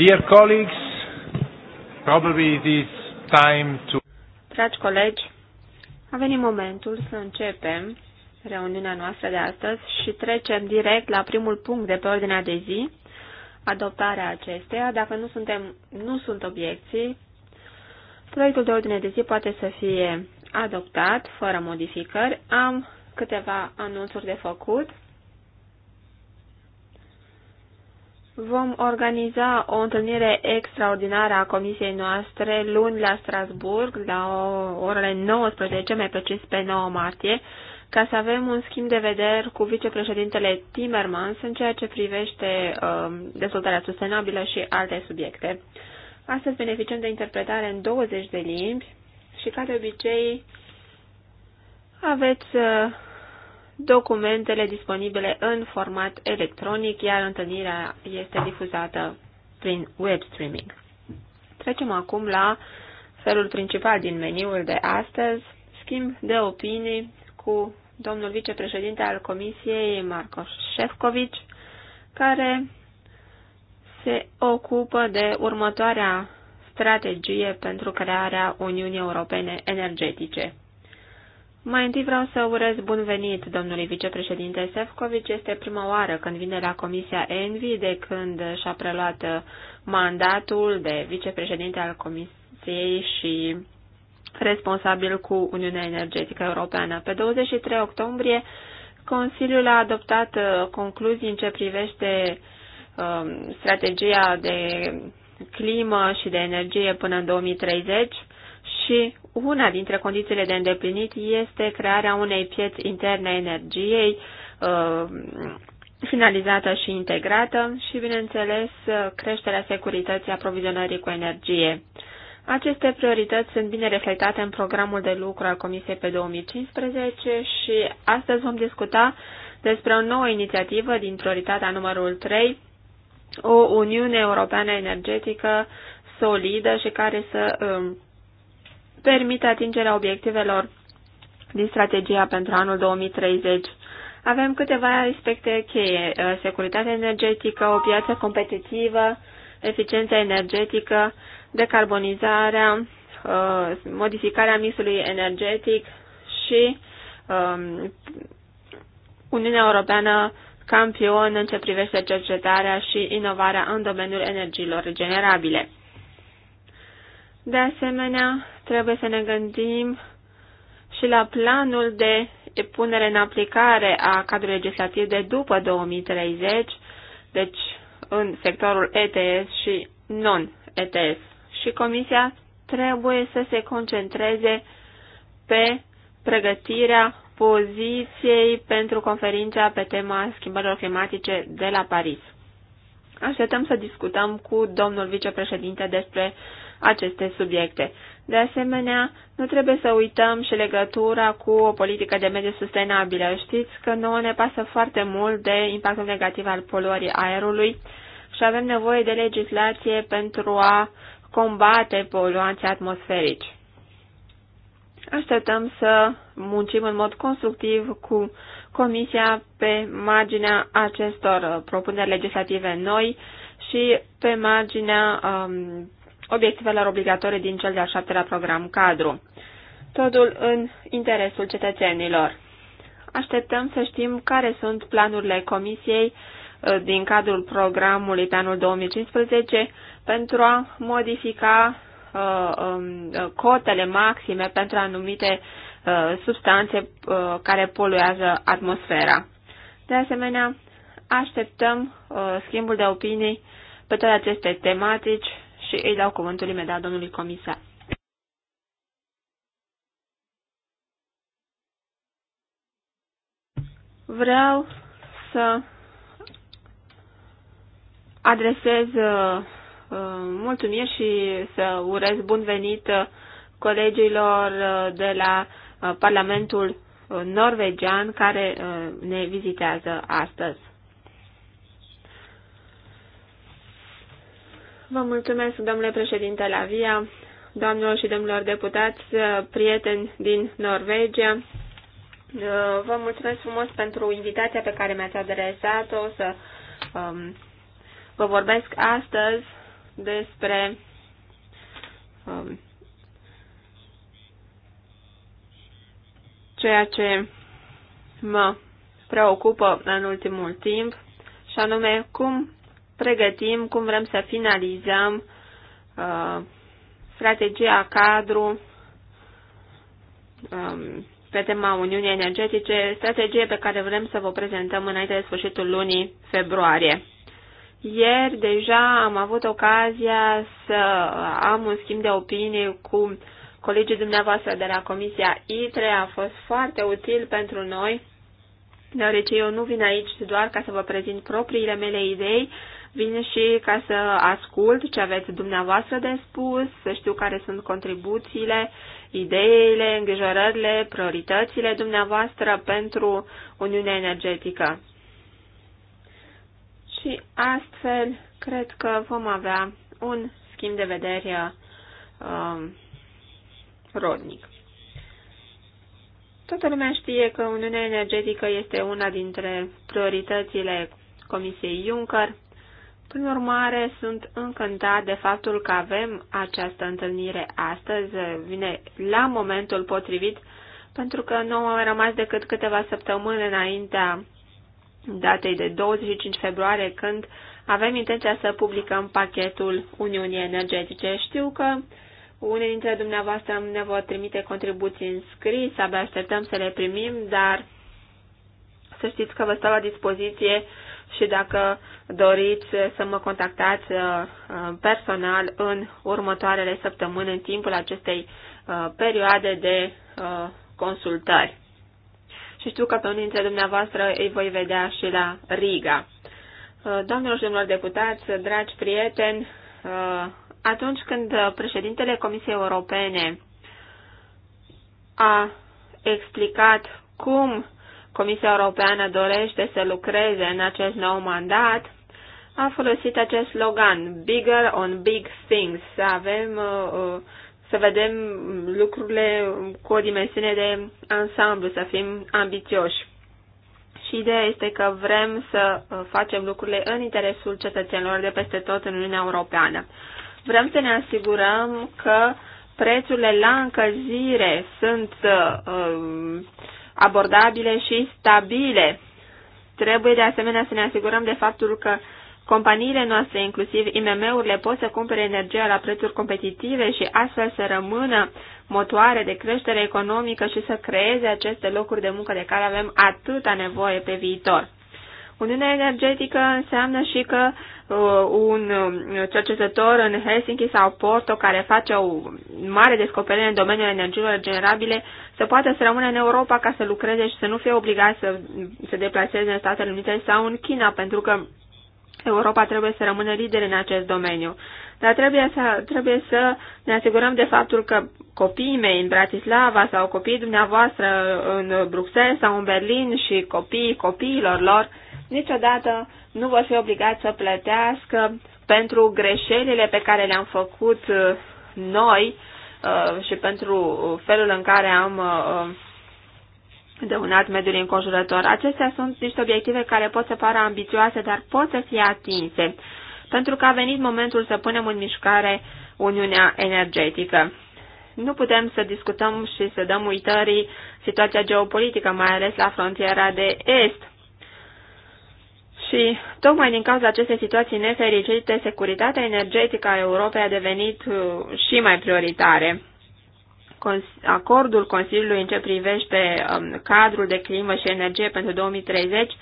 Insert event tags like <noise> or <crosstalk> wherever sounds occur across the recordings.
Dear colleagues, probably it is time to... Dragi colegi, a venit momentul să începem reuniunea noastră de astăzi și trecem direct la primul punct de pe ordinea de zi, adoptarea acesteia. Dacă nu, suntem, nu sunt obiecții, proiectul de ordine de zi poate să fie adoptat fără modificări. Am câteva anunțuri de făcut. Vom organiza o întâlnire extraordinară a comisiei noastre luni la Strasburg, la orele 19, mai precis pe 9 martie, ca să avem un schimb de vedere cu vicepreședintele Timmermans în ceea ce privește uh, dezvoltarea sustenabilă și alte subiecte. Astăzi beneficiem de interpretare în 20 de limbi și, ca de obicei, aveți uh, documentele disponibile în format electronic, iar întâlnirea este difuzată prin web streaming. Trecem acum la felul principal din meniul de astăzi, schimb de opinii cu domnul vicepreședinte al Comisiei, Marco Șefcovic, care se ocupă de următoarea strategie pentru crearea Uniunii Europene Energetice, mai întâi vreau să urez bun venit domnului vicepreședinte Sefcovic. Este prima oară când vine la Comisia Envi de când și-a preluat mandatul de vicepreședinte al Comisiei și responsabil cu Uniunea Energetică Europeană. Pe 23 octombrie, Consiliul a adoptat uh, concluzii în ce privește um, strategia de climă și de energie până în 2030 și una dintre condițiile de îndeplinit este crearea unei pieți interne a energiei uh, finalizată și integrată și, bineînțeles, creșterea securității aprovizionării cu energie. Aceste priorități sunt bine reflectate în programul de lucru al Comisiei pe 2015 și astăzi vom discuta despre o nouă inițiativă din prioritatea numărul 3, o Uniune Europeană Energetică solidă și care să um, permite atingerea obiectivelor din strategia pentru anul 2030. Avem câteva aspecte cheie, uh, securitatea energetică, o piață competitivă, eficiența energetică, decarbonizarea, uh, modificarea mixului energetic și um, Uniunea Europeană campion în ce privește cercetarea și inovarea în domeniul energiilor regenerabile. De asemenea, trebuie să ne gândim și la planul de punere în aplicare a cadrului legislativ de după 2030, deci în sectorul ETS și non-ETS. Și Comisia trebuie să se concentreze pe pregătirea poziției pentru conferința pe tema schimbărilor climatice de la Paris. Așteptăm să discutăm cu domnul vicepreședinte despre aceste subiecte. De asemenea, nu trebuie să uităm și legătura cu o politică de mediu sustenabilă. Știți că nouă ne pasă foarte mult de impactul negativ al poluării aerului și avem nevoie de legislație pentru a combate poluanții atmosferici. Așteptăm să muncim în mod constructiv cu Comisia pe marginea acestor propuneri legislative noi și pe marginea um, obiectivelor obligatorii din cel de-al șaptelea program cadru. Totul în interesul cetățenilor. Așteptăm să știm care sunt planurile Comisiei uh, din cadrul programului pe anul 2015 pentru a modifica uh, um, uh, cotele maxime pentru anumite substanțe care poluează atmosfera. De asemenea, așteptăm schimbul de opinii pe toate aceste tematici și îi dau cuvântul imediat domnului comisar. Vreau să adresez uh, uh mulțumiri și să urez bun venit uh, colegilor uh, de la Parlamentul norvegian care ne vizitează astăzi. Vă mulțumesc, domnule președinte Lavia, doamnelor și domnilor deputați, prieteni din Norvegia. Vă mulțumesc frumos pentru invitația pe care mi-ați adresat-o să um, vă vorbesc astăzi despre um, ceea ce mă preocupă în ultimul timp, și anume cum pregătim, cum vrem să finalizăm uh, strategia cadru um, pe tema Uniunii Energetice, strategie pe care vrem să vă prezentăm înainte de sfârșitul lunii februarie. Ieri deja am avut ocazia să am un schimb de opinie cu colegii dumneavoastră de la Comisia ITRE. A fost foarte util pentru noi, deoarece eu nu vin aici doar ca să vă prezint propriile mele idei, Vin și ca să ascult ce aveți dumneavoastră de spus, să știu care sunt contribuțiile, ideile, îngrijorările, prioritățile dumneavoastră pentru Uniunea Energetică. Și astfel, cred că vom avea un schimb de vedere uh, rodnic. Toată lumea știe că Uniunea Energetică este una dintre prioritățile Comisiei Juncker prin urmare, sunt încântat de faptul că avem această întâlnire astăzi, vine la momentul potrivit, pentru că nu am rămas decât câteva săptămâni înaintea datei de 25 februarie, când avem intenția să publicăm pachetul Uniunii Energetice. Știu că unii dintre dumneavoastră ne vor trimite contribuții în scris, abia așteptăm să le primim, dar să știți că vă stau la dispoziție și dacă doriți să mă contactați uh, uh, personal în următoarele săptămâni, în timpul acestei uh, perioade de consultări. Și știu că pe unii dintre dumneavoastră îi voi vedea și la Riga. Doamnelor și domnilor deputați, dragi prieteni, atunci când președintele Comisiei Europene a explicat cum Comisia Europeană dorește să lucreze în acest nou mandat, a folosit acest slogan, Bigger on Big Things, să avem, uh, uh, să vedem lucrurile cu o dimensiune de ansamblu, să fim ambițioși. Și ideea este că vrem să uh, facem lucrurile în interesul cetățenilor de peste tot în Uniunea Europeană. Vrem să ne asigurăm că prețurile la încălzire sunt uh, abordabile și stabile. Trebuie de asemenea să ne asigurăm de faptul că Companiile noastre, inclusiv IMM-urile, pot să cumpere energia la prețuri competitive și astfel să rămână motoare de creștere economică și să creeze aceste locuri de muncă de care avem atâta nevoie pe viitor. Uniunea energetică înseamnă și că uh, un uh, cercetător în Helsinki sau Porto care face o mare descoperire în domeniul energiilor generabile să poată să rămână în Europa ca să lucreze și să nu fie obligat să se deplaseze în Statele Unite sau în China, pentru că Europa trebuie să rămână lider în acest domeniu. Dar trebuie să, trebuie să ne asigurăm de faptul că copiii mei în Bratislava sau copiii dumneavoastră în Bruxelles sau în Berlin și copiii copiilor lor niciodată nu vor fi obligați să plătească pentru greșelile pe care le-am făcut uh, noi uh, și pentru felul în care am uh, de alt mediu înconjurător. Acestea sunt niște obiective care pot să pară ambițioase, dar pot să fie atinse, pentru că a venit momentul să punem în mișcare Uniunea Energetică. Nu putem să discutăm și să dăm uitării situația geopolitică, mai ales la frontiera de est. Și tocmai din cauza acestei situații nefericite, securitatea energetică a Europei a devenit uh, și mai prioritare acordul Consiliului în ce privește um, cadrul de climă și energie pentru 2030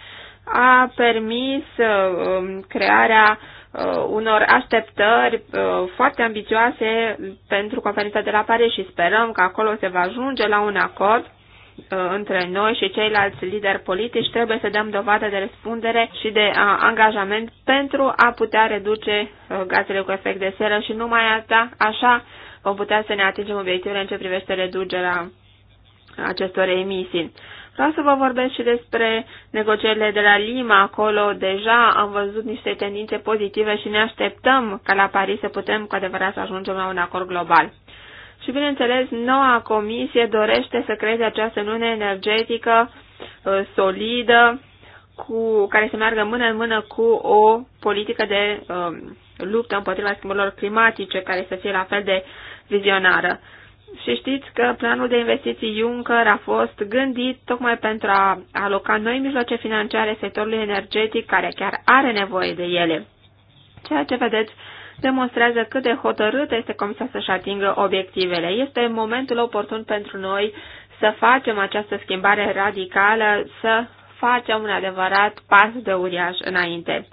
a permis um, crearea uh, unor așteptări uh, foarte ambițioase pentru conferința de la Paris și sperăm că acolo se va ajunge la un acord uh, între noi și ceilalți lideri politici, trebuie să dăm dovadă de răspundere și de angajament pentru a putea reduce gazele cu efect de seră și numai asta, așa vom putea să ne atingem obiectivele în ce privește reducerea acestor emisii. Vreau să vă vorbesc și despre negocierile de la Lima. Acolo deja am văzut niște tendințe pozitive și ne așteptăm ca la Paris să putem cu adevărat să ajungem la un acord global. Și bineînțeles, noua comisie dorește să creeze această lună energetică uh, solidă, cu, care să meargă mână în mână cu o politică de um, luptă împotriva schimbărilor climatice, care să fie la fel de vizionară. Și știți că planul de investiții Juncker a fost gândit tocmai pentru a aloca noi mijloace financiare sectorului energetic, care chiar are nevoie de ele. Ceea ce vedeți demonstrează cât de hotărâtă este Comisia să-și atingă obiectivele. Este momentul oportun pentru noi să facem această schimbare radicală, să facem un adevărat pas de uriaș înainte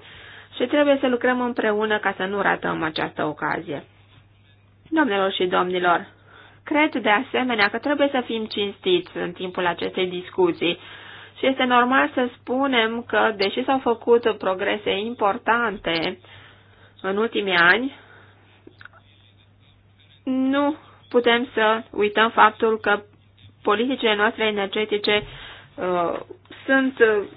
și trebuie să lucrăm împreună ca să nu ratăm această ocazie. Domnilor și domnilor, cred de asemenea că trebuie să fim cinstiți în timpul acestei discuții și este normal să spunem că, deși s-au făcut progrese importante în ultimii ani, nu putem să uităm faptul că politicile noastre energetice uh, sunt uh,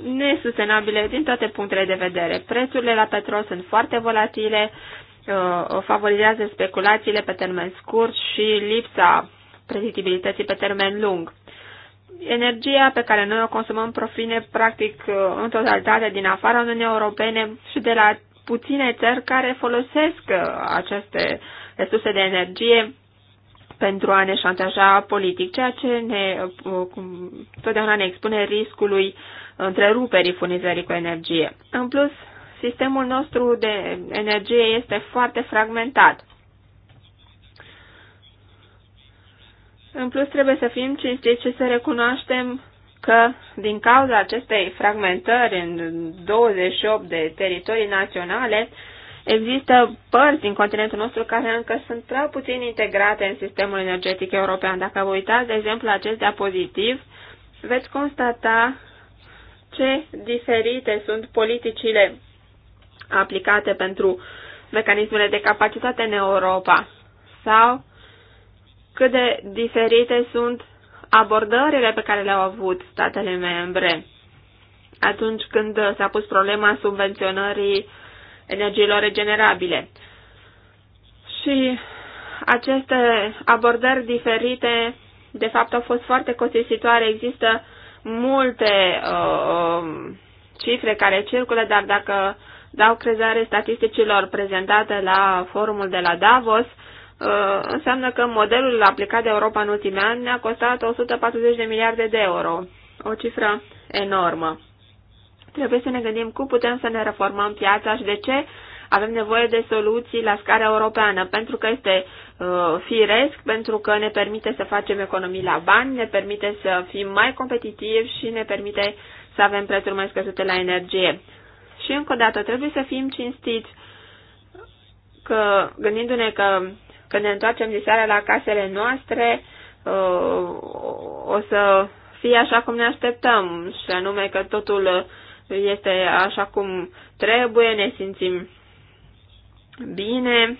nesustenabile din toate punctele de vedere. Prețurile la petrol sunt foarte volatile, uh, favorizează speculațiile pe termen scurt și lipsa predictibilității pe termen lung. Energia pe care noi o consumăm profine practic uh, în totalitate din afara Uniunii Europene și de la puține țări care folosesc uh, aceste resurse de energie pentru a ne șantaja politic, ceea ce ne, totdeauna ne expune riscului uh, întreruperii furnizării cu energie. În plus, sistemul nostru de energie este foarte fragmentat. În plus, trebuie să fim cinstiți și să recunoaștem că din cauza acestei fragmentări în 28 de teritorii naționale, există părți din continentul nostru care încă sunt prea puțin integrate în sistemul energetic european. Dacă vă uitați, de exemplu, acest diapozitiv, veți constata ce diferite sunt politicile aplicate pentru mecanismele de capacitate în Europa sau cât de diferite sunt abordările pe care le-au avut statele membre atunci când s-a pus problema subvenționării energiilor regenerabile. Și aceste abordări diferite, de fapt, au fost foarte costisitoare. Există multe uh, um, cifre care circulă, dar dacă dau crezare statisticilor prezentate la forumul de la Davos, uh, înseamnă că modelul aplicat de Europa în ultimii ani ne-a costat 140 de miliarde de euro, o cifră enormă. Trebuie să ne gândim cum putem să ne reformăm piața și de ce avem nevoie de soluții la scară europeană, pentru că este Uh, firesc pentru că ne permite să facem economii la bani, ne permite să fim mai competitivi și ne permite să avem prețuri mai scăzute la energie. Și încă o dată, trebuie să fim cinstiți că gândindu-ne că când ne întoarcem de seara la casele noastre, uh, o să fie așa cum ne așteptăm și anume că totul este așa cum trebuie, ne simțim bine,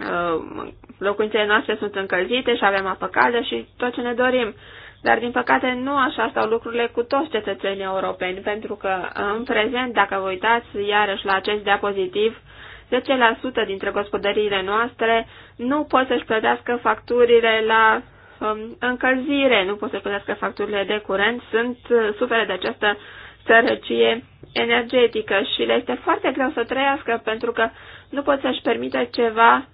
Uh, locuințele noastre sunt încălzite și avem apă caldă și tot ce ne dorim. Dar, din păcate, nu așa stau lucrurile cu toți cetățenii europeni, pentru că, în prezent, dacă vă uitați iarăși la acest diapozitiv, 10% dintre gospodăriile noastre nu pot să-și plătească facturile la um, încălzire, nu pot să-și plătească facturile de curent, sunt uh, suferă de această sărăcie energetică și le este foarte greu să trăiască pentru că nu pot să-și permită ceva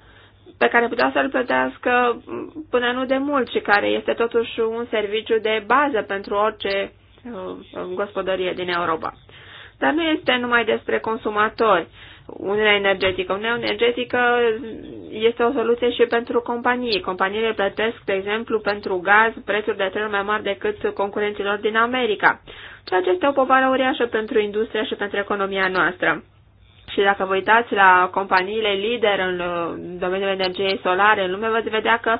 pe care putea să-l plătească până nu de mult și care este totuși un serviciu de bază pentru orice uh, gospodărie din Europa. Dar nu este numai despre consumatori. Uniunea energetică. Uniunea energetică este o soluție și pentru companii. Companiile plătesc, de exemplu, pentru gaz prețuri de trei mai mari decât concurenților din America, ceea ce este o povară uriașă pentru industria și pentru economia noastră. Și dacă vă uitați la companiile lider uh, în domeniul energiei solare în lume, veți vedea că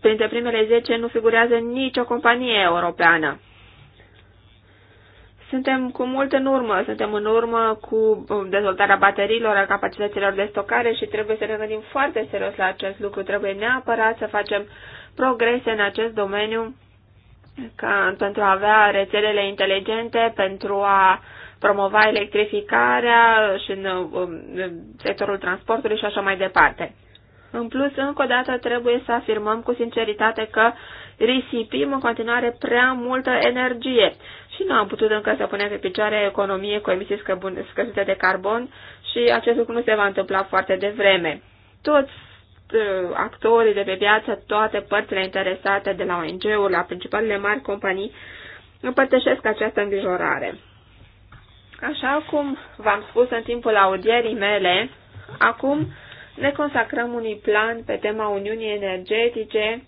printre primele 10 nu figurează nicio companie europeană. Suntem cu mult în urmă, suntem în urmă cu uh, dezvoltarea bateriilor, a capacităților de stocare și trebuie să ne gândim foarte serios la acest lucru. Trebuie neapărat să facem progrese în acest domeniu ca, pentru a avea rețelele inteligente, pentru a promova electrificarea și um, în sectorul transportului și așa mai departe. În plus, încă o dată trebuie să afirmăm cu sinceritate că risipim în continuare prea multă energie și nu am putut încă să punem pe picioare economie cu emisii scăzute de carbon și acest lucru nu se va întâmpla foarte devreme. Toți uh, actorii de pe piață, toate părțile interesate de la ONG-uri la principalele mari companii împărtășesc această îngrijorare. Așa cum v-am spus în timpul audierii mele, acum ne consacrăm unui plan pe tema Uniunii Energetice,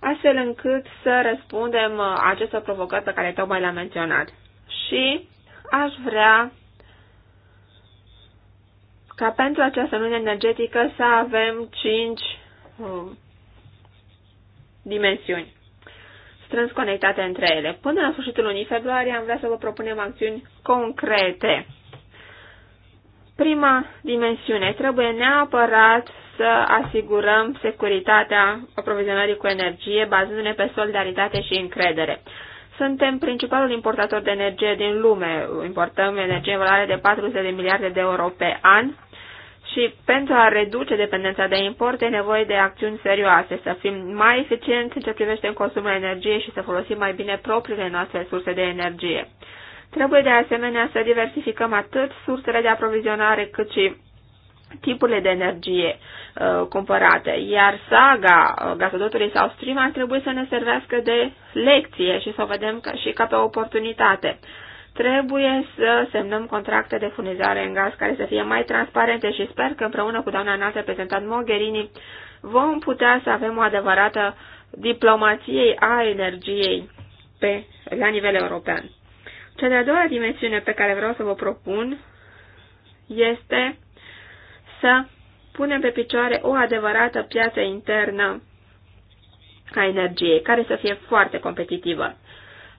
astfel încât să răspundem acestor provocări pe care tocmai le-am menționat. Și aș vrea ca pentru această uniune energetică să avem cinci um, dimensiuni strâns conectate între ele. Până la sfârșitul lunii februarie am vrea să vă propunem acțiuni concrete. Prima dimensiune. Trebuie neapărat să asigurăm securitatea aprovizionării cu energie bazându-ne pe solidaritate și încredere. Suntem principalul importator de energie din lume. Importăm energie în valoare de 40 de miliarde de euro pe an și pentru a reduce dependența de import e nevoie de acțiuni serioase, să fim mai eficienți în ce privește în consumul energiei și să folosim mai bine propriile noastre surse de energie. Trebuie de asemenea să diversificăm atât sursele de aprovizionare cât și tipurile de energie uh, cumpărate, iar saga uh, gasodotului sau stream ar trebui să ne servească de lecție și să o vedem ca, și ca pe o oportunitate. Uh, Trebuie să semnăm contracte de furnizare în gaz care să fie mai transparente și sper că împreună cu doamna înaltă reprezentant Mogherini vom putea să avem o adevărată diplomație a energiei pe, la nivel european. Cea de-a doua dimensiune pe care vreau să vă propun este să punem pe picioare o adevărată piață internă a energiei, care să fie foarte competitivă.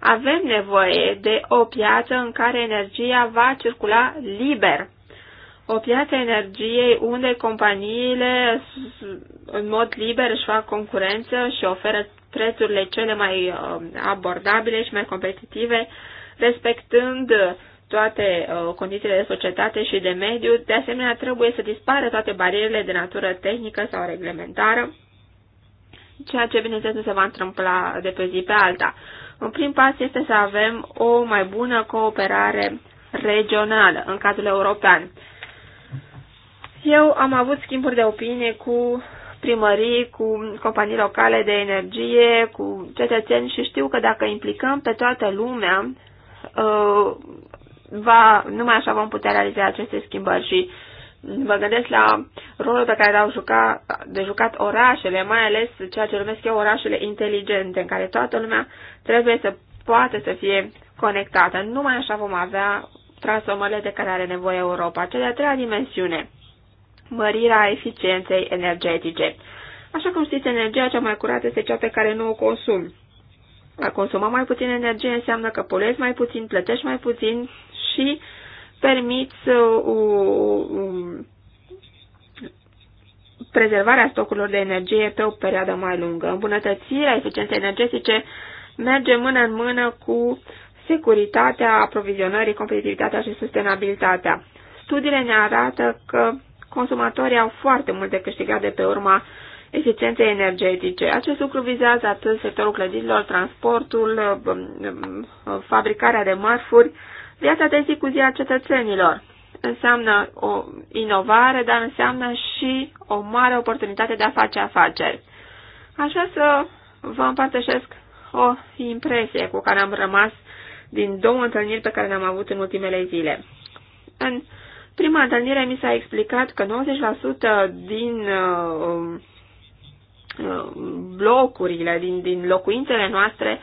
Avem nevoie de o piață în care energia va circula liber. O piață energiei unde companiile în mod liber își fac concurență și oferă prețurile cele mai uh, abordabile și mai competitive, respectând toate uh, condițiile de societate și de mediu. De asemenea, trebuie să dispară toate barierele de natură tehnică sau reglementară, ceea ce, bineînțeles, nu se va întâmpla de pe zi pe alta. Un prim pas este să avem o mai bună cooperare regională în cadrul european. Eu am avut schimburi de opinie cu primării, cu companii locale de energie, cu cetățeni și știu că dacă implicăm pe toată lumea, uh, va, numai așa vom putea realiza aceste schimbări și mă gândesc la rolul pe care l-au jucat, de jucat orașele, mai ales ceea ce numesc eu orașele inteligente, în care toată lumea trebuie să poate să fie conectată. Numai așa vom avea transformările de care are nevoie Europa. Cea de-a treia dimensiune, mărirea eficienței energetice. Așa cum știți, energia cea mai curată este cea pe care nu o consumi. A consuma mai puțin energie înseamnă că poluezi mai puțin, plătești mai puțin și uh, permiți o, uh, o prezervarea stocurilor de energie pe o perioadă mai lungă. Îmbunătățirea eficienței energetice merge mână în mână cu securitatea aprovizionării, competitivitatea și sustenabilitatea. Studiile ne arată că consumatorii au foarte mult de câștigat de pe urma eficienței energetice. Acest lucru vizează atât sectorul clădirilor, transportul, um, um, fabricarea de marfuri. Viața de zi cu zi a cetățenilor înseamnă o inovare, dar înseamnă și o mare oportunitate de a face afaceri. Aș vrea să vă împărtășesc o impresie cu care am rămas din două întâlniri pe care le-am avut în ultimele zile. În prima întâlnire mi s-a explicat că 90% din uh, uh, blocurile, din, din locuințele noastre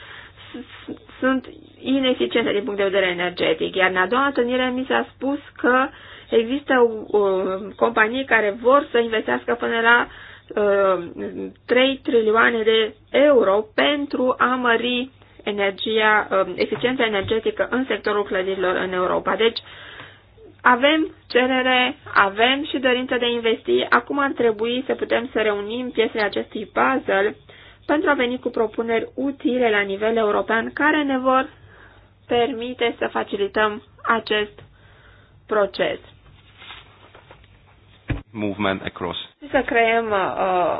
sunt ineficiență din punct de vedere energetic. Iar în a doua întâlnire mi s-a spus că există uh, companii care vor să investească până la uh, 3 trilioane de euro pentru a mări energia, uh, eficiența energetică în sectorul clădirilor în Europa. Deci, avem cerere, avem și dorință de a investi. Acum ar trebui să putem să reunim piesele acestui puzzle pentru a veni cu propuneri utile la nivel european care ne vor permite să facilităm acest proces. Movement across. Să creăm uh,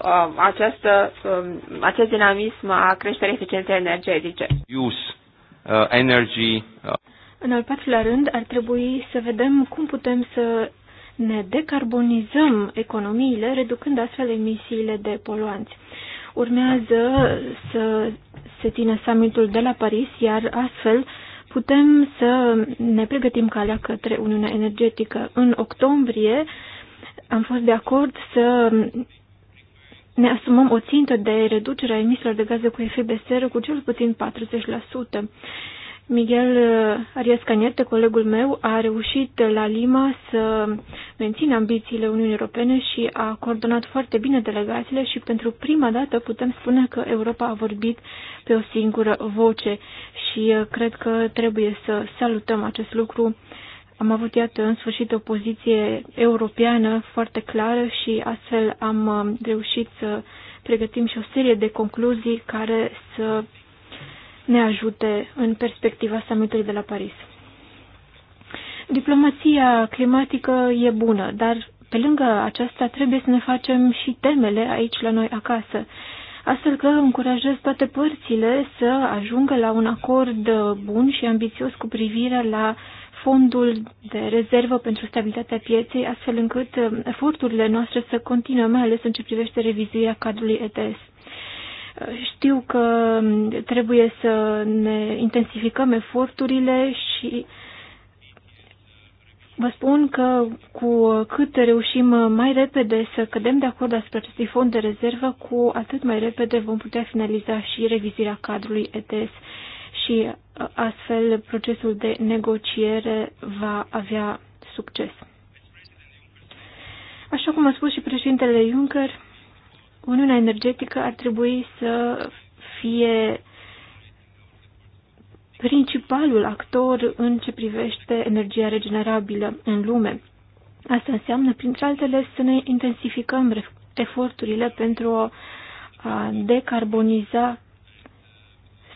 uh, această, uh, acest dinamism a creșterii eficienței energetice. Use uh, energy. Uh. În al patrulea rând, ar trebui să vedem cum putem să ne decarbonizăm economiile, reducând astfel emisiile de poluanți. Urmează să se țină summitul de la Paris, iar astfel putem să ne pregătim calea către Uniunea Energetică. În octombrie am fost de acord să ne asumăm o țintă de reducere a emisiilor de gaze cu efect de seră cu cel puțin 40%. Miguel uh, Arias Canete, colegul meu, a reușit uh, la Lima să mențină ambițiile Uniunii Europene și a coordonat foarte bine delegațiile și pentru prima dată putem spune că Europa a vorbit pe o singură voce și uh, cred că trebuie să salutăm acest lucru. Am avut, iată, în sfârșit o poziție europeană foarte clară și astfel am reușit să pregătim și o serie de concluzii care să ne ajute în perspectiva summitului de la Paris. Diplomația climatică e bună, dar pe lângă aceasta trebuie să ne facem și temele aici la noi acasă. Astfel că încurajez toate părțile să ajungă la un acord bun și ambițios cu privire la fondul de rezervă pentru stabilitatea pieței, astfel încât eforturile noastre să continue, mai ales în ce privește revizuirea cadrului ETS. Știu că trebuie să ne intensificăm eforturile și vă spun că cu cât reușim mai repede să cădem de acord asupra acestui fond de rezervă, cu atât mai repede vom putea finaliza și revizirea cadrului ETS și uh, astfel procesul de negociere va avea succes. Așa cum a spus și președintele Juncker, Uniunea energetică ar trebui să fie principalul actor în ce privește energia regenerabilă în lume. Asta înseamnă, printre altele, să ne intensificăm eforturile pentru a decarboniza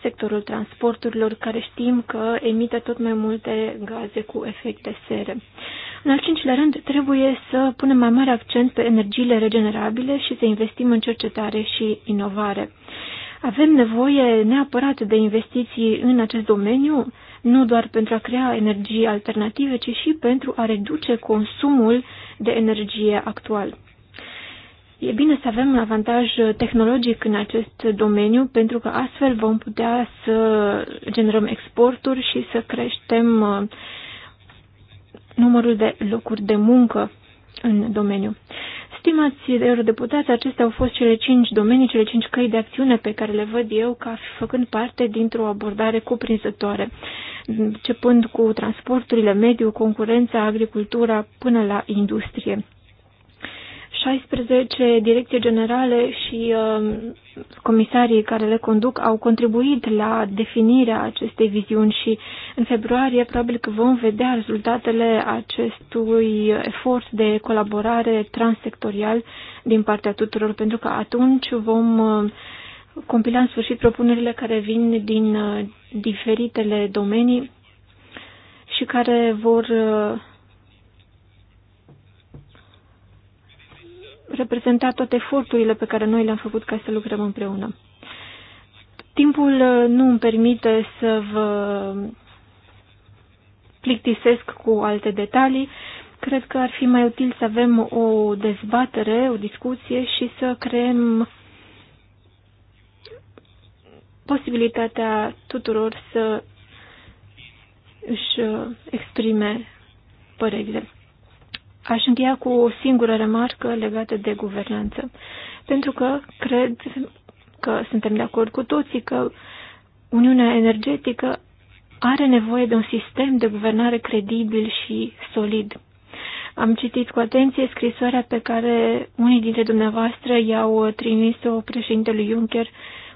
sectorul transporturilor, care știm că emite tot mai multe gaze cu efect de seră. În al cincilea rând, trebuie să punem mai mare accent pe energiile regenerabile și să investim în cercetare și inovare. Avem nevoie neapărat de investiții în acest domeniu, nu doar pentru a crea energii alternative, ci și pentru a reduce consumul de energie actual. E bine să avem un avantaj tehnologic în acest domeniu, pentru că astfel vom putea să generăm exporturi și să creștem uh, numărul de locuri de muncă în domeniu. Stimați eurodeputați, acestea au fost cele cinci domenii, cele cinci căi de acțiune pe care le văd eu ca făcând parte dintr-o abordare cuprinzătoare, începând cu transporturile, mediul, concurența, agricultura, până la industrie. 16 direcții generale și uh, comisarii care le conduc au contribuit la definirea acestei viziuni și în februarie probabil că vom vedea rezultatele acestui efort de colaborare transsectorial din partea tuturor, pentru că atunci vom uh, compila în sfârșit propunerile care vin din uh, diferitele domenii și care vor uh, reprezenta toate eforturile pe care noi le-am făcut ca să lucrăm împreună. Timpul uh, nu îmi permite să vă plictisesc cu alte detalii. Cred că ar fi mai util să avem o dezbatere, o discuție și să creăm posibilitatea tuturor să își uh, exprime părerile. Aș încheia cu o singură remarcă legată de guvernanță, pentru că cred că suntem de acord cu toții că Uniunea Energetică are nevoie de un sistem de guvernare credibil și solid. Am citit cu atenție scrisoarea pe care unii dintre dumneavoastră i-au trimis-o președintelui Juncker,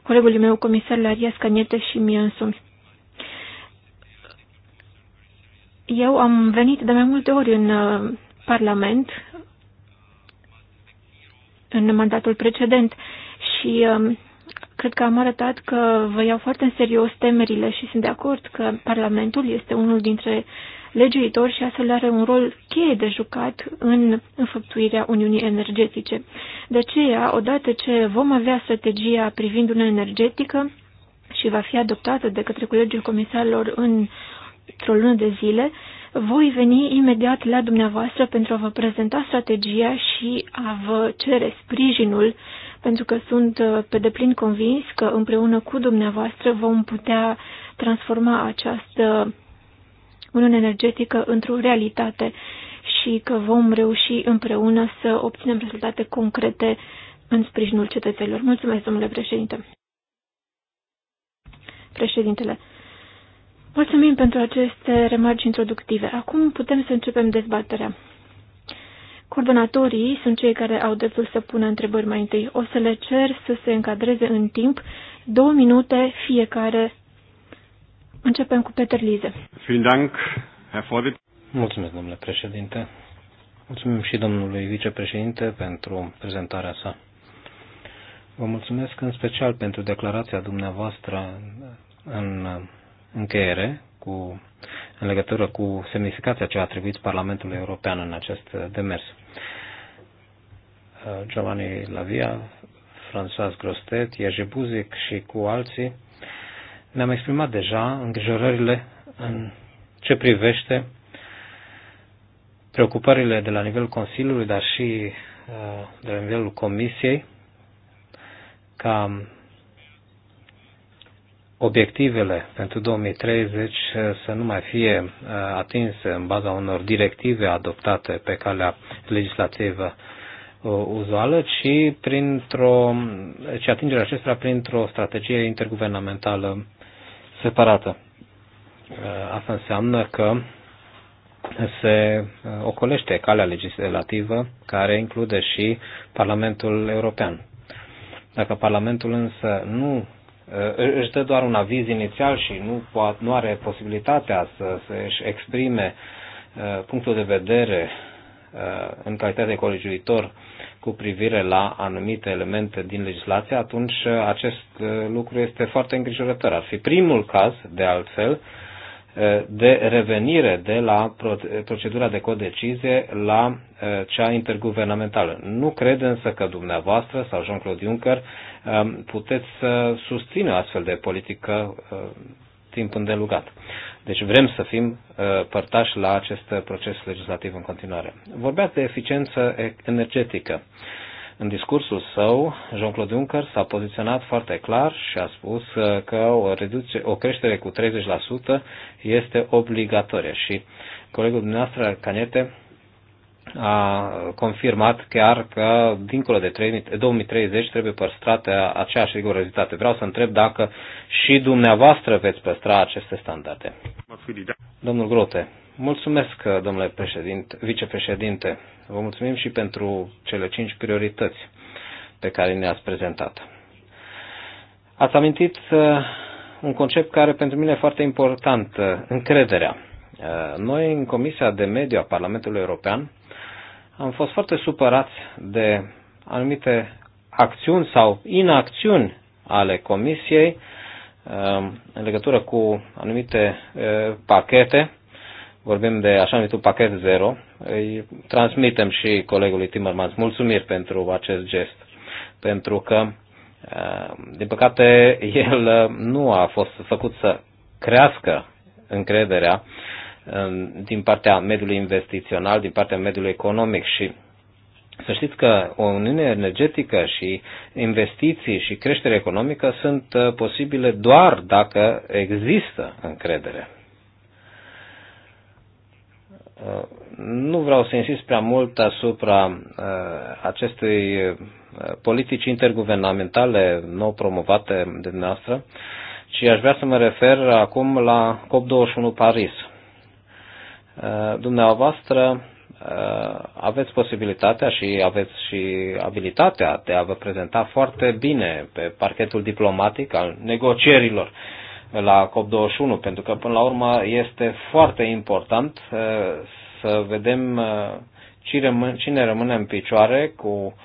colegului meu comisar Laria Caniete și mie însumi. Eu am venit de mai multe ori în uh, Parlament în mandatul precedent și um, cred că am arătat că vă iau foarte în serios temerile și sunt de acord că Parlamentul este unul dintre legiuitori și astfel are un rol cheie de jucat în înfăptuirea Uniunii Energetice. De aceea, odată ce vom avea strategia privind una Energetică și va fi adoptată de către Colegiul Comisarilor într-o lună de zile, voi veni imediat la dumneavoastră pentru a vă prezenta strategia și a vă cere sprijinul, pentru că sunt uh, pe deplin convins că împreună cu dumneavoastră vom putea transforma această uniune energetică într-o realitate și că vom reuși împreună să obținem rezultate concrete în sprijinul cetățenilor. Mulțumesc, domnule președinte. Președintele, Mulțumim pentru aceste remarci introductive. Acum putem să începem dezbaterea. Coordonatorii sunt cei care au dreptul să pună întrebări mai întâi. O să le cer să se încadreze în timp, două minute fiecare. Începem cu Peter Lize. Mulțumesc, domnule președinte. Mulțumim și domnului vicepreședinte pentru prezentarea sa. Vă mulțumesc în special pentru declarația dumneavoastră în încheiere cu, în legătură cu semnificația ce a atribuit Parlamentului European în acest demers. Uh, Giovanni Lavia, François Grostet, Ierge Buzic și cu alții ne-am exprimat deja îngrijorările în ce privește preocupările de la nivelul Consiliului, dar și uh, de la nivelul Comisiei, ca obiectivele pentru 2030 eh, să nu mai fie eh, atinse în baza unor directive adoptate pe calea legislativă eh, uzuală, ci, printr-o, ci atingerea acestora printr-o strategie interguvernamentală separată. Asta înseamnă că se ocolește calea legislativă care include și Parlamentul European. Dacă Parlamentul însă nu își dă doar un aviz inițial și nu, poate, nu are posibilitatea să, să-și exprime uh, punctul de vedere uh, în calitate de colegiuitor cu privire la anumite elemente din legislație, atunci uh, acest lucru este foarte îngrijorător. Ar fi primul caz, de altfel, de revenire de la procedura de codecizie la eh, cea interguvernamentală. Nu cred însă că dumneavoastră sau Jean-Claude Juncker ehm, puteți să susține astfel de politică ehm, timp îndelugat. Deci vrem să fim eh, părtași la acest proces legislativ în continuare. Vorbeați de eficiență energetică. În discursul său, Jean-Claude Juncker s-a poziționat foarte clar și a spus uh, că o, reduce, o creștere cu 30% este obligatorie și colegul dumneavoastră, Canete, a confirmat chiar că dincolo de 2030 trebuie păstrate aceeași rigorozitate. Vreau să întreb dacă și dumneavoastră veți păstra aceste standarde. Domnul Grote, mulțumesc, domnule președinte, vicepreședinte. Vă mulțumim și pentru cele cinci priorități pe care ne-ați prezentat. Ați amintit uh, un concept care pentru mine e foarte important, uh, încrederea. Uh, noi, în Comisia de Mediu a Parlamentului European, am fost foarte supărați de anumite acțiuni sau inacțiuni ale Comisiei în legătură cu anumite pachete vorbim de așa numitul pachet zero, îi transmitem și colegului Timmermans mulțumiri pentru acest gest, pentru că, eh, din păcate, <laughs> el eh, nu a fost făcut să crească încrederea eh, din partea mediului investițional, din partea mediului economic și să știți că o uniune energetică și investiții și creștere economică sunt posibile doar dacă există încredere nu vreau să insist prea mult asupra uh, acestei uh, politici interguvernamentale nou promovate de noastră, ci aș vrea să mă refer acum la COP21 Paris. Uh, dumneavoastră aveți posibilitatea și aveți și abilitatea de a vă prezenta foarte bine pe parchetul diplomatic al negocierilor la COP21, pentru că până la urmă este foarte important eh, să vedem eh, cine rămâne în picioare cu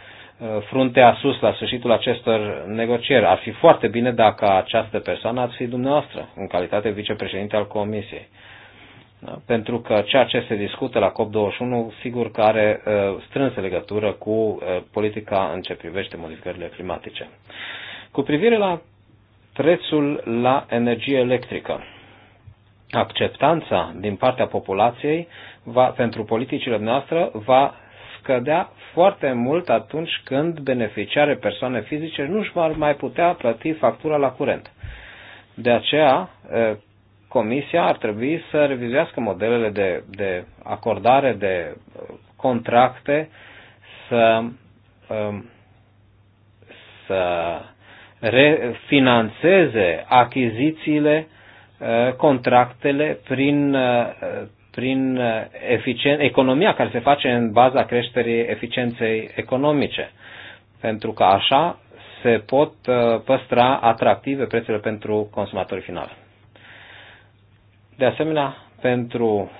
eh, fruntea sus la sfârșitul acestor negocieri. Ar fi foarte bine dacă această persoană ați fi dumneavoastră, în calitate vicepreședinte al Comisiei. Da? Pentru că ceea ce se discută la COP21, sigur că are strânsă legătură cu politica în ce privește modificările climatice. Cu privire la prețul la energie electrică. Acceptanța din partea populației va, pentru politicile noastre va scădea foarte mult atunci când beneficiare persoane fizice nu își vor mai putea plăti factura la curent. De aceea, Comisia ar trebui să revizuiască modelele de, de acordare de contracte, să, să refinanțeze achizițiile, eh, contractele prin, eh, prin eh, eficien, economia care se face în baza creșterii eficienței economice. Pentru că așa se pot păstra atractive prețurile pentru consumatorii finali. De asemenea, pentru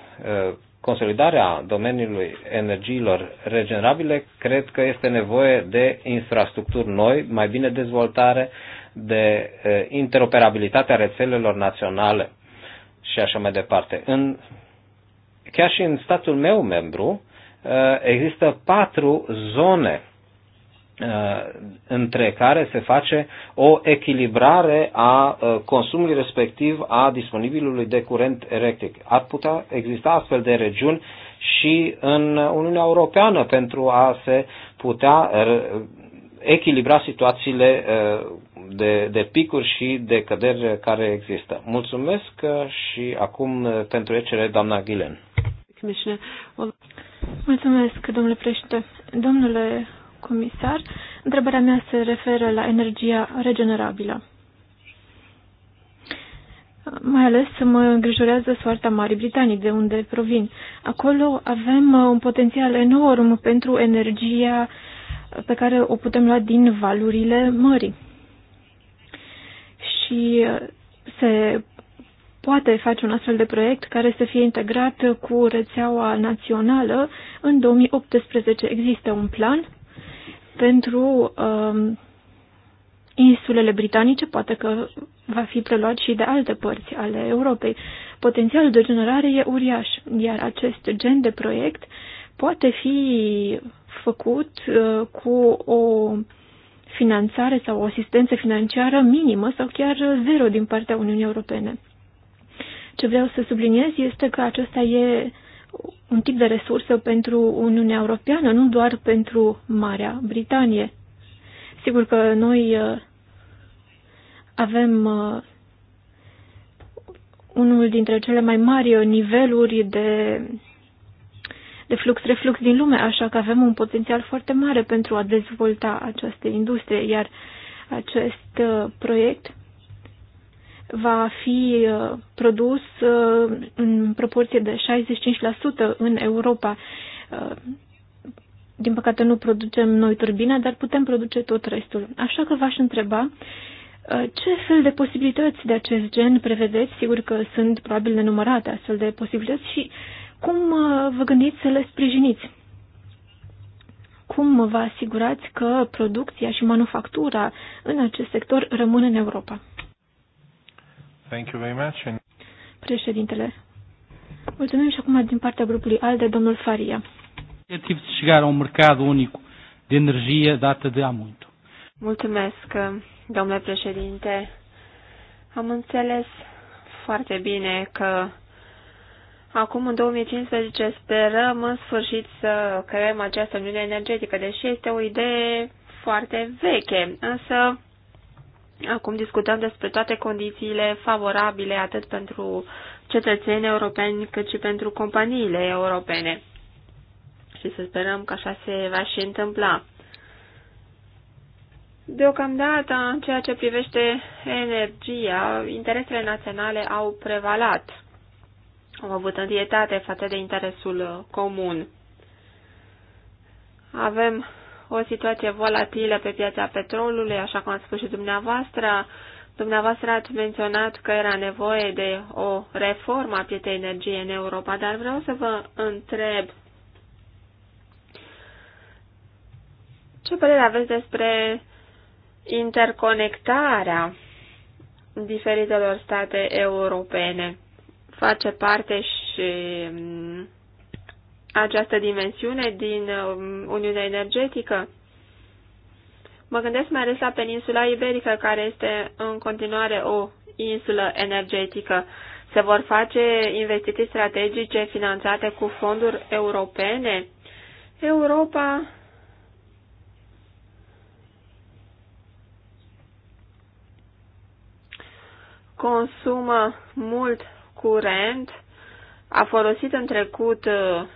consolidarea domeniului energiilor regenerabile, cred că este nevoie de infrastructuri noi, mai bine dezvoltare, de interoperabilitatea rețelelor naționale și așa mai departe. În, chiar și în statul meu membru există patru zone Uh, între care se face o echilibrare a uh, consumului respectiv a disponibilului de curent electric. Ar putea exista astfel de regiuni și în Uniunea Europeană pentru a se putea uh, echilibra situațiile de, de picuri și de căderi care există. Mulțumesc și acum pentru ecere doamna Ghilen. Mulțumesc, domnule președinte. Domnule comisar. Întrebarea mea se referă la energia regenerabilă. Mai ales mă îngrijorează soarta Marii Britanii, de unde provin. Acolo avem uh, un potențial enorm pentru energia uh, pe care o putem lua din valurile mării. Și uh, se poate face un astfel de proiect care să fie integrat cu rețeaua națională. În 2018 există un plan pentru uh, insulele britanice, poate că va fi preluat și de alte părți ale Europei. Potențialul de generare e uriaș, iar acest gen de proiect poate fi făcut uh, cu o finanțare sau o asistență financiară minimă sau chiar zero din partea Uniunii Europene. Ce vreau să subliniez este că acesta e uh, un tip de resursă pentru Uniunea Europeană, nu doar pentru Marea Britanie. Sigur că noi uh, avem uh, unul dintre cele mai mari niveluri de, de flux-reflux din lume, așa că avem un potențial foarte mare pentru a dezvolta această industrie, iar acest uh, proiect va fi uh, produs uh, în proporție de 65% în Europa. Uh, din păcate nu producem noi turbina, dar putem produce tot restul. Așa că v-aș întreba ce fel de posibilități de acest gen prevedeți? Sigur că sunt probabil nenumărate astfel de posibilități și cum vă gândiți să le sprijiniți? Cum vă asigurați că producția și manufactura în acest sector rămân în Europa? Thank you very much. And... Președintele, mulțumim și acum din partea grupului ALDE, domnul Faria. Obiectiv de chegar a un mercat unic de energie dată de há Mulțumesc, domnule președinte. Am înțeles foarte bine că acum, în 2015, sperăm în sfârșit să creăm această uniune energetică, deși este o idee foarte veche, însă Acum discutăm despre toate condițiile favorabile atât pentru cetățenii europeni cât și pentru companiile europene. Și să sperăm că așa se va și întâmpla. Deocamdată, în ceea ce privește energia, interesele naționale au prevalat. Au avut întâietate față de interesul comun. Avem o situație volatilă pe piața petrolului, așa cum ați spus și dumneavoastră. Dumneavoastră ați menționat că era nevoie de o reformă a pieței energiei în Europa, dar vreau să vă întreb ce părere aveți despre interconectarea diferitelor state europene. Face parte și această dimensiune din um, Uniunea Energetică? Mă gândesc mai ales la peninsula iberică, care este în continuare o insulă energetică. Se vor face investiții strategice finanțate cu fonduri europene? Europa consumă mult curent, a folosit în trecut uh,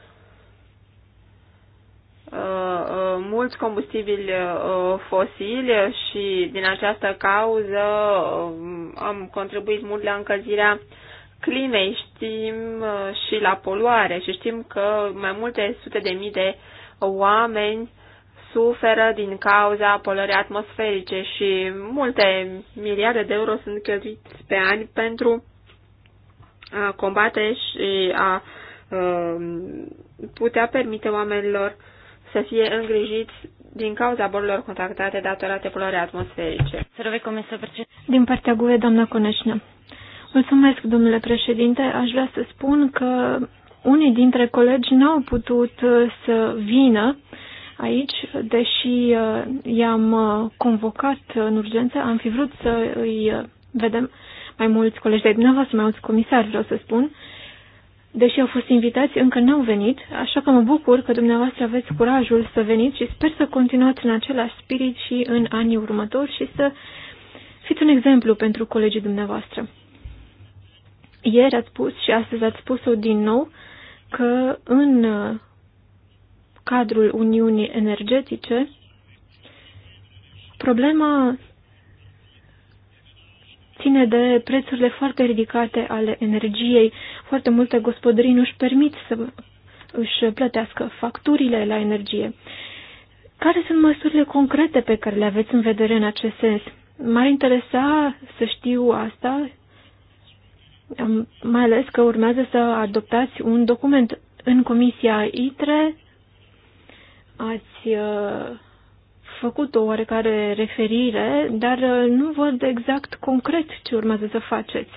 Uh, uh, mulți combustibili uh, fosili și din această cauză am contribuit mult la încălzirea climei, știm și la poluare și știm că mai multe sute de mii de oameni suferă din cauza poluării atmosferice și multe miliarde de euro sunt cheltuiți pe ani pentru a combate și a putea permite oamenilor să fie îngrijiți din cauza bolilor contactate datorate polorii atmosferice. Din partea GUE, doamna Coneșnă. Mulțumesc, domnule președinte. Aș vrea să spun că unii dintre colegi n-au putut uh, să vină aici, deși uh, i-am uh, convocat în urgență. Am fi vrut să îi vedem mai mulți colegi de dumneavoastră, mai mulți comisari, vreau să spun. Deși au fost invitați, încă n-au venit, așa că mă bucur că dumneavoastră aveți curajul să veniți și sper să continuați în același spirit și în anii următori și să fiți un exemplu pentru colegii dumneavoastră. Ieri ați spus și astăzi ați spus-o din nou că în uh, cadrul Uniunii Energetice problema ține de prețurile foarte ridicate ale energiei, foarte multe gospodării nu își permit să își plătească facturile la energie. Care sunt măsurile concrete pe care le aveți în vedere în acest sens? M-ar interesa să știu asta, mai ales că urmează să adoptați un document în Comisia ITRE. Ați uh, făcut o oarecare referire, dar uh, nu văd exact concret ce urmează să faceți.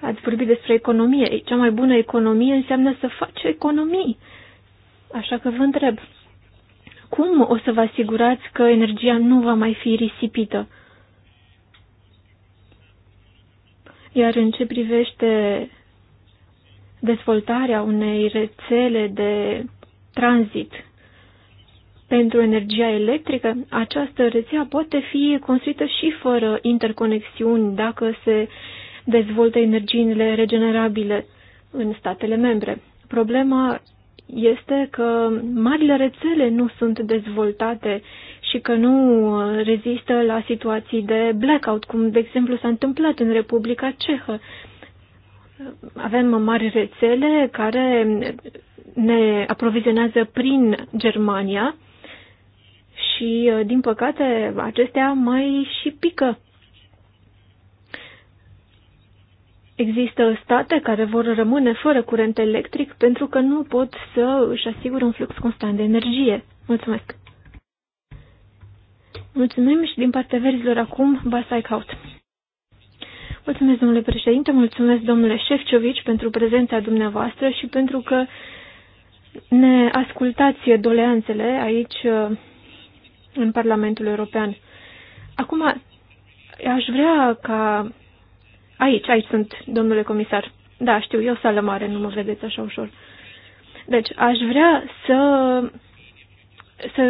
Ați vorbit despre economie. Cea mai bună economie înseamnă să faci economii. Așa că vă întreb, cum o să vă asigurați că energia nu va mai fi risipită? Iar în ce privește dezvoltarea unei rețele de tranzit pentru energia electrică, această rețea poate fi construită și fără interconexiuni dacă se dezvoltă energiile regenerabile în statele membre. Problema este că marile rețele nu sunt dezvoltate și că nu rezistă la situații de blackout, cum de exemplu s-a întâmplat în Republica Cehă. Avem mari rețele care ne aprovizionează prin Germania și, din păcate, acestea mai și pică Există state care vor rămâne fără curent electric pentru că nu pot să își asigure un flux constant de energie. Mulțumesc! Mulțumim și din partea verzilor acum, Caut. Mulțumesc, domnule președinte, mulțumesc, domnule Șefciovici, pentru prezența dumneavoastră și pentru că ne ascultați doleanțele aici în Parlamentul European. Acum, aș vrea ca Aici, aici sunt, domnule comisar. Da, știu, eu sală mare, nu mă vedeți așa ușor. Deci, aș vrea să, să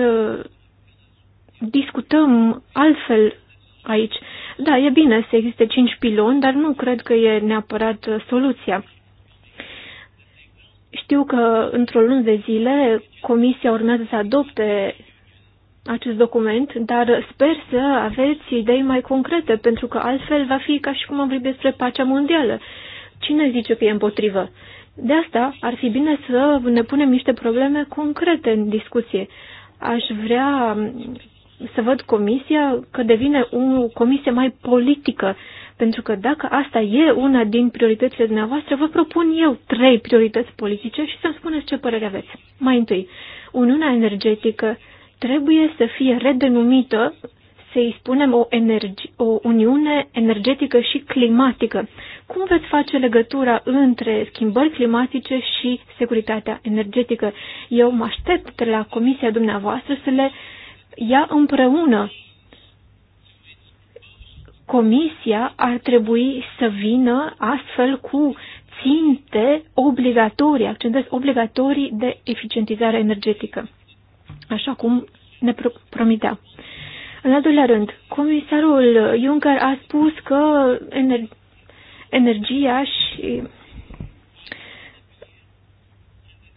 discutăm altfel aici. Da, e bine să existe cinci piloni, dar nu cred că e neapărat soluția. Știu că într-o lună de zile Comisia urmează să adopte acest document, dar sper să aveți idei mai concrete, pentru că altfel va fi ca și cum am vorbit despre pacea mondială. Cine zice că e împotrivă? De asta ar fi bine să ne punem niște probleme concrete în discuție. Aș vrea să văd comisia că devine o comisie mai politică, pentru că dacă asta e una din prioritățile dumneavoastră, vă propun eu trei priorități politice și să-mi spuneți ce părere aveți. Mai întâi, Uniunea Energetică trebuie să fie redenumită, să-i spunem, o, energi- o uniune energetică și climatică. Cum veți face legătura între schimbări climatice și securitatea energetică? Eu mă aștept de la comisia dumneavoastră să le ia împreună. Comisia ar trebui să vină astfel cu ținte obligatorii, accentez obligatorii de eficientizare energetică așa cum ne pro promitea. În al doilea rând, comisarul Juncker a spus că ener energia și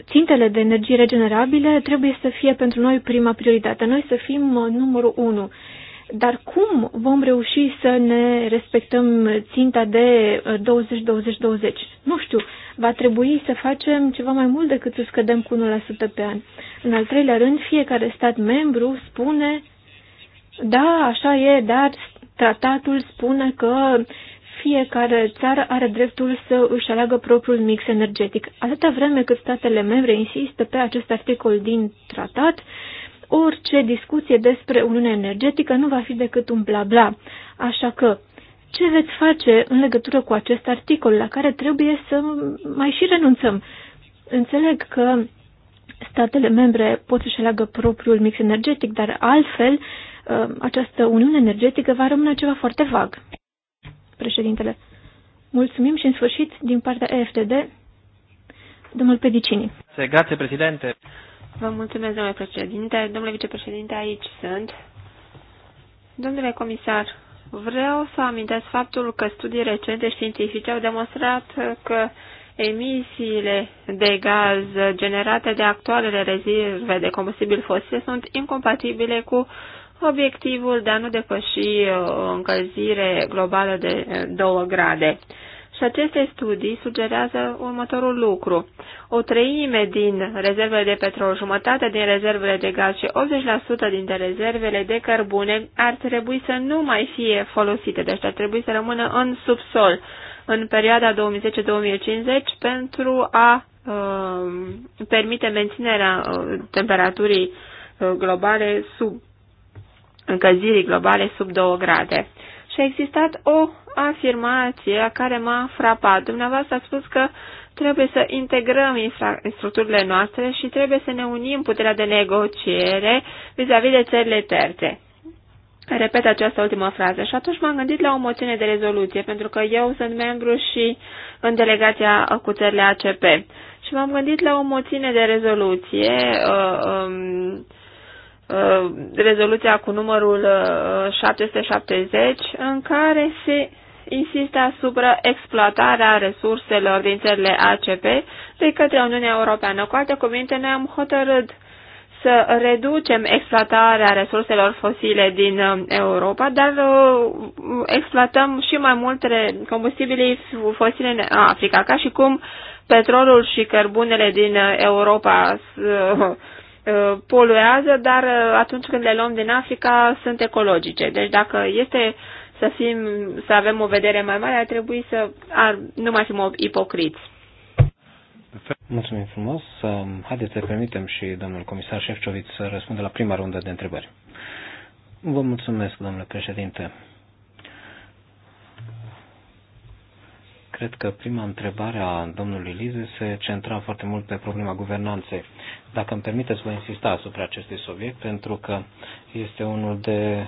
țintele de energie regenerabile trebuie să fie pentru noi prima prioritate. Noi să fim uh, numărul unu. Dar cum vom reuși să ne respectăm ținta de 20-20-20? Uh, nu știu, va trebui să facem ceva mai mult decât să scădem cu 1% pe an. În al treilea rând, fiecare stat membru spune, da, așa e, dar tratatul spune că fiecare țară are dreptul să își aleagă propriul mix energetic. Atâta vreme cât statele membre insistă pe acest articol din tratat, orice discuție despre Uniunea Energetică nu va fi decât un bla bla. Așa că, ce veți face în legătură cu acest articol la care trebuie să mai și renunțăm? Înțeleg că statele membre pot să-și aleagă propriul mix energetic, dar altfel uh, această Uniune Energetică va rămâne ceva foarte vag. Președintele, mulțumim și în sfârșit din partea EFTD, domnul Pedicini. Grazie, președinte. Vă mulțumesc, domnule președinte. Domnule vicepreședinte, aici sunt. Domnule comisar, vreau să amintesc faptul că studii recente științifice au demonstrat că emisiile de gaz generate de actualele rezerve de combustibil fosil sunt incompatibile cu obiectivul de a nu depăși o încălzire globală de 2 grade. Și aceste studii sugerează următorul lucru. O treime din rezervele de petrol, jumătate din rezervele de gaz și 80% dintre rezervele de cărbune ar trebui să nu mai fie folosite, deci ar trebui să rămână în subsol în perioada 2010-2050 pentru a uh, permite menținerea uh, temperaturii uh, globale sub încălzirii globale sub 2 grade. Și a existat o afirmație care m-a frapat. Dumneavoastră a spus că trebuie să integrăm infrastructurile noastre și trebuie să ne unim puterea de negociere vis-a-vis -vis de țările terțe. Repet această ultimă frază și atunci m-am gândit la o moțiune de rezoluție, pentru că eu sunt membru și în delegația cu țările ACP. Și m-am gândit la o moțiune de rezoluție, uh, um, uh, rezoluția cu numărul 770, uh, în care se insistă asupra exploatarea resurselor din țările ACP de către Uniunea Europeană. Cu alte cuvinte, noi am hotărât să reducem exploatarea resurselor fosile din uh, Europa, dar uh, exploatăm și mai multe combustibile fosile în Africa, ca și cum petrolul și cărbunele din uh, Europa poluează, dar atunci când le luăm din Africa sunt ecologice. Deci dacă este să, fim, să avem o vedere mai mare, ar trebui să ar, nu mai fim ipocriți. Mulțumim frumos. Haideți să permitem și domnul comisar Șefcioviț să răspundă la prima rundă de întrebări. Vă mulțumesc, domnule președinte. Cred că prima întrebare a domnului Lize se centra foarte mult pe problema guvernanței. Dacă îmi permiteți, voi insista asupra acestui subiect, pentru că este unul de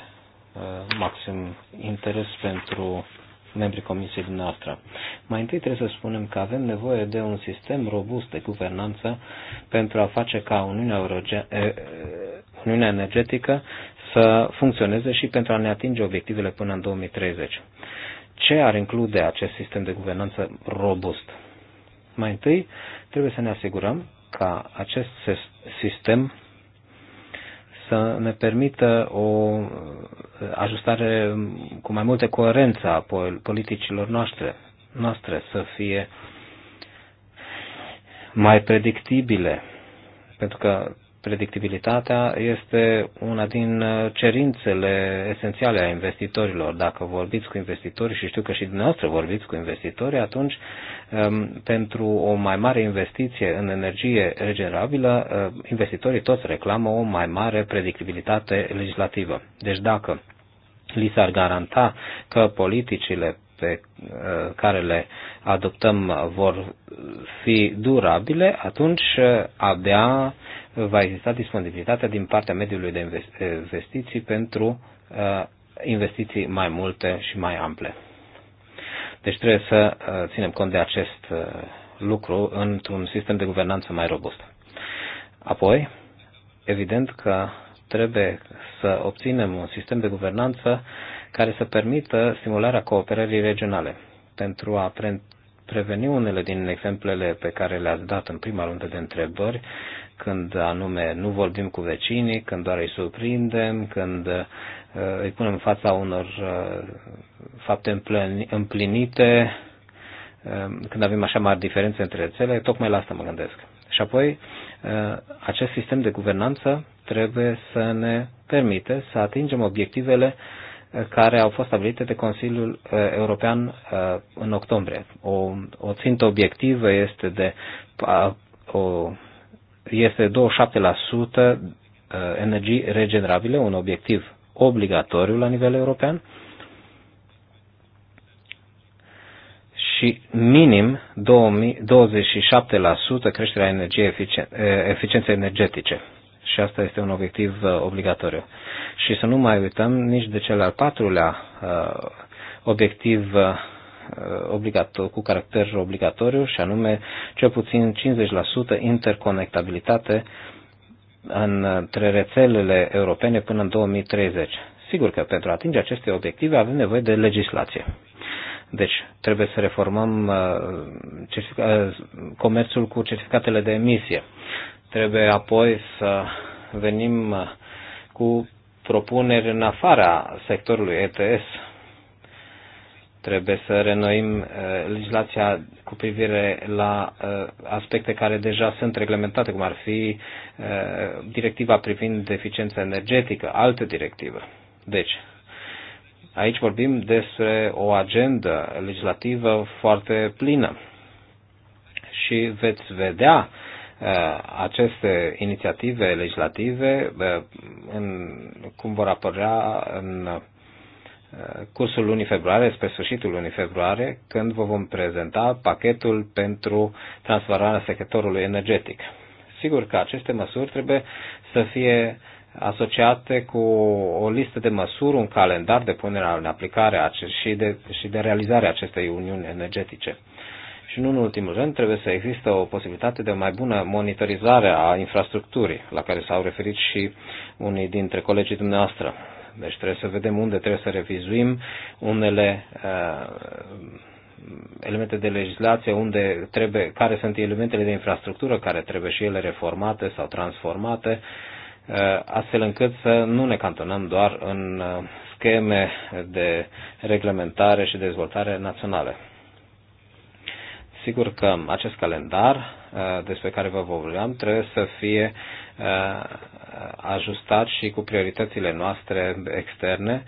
Uh, maxim interes pentru membrii comisiei dumneavoastră. Mai întâi trebuie să spunem că avem nevoie de un sistem robust de guvernanță pentru a face ca Uniunea, Euroge- Uniunea Energetică să funcționeze și pentru a ne atinge obiectivele până în 2030. Ce ar include acest sistem de guvernanță robust? Mai întâi, trebuie să ne asigurăm ca acest sistem să ne permită o uh, ajustare cu mai multă coerență a politicilor noastre, noastre să fie mai predictibile, pentru că predictibilitatea este una din uh, cerințele esențiale a investitorilor. Dacă vorbiți cu investitori și știu că și dumneavoastră vorbiți cu investitori, atunci um, pentru o mai mare investiție în energie regenerabilă, uh, investitorii toți reclamă o mai mare predictibilitate legislativă. Deci dacă li s-ar garanta că politicile pe uh, care le adoptăm vor fi durabile, atunci abia va exista disponibilitatea din partea mediului de investiții pentru uh, investiții mai multe și mai ample. Deci trebuie să uh, ținem cont de acest uh, lucru într-un sistem de guvernanță mai robust. Apoi, evident că trebuie să obținem un sistem de guvernanță care să permită stimularea cooperării regionale pentru a preveni unele din exemplele pe care le-ați dat în prima rundă de întrebări, când anume nu vorbim cu vecinii, când doar îi surprindem, când uh, îi punem în fața unor uh, fapte împlinite, um, când avem așa mari diferențe între țele, tocmai la asta mă gândesc. Și apoi, uh, acest sistem de guvernanță trebuie să ne permite să atingem obiectivele care au fost stabilite de Consiliul European în octombrie. O, o țintă obiectivă este de o este 27% uh, energii regenerabile, un obiectiv obligatoriu la nivel european și minim 27% creșterea energiei eficien uh, eficienței energetice. Și asta este un obiectiv uh, obligatoriu. Și să nu mai uităm nici de cel al patrulea obiectiv Uh, cu caracter obligatoriu și anume cel puțin 50% interconectabilitate între rețelele europene până în 2030. Sigur că pentru a atinge aceste obiective avem nevoie de legislație. Deci trebuie să reformăm uh, uh, comerțul cu certificatele de emisie. Trebuie apoi să venim cu propuneri în afara sectorului ETS Trebuie să renoim uh, legislația cu privire la uh, aspecte care deja sunt reglementate, cum ar fi uh, directiva privind eficiența energetică, alte directive. Deci, aici vorbim despre o agendă legislativă foarte plină și veți vedea aceste inițiative legislative în, cum vor apărea în cursul lunii februarie, spre sfârșitul lunii februarie, când vă vom prezenta pachetul pentru transferarea sectorului energetic. Sigur că aceste măsuri trebuie să fie asociate cu o listă de măsuri, un calendar de punere în aplicare și de, și de realizare a acestei uniuni energetice. Și nu în ultimul rând, trebuie să există o posibilitate de o mai bună monitorizare a infrastructurii, la care s-au referit și unii dintre colegii dumneavoastră. Deci trebuie să vedem unde trebuie să revizuim unele uh, elemente de legislație unde trebuie, care sunt elementele de infrastructură care trebuie și ele reformate sau transformate, uh, astfel încât să nu ne cantonăm doar în uh, scheme de reglementare și dezvoltare naționale. Sigur că acest calendar despre care vă vorbeam trebuie să fie Uh, ajustat și cu prioritățile noastre externe,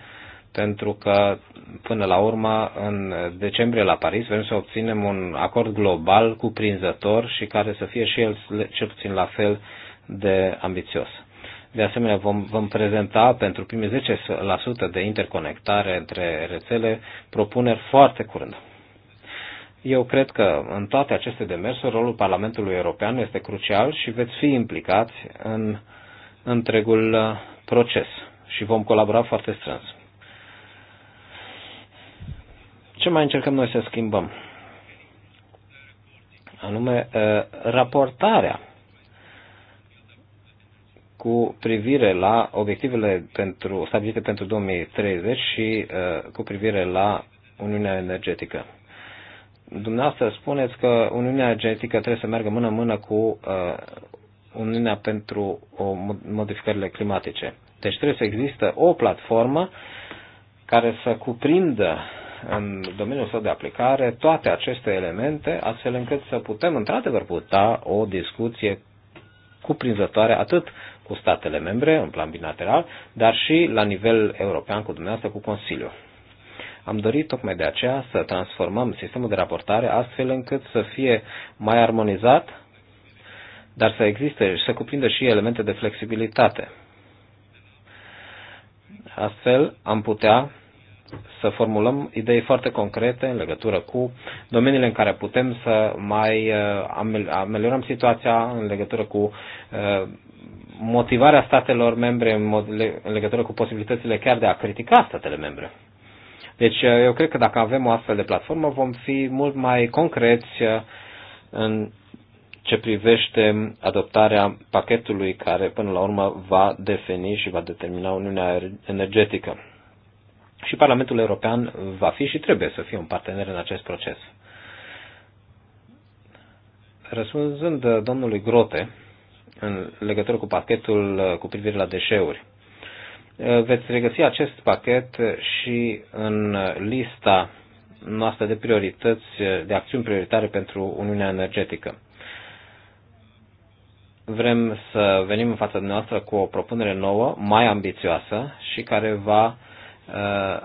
pentru că până la urmă, în decembrie la Paris, vrem să obținem un acord global cuprinzător și care să fie și el cel puțin la fel de ambițios. De asemenea, vom, vom prezenta pentru primii 10% de interconectare între rețele propuneri foarte curând. Eu cred că în toate aceste demersuri rolul Parlamentului European este crucial și veți fi implicați în întregul uh, proces și vom colabora foarte strâns. Ce mai încercăm noi să schimbăm? Anume, uh, raportarea cu privire la obiectivele pentru, stabilite pentru 2030 și uh, cu privire la Uniunea Energetică Dumneavoastră spuneți că Uniunea Genetică trebuie să meargă mână-mână cu uh, Uniunea pentru o, modificările climatice. Deci trebuie să există o platformă care să cuprindă în domeniul său de aplicare toate aceste elemente, astfel încât să putem într-adevăr putea o discuție cuprinzătoare atât cu statele membre în plan bilateral, dar și la nivel european cu dumneavoastră, cu Consiliul. Am dorit tocmai de aceea să transformăm sistemul de raportare astfel încât să fie mai armonizat, dar să existe și să cuprindă și elemente de flexibilitate. Astfel am putea să formulăm idei foarte concrete în legătură cu domeniile în care putem să mai uh, ameliorăm situația în legătură cu uh, motivarea statelor membre, în legătură cu posibilitățile chiar de a critica statele membre. Deci uh, eu cred că dacă avem o astfel de platformă vom fi mult mai concreți uh, în ce privește adoptarea pachetului care până la urmă va defini și va determina Uniunea Energetică. Și Parlamentul European va fi și trebuie să fie un partener în acest proces. Răspunzând uh, domnului Grote, în legătură cu pachetul cu privire la deșeuri, Eh, veți regăsi acest pachet eh, și în eh, lista noastră de priorități, de acțiuni prioritare pentru Uniunea Energetică. Vrem să venim în fața noastră cu o propunere nouă, mai ambițioasă și care va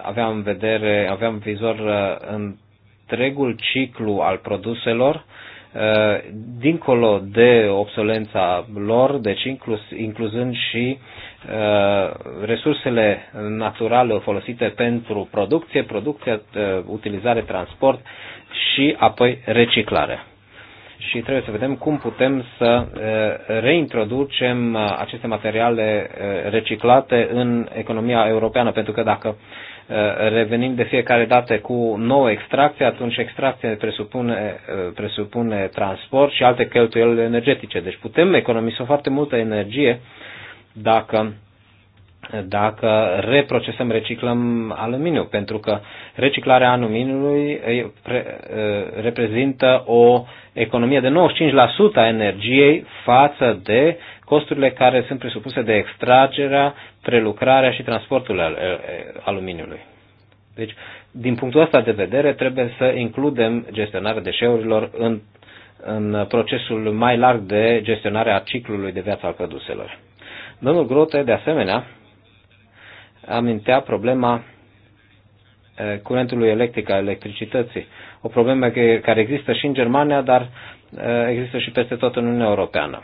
avea în vedere, avea în vizor întregul ciclu al produselor, dincolo de obsolența lor, deci inclus, incluzând și Uh, resursele naturale folosite pentru producție, producție, uh, utilizare, transport și apoi reciclare. Și trebuie să vedem cum putem să uh, reintroducem aceste materiale reciclate în economia europeană, pentru că dacă revenim de fiecare dată cu nouă extracție, atunci extracția presupune, presupune transport și alte cheltuieli energetice. Deci putem economisi foarte multă energie uh, dacă dacă reprocesăm, reciclăm aluminiu, pentru că reciclarea aluminiului ă, reprezintă o economie de 95% a energiei față de costurile care sunt presupuse de extragerea, prelucrarea și transportul ă, aluminiului. Deci, din punctul ăsta de vedere, trebuie să includem gestionarea deșeurilor în, în procesul mai larg de gestionare a ciclului de viață al produselor. Domnul Grote, de asemenea, amintea problema curentului electric, a electricității. O problemă care există și în Germania, dar există și peste tot în Uniunea Europeană.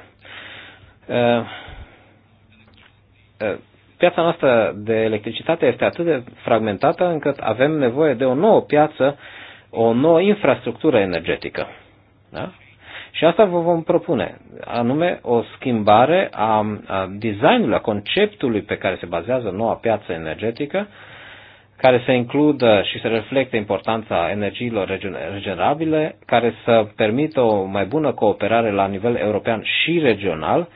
Piața noastră de electricitate este atât de fragmentată încât avem nevoie de o nouă piață, o nouă infrastructură energetică. Da? Și asta vă vom propune, anume o schimbare a designului, a conceptului pe care se bazează noua piață energetică, care să includă și să reflecte importanța energiilor regenerabile, care să permită o mai bună cooperare la nivel european și regional.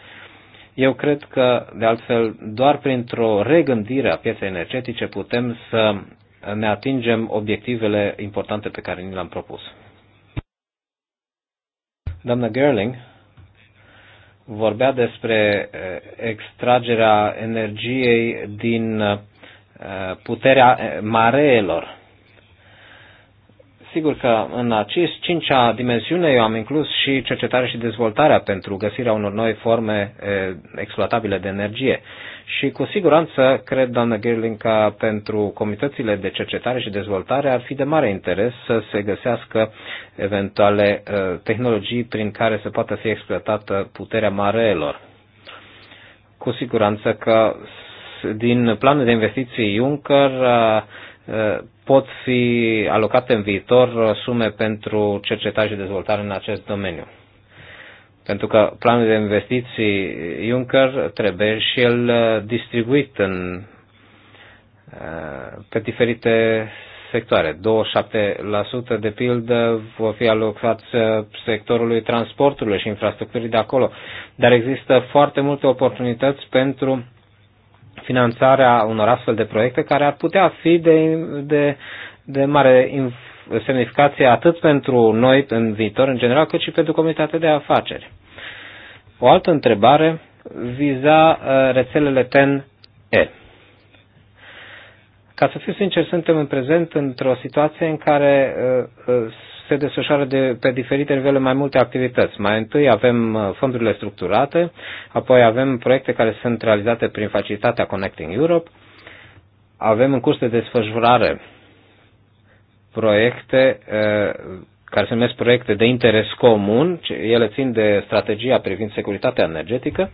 Eu cred că, de altfel, doar printr-o regândire a pieței energetice putem să ne atingem obiectivele importante pe care ni le-am propus. Doamna Gerling vorbea despre eh, extragerea energiei din eh, puterea eh, mareelor. Sigur că în acest cincea dimensiune eu am inclus și cercetarea și dezvoltarea pentru găsirea unor noi forme exploatabile de energie. Și cu siguranță, cred, doamnă Gerling, că pentru comitățile de cercetare și dezvoltare ar fi de mare interes să se găsească eventuale uh, tehnologii prin care să poată fi exploatată puterea mareelor. Cu siguranță că din planul de investiții Juncker uh, uh, pot fi alocate în viitor sume pentru cercetare și dezvoltare în acest domeniu. Pentru că planul de investiții Juncker trebuie și el uh, distribuit în, uh, pe diferite sectoare. 27% de pildă vor fi alocați uh, sectorului transportului și infrastructurii de acolo. Dar există foarte multe oportunități pentru finanțarea unor astfel de proiecte care ar putea fi de, de, de mare influență semnificație atât pentru noi în viitor, în general, cât și pentru comunitatea de afaceri. O altă întrebare viza uh, rețelele TEN-E. Ca să fiu sincer, suntem în prezent într-o situație în care uh, uh, se desfășoară de, pe diferite nivele mai multe activități. Mai întâi avem fondurile structurate, apoi avem proiecte care sunt realizate prin facilitatea Connecting Europe, avem în curs de desfășurare proiecte eh, care se numesc proiecte de interes comun, ele țin de strategia privind securitatea energetică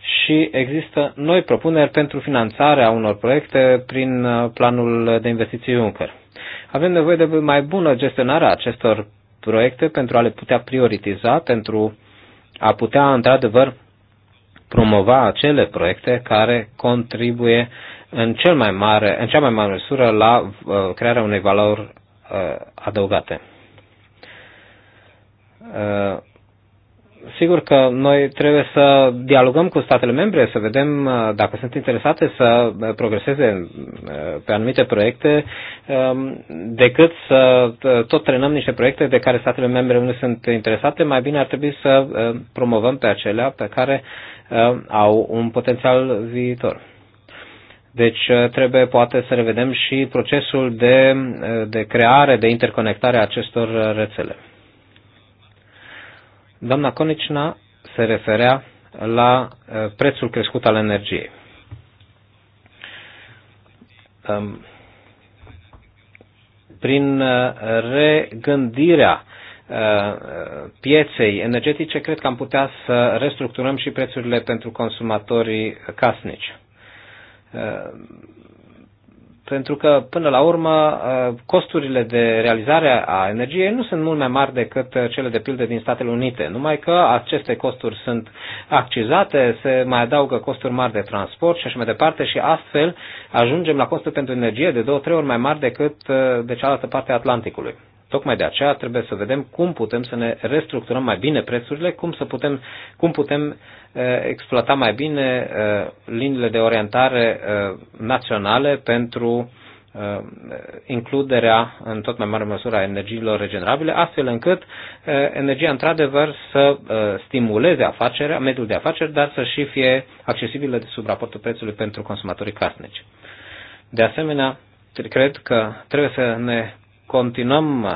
și există noi propuneri pentru finanțarea unor proiecte prin eh, planul de investiții Juncker. Avem nevoie de mai bună gestionare a acestor proiecte pentru a le putea prioritiza, pentru a putea, într-adevăr, promova acele proiecte care contribuie în, cel mai mare, în cea mai mare măsură la eh, crearea unei valori Uh, adăugate. Uh, sigur că noi trebuie să dialogăm cu statele membre, să vedem uh, dacă sunt interesate să progreseze pe anumite proiecte, um, decât să tot trenăm niște proiecte de care statele membre nu sunt interesate, mai bine ar trebui să promovăm pe acelea pe care au un potențial viitor. Deci uh, trebuie poate să revedem și procesul de, uh, de creare, de interconectare a acestor uh, rețele. Doamna Conicina se referea la prețul crescut al energiei. Um, prin regândirea pieței energetice, cred că am putea să restructurăm și prețurile pentru consumatorii casnici pentru că, până la urmă, costurile de realizare a energiei nu sunt mult mai mari decât cele de pildă din Statele Unite, numai că aceste costuri sunt accizate, se mai adaugă costuri mari de transport și așa mai departe și astfel ajungem la costuri pentru energie de două, trei ori mai mari decât de cealaltă parte a Atlanticului. Tocmai de aceea trebuie să vedem cum putem să ne restructurăm mai bine prețurile, cum, să putem, cum putem exploata mai bine liniile de orientare naționale pentru includerea în tot mai mare măsură a energiilor regenerabile, astfel încât energia într-adevăr să stimuleze afacerea, mediul de afaceri, dar să și fie accesibilă sub raportul prețului pentru consumatorii casnici. De asemenea, cred că trebuie să ne continuăm uh,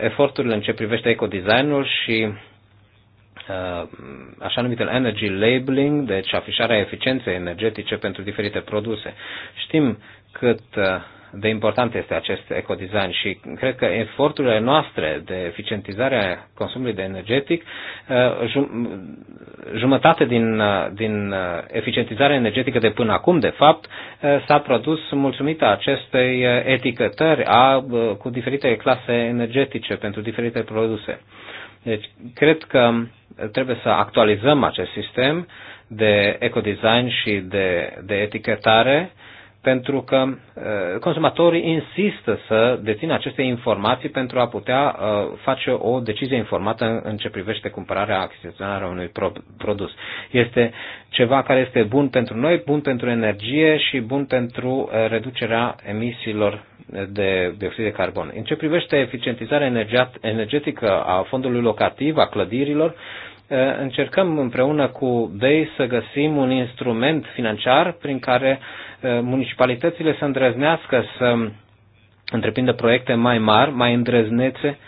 eforturile în ce privește ecodesignul și uh, așa numitul energy labeling, deci afișarea eficienței energetice pentru diferite produse. Știm cât uh, de important este acest ecodesign și cred că eforturile noastre de eficientizare a consumului de energetic, uh, jumătate din, uh, din uh, eficientizarea energetică de până acum, de fapt, s-a produs mulțumită acestei etichetări a, cu diferite clase energetice pentru diferite produse. Deci, cred că trebuie să actualizăm acest sistem de ecodesign și de, de etichetare pentru că uh, consumatorii insistă să dețină aceste informații pentru a putea uh, face o decizie informată în ce privește cumpărarea, achiziționarea unui produs. Este ceva care este bun pentru noi, bun pentru energie și bun pentru uh, reducerea emisiilor de dioxid de carbon. În ce privește eficientizarea energetică a fondului locativ, a clădirilor, încercăm împreună cu DEI să găsim un instrument financiar prin care uh, Eh, municipalitățile să îndrăznească să întreprindă proiecte mai mari, mai îndrăznețe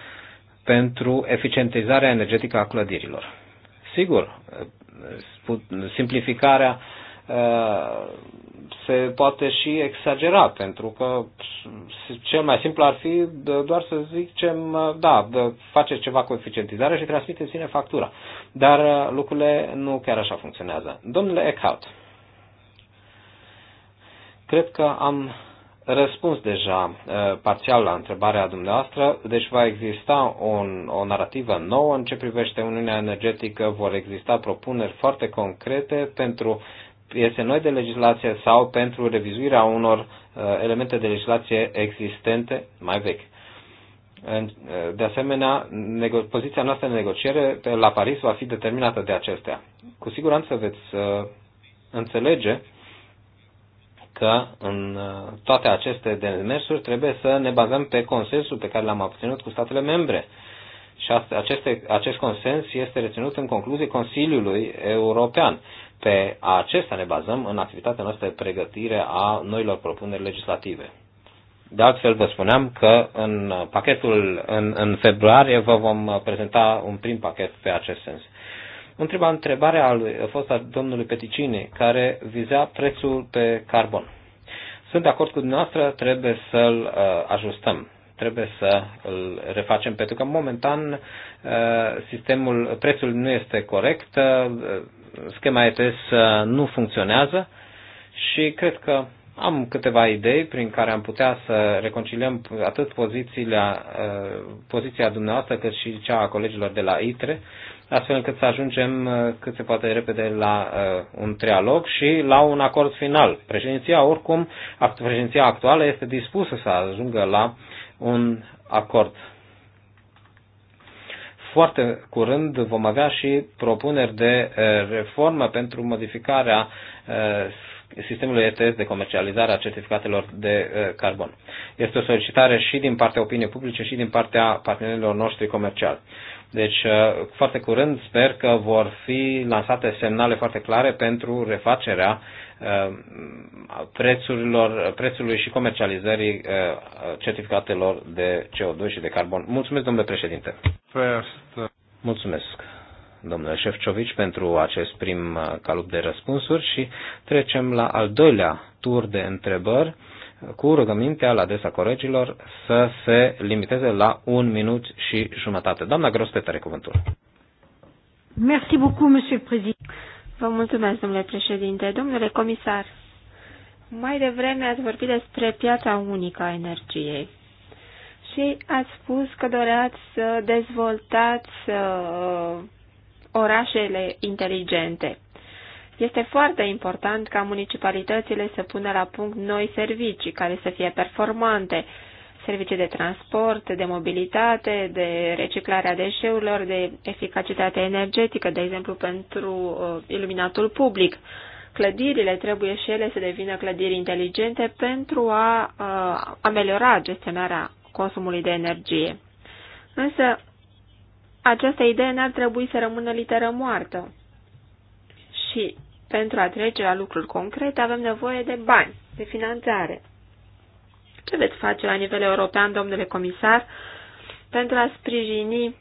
pentru eficientizarea energetică a clădirilor. Sigur, eh, simplificarea eh, se poate și exagera, pentru că cel mai simplu ar fi doar să zicem, da, faceți ceva cu eficientizare și transmiteți-ne factura. Dar lucrurile nu chiar așa funcționează. Domnule Eckhout, Cred că am răspuns deja uh, parțial la întrebarea dumneavoastră, deci va exista un, o narrativă nouă în ce privește Uniunea Energetică, vor exista propuneri foarte concrete pentru piese noi de legislație sau pentru revizuirea unor uh, elemente de legislație existente mai vechi. Uh, de asemenea, poziția noastră de negociere la Paris va fi determinată de acestea. Cu siguranță veți uh, înțelege că în uh, toate aceste demersuri trebuie să ne bazăm pe consensul pe care l-am obținut cu statele membre. Și aceste, acest consens este reținut în concluzie Consiliului European. Pe acesta ne bazăm în activitatea noastră de pregătire a noilor propuneri legislative. De altfel, vă spuneam că în pachetul, în, în februarie, vă vom prezenta un prim pachet pe acest sens întreba întrebarea lui, a fost a domnului Peticini, care vizea prețul pe carbon. Sunt de acord cu dumneavoastră, trebuie să-l uh, ajustăm, trebuie să l refacem, pentru că momentan uh, sistemul, prețul nu este corect, uh, schema ETS uh, nu funcționează și cred că am câteva idei prin care am putea să reconciliem atât pozițiile, uh, poziția dumneavoastră cât și cea a colegilor de la ITRE astfel încât să ajungem uh, cât se poate repede la uh, un trialog și la un acord final. Președinția, oricum, președinția actuală este dispusă să ajungă la un acord. Foarte curând vom avea și propuneri de uh, reformă pentru modificarea sistemului ETS de comercializare a certificatelor de carbon. Este o solicitare și din partea opiniei publice și din partea partenerilor noștri comerciali. Deci, uh, foarte curând sper că vor fi lansate semnale foarte clare pentru refacerea uh, prețurilor, prețului și comercializării uh, certificatelor de CO2 și de carbon. Mulțumesc, domnule președinte. First. Mulțumesc, domnule Șefcovici, pentru acest prim calup de răspunsuri și trecem la al doilea tur de întrebări cu rugămintea la adresa colegilor să se limiteze la un minut și jumătate. Doamna Groste, tare cuvântul. Merci beaucoup, monsieur le président. Vă mulțumesc, domnule președinte. Domnule comisar, mai devreme ați vorbit despre piața unică a energiei și ați spus că doreați să dezvoltați uh, orașele inteligente. Este foarte important ca municipalitățile să pună la punct noi servicii care să fie performante, servicii de transport, de mobilitate, de reciclarea deșeurilor, de eficacitate energetică, de exemplu pentru uh, iluminatul public. Clădirile trebuie și ele să devină clădiri inteligente pentru a uh, ameliora gestionarea consumului de energie. Însă, această idee n-ar trebui să rămână literă moartă. Și pentru a trece la lucruri concrete, avem nevoie de bani, de finanțare. Ce veți face la nivel european, domnule comisar, pentru a sprijini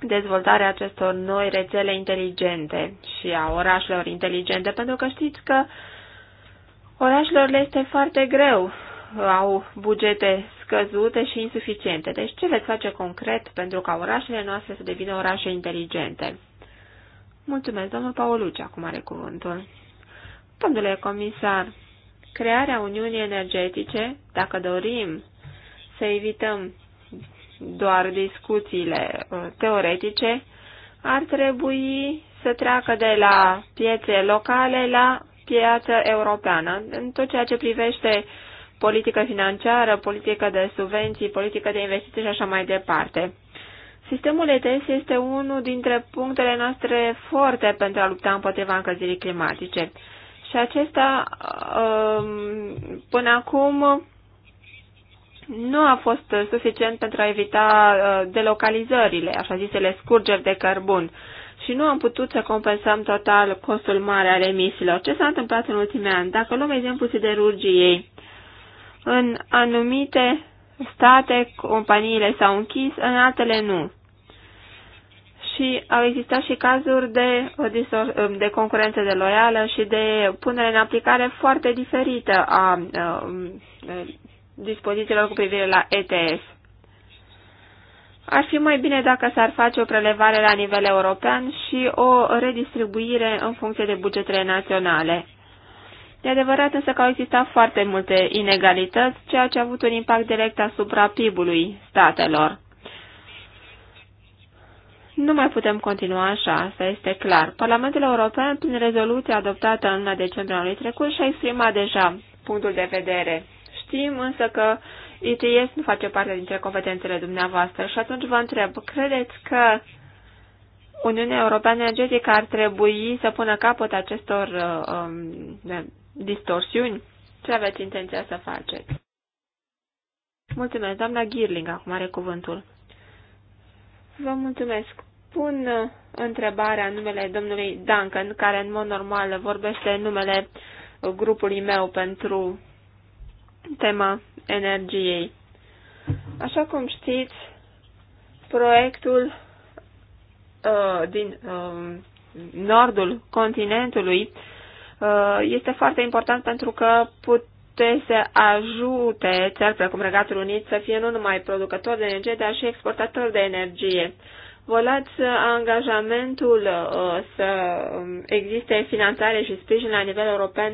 dezvoltarea acestor noi rețele inteligente și a orașelor inteligente, pentru că știți că orașelor le este foarte greu, au bugete scăzute și insuficiente. Deci ce veți face concret pentru ca orașele noastre să devină orașe inteligente? Mulțumesc, domnul Pauluci, acum are cuvântul. Domnule comisar, crearea Uniunii Energetice, dacă dorim să evităm doar discuțiile uh, teoretice, ar trebui să treacă de la piețe locale la piață europeană. În tot ceea ce privește politică financiară, politică de subvenții, politică de investiții și așa mai departe. Sistemul ETS este unul dintre punctele noastre forte pentru a lupta împotriva încălzirii climatice. Și acesta, um, până acum, nu a fost suficient pentru a evita uh, delocalizările, așa zisele scurgeri de cărbun, și nu am putut să compensăm total costul mare al emisiilor. Ce s-a întâmplat în ultimii ani? Dacă luăm exemplu siderurgiei, în anumite state companiile s-au închis, în altele nu și au existat și cazuri de, de concurență de loială și de punere în aplicare foarte diferită a dispozițiilor cu privire la ETS. Ar fi mai bine dacă s-ar face o prelevare la nivel european și o redistribuire în funcție de bugetele naționale. De adevărat însă că au existat foarte multe inegalități, ceea ce a avut un impact direct asupra PIB-ului statelor. Nu mai putem continua așa, asta este clar. Parlamentul European, prin rezoluția adoptată în luna decembrie anului trecut, și-a exprimat deja punctul de vedere. Știm însă că ITS nu face parte dintre competențele dumneavoastră și atunci vă întreb, credeți că Uniunea Europeană Energetică ar trebui să pună capăt acestor uh, um, distorsiuni? Ce aveți intenția să faceți? Mulțumesc, doamna Girling, acum are cuvântul. Vă mulțumesc pun uh, întrebarea în numele domnului Duncan, care în mod normal vorbește în numele uh, grupului meu pentru tema energiei. Așa cum știți, proiectul uh, din uh, nordul continentului uh, este foarte important pentru că putea să ajute țări precum Regatul Unit să fie nu numai producători de energie, dar și exportatori de energie vă luați uh, angajamentul uh, să um, existe finanțare și sprijin la nivel european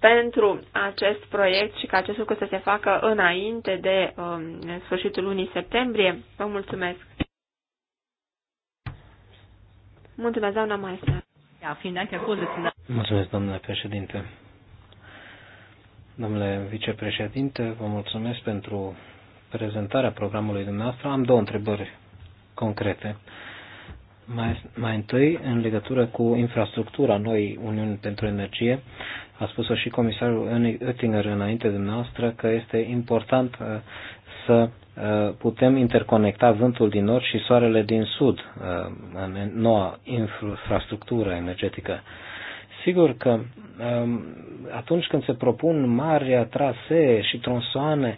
pentru acest proiect și ca acest lucru să se facă înainte de um, sfârșitul lunii septembrie? Vă mulțumesc! Mulțumesc, doamna maestră. Mulțumesc, domnule președinte! Domnule vicepreședinte, vă mulțumesc pentru prezentarea programului dumneavoastră. Am două întrebări concrete. Mai, mai întâi, în legătură cu infrastructura noi Uniuni pentru Energie, a spus-o și comisarul Oettinger înainte de noastră că este important uh, să uh, putem interconecta vântul din nord și soarele din sud uh, în noua infrastructură energetică. Sigur că um, atunci când se propun mari trasee și tronsoane,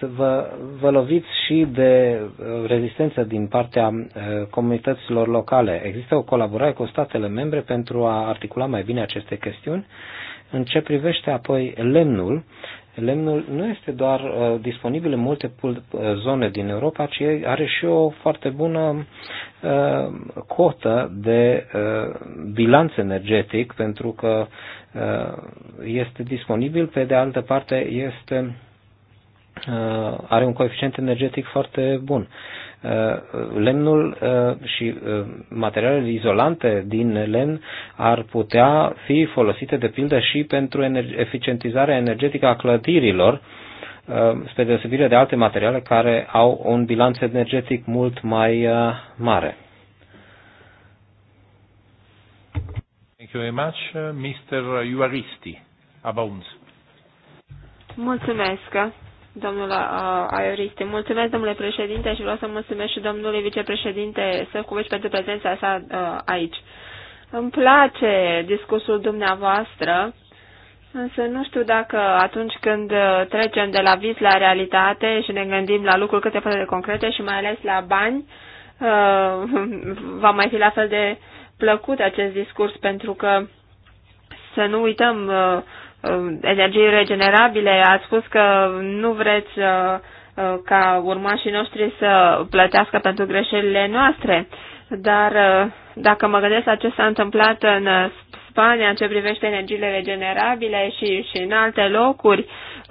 să vă, vă loviți și de uh, rezistență din partea uh, comunităților locale. Există o colaborare cu statele membre pentru a articula mai bine aceste chestiuni. În ce privește apoi lemnul, lemnul nu este doar uh, disponibil în multe zone din Europa, ci are și o foarte bună cotă de bilanț energetic, pentru că este disponibil, pe de altă parte este Uh, are un coeficient energetic foarte bun. Uh, lemnul uh, și materialele izolante din lemn ar putea fi folosite de pildă și pentru eficientizarea energetică a clădirilor, spre deosebire de alte materiale care au un bilanț energetic mult mai mare. Thank you very much, Mr. Iuaristi, Abounds. Mulțumesc. Domnul uh, Aioriste, mulțumesc, domnule președinte, și vreau să mulțumesc și domnului vicepreședinte Săcuvești pentru prezența sa uh, aici. Îmi place discursul dumneavoastră, însă nu știu dacă atunci când uh, trecem de la vis la realitate și ne gândim la lucruri câte poate de concrete și mai ales la bani, uh, <laughs> va mai fi la fel de plăcut acest discurs, pentru că să nu uităm uh, Uh, energiei regenerabile. Ați spus că nu vreți uh, uh, ca urmașii noștri să plătească pentru greșelile noastre, dar dacă mă gândesc la ce s-a întâmplat în Spania în ce privește energiile regenerabile și, și în alte locuri, uh,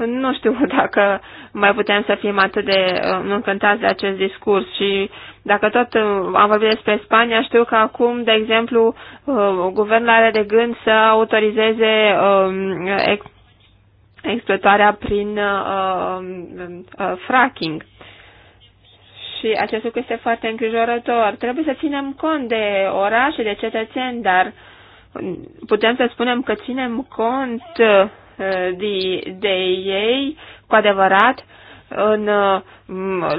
nu știu <laughs> dacă mai putem să fim atât de uh, încântați de acest discurs și dacă tot uh, am vorbit despre Spania, știu că acum, de exemplu, uh, guvernul are de gând să autorizeze um, exploatarea prin um, fracking și acest lucru este foarte îngrijorător. Trebuie să ținem cont de orașe, de cetățeni, dar putem să spunem că ținem cont de, de ei, cu adevărat, în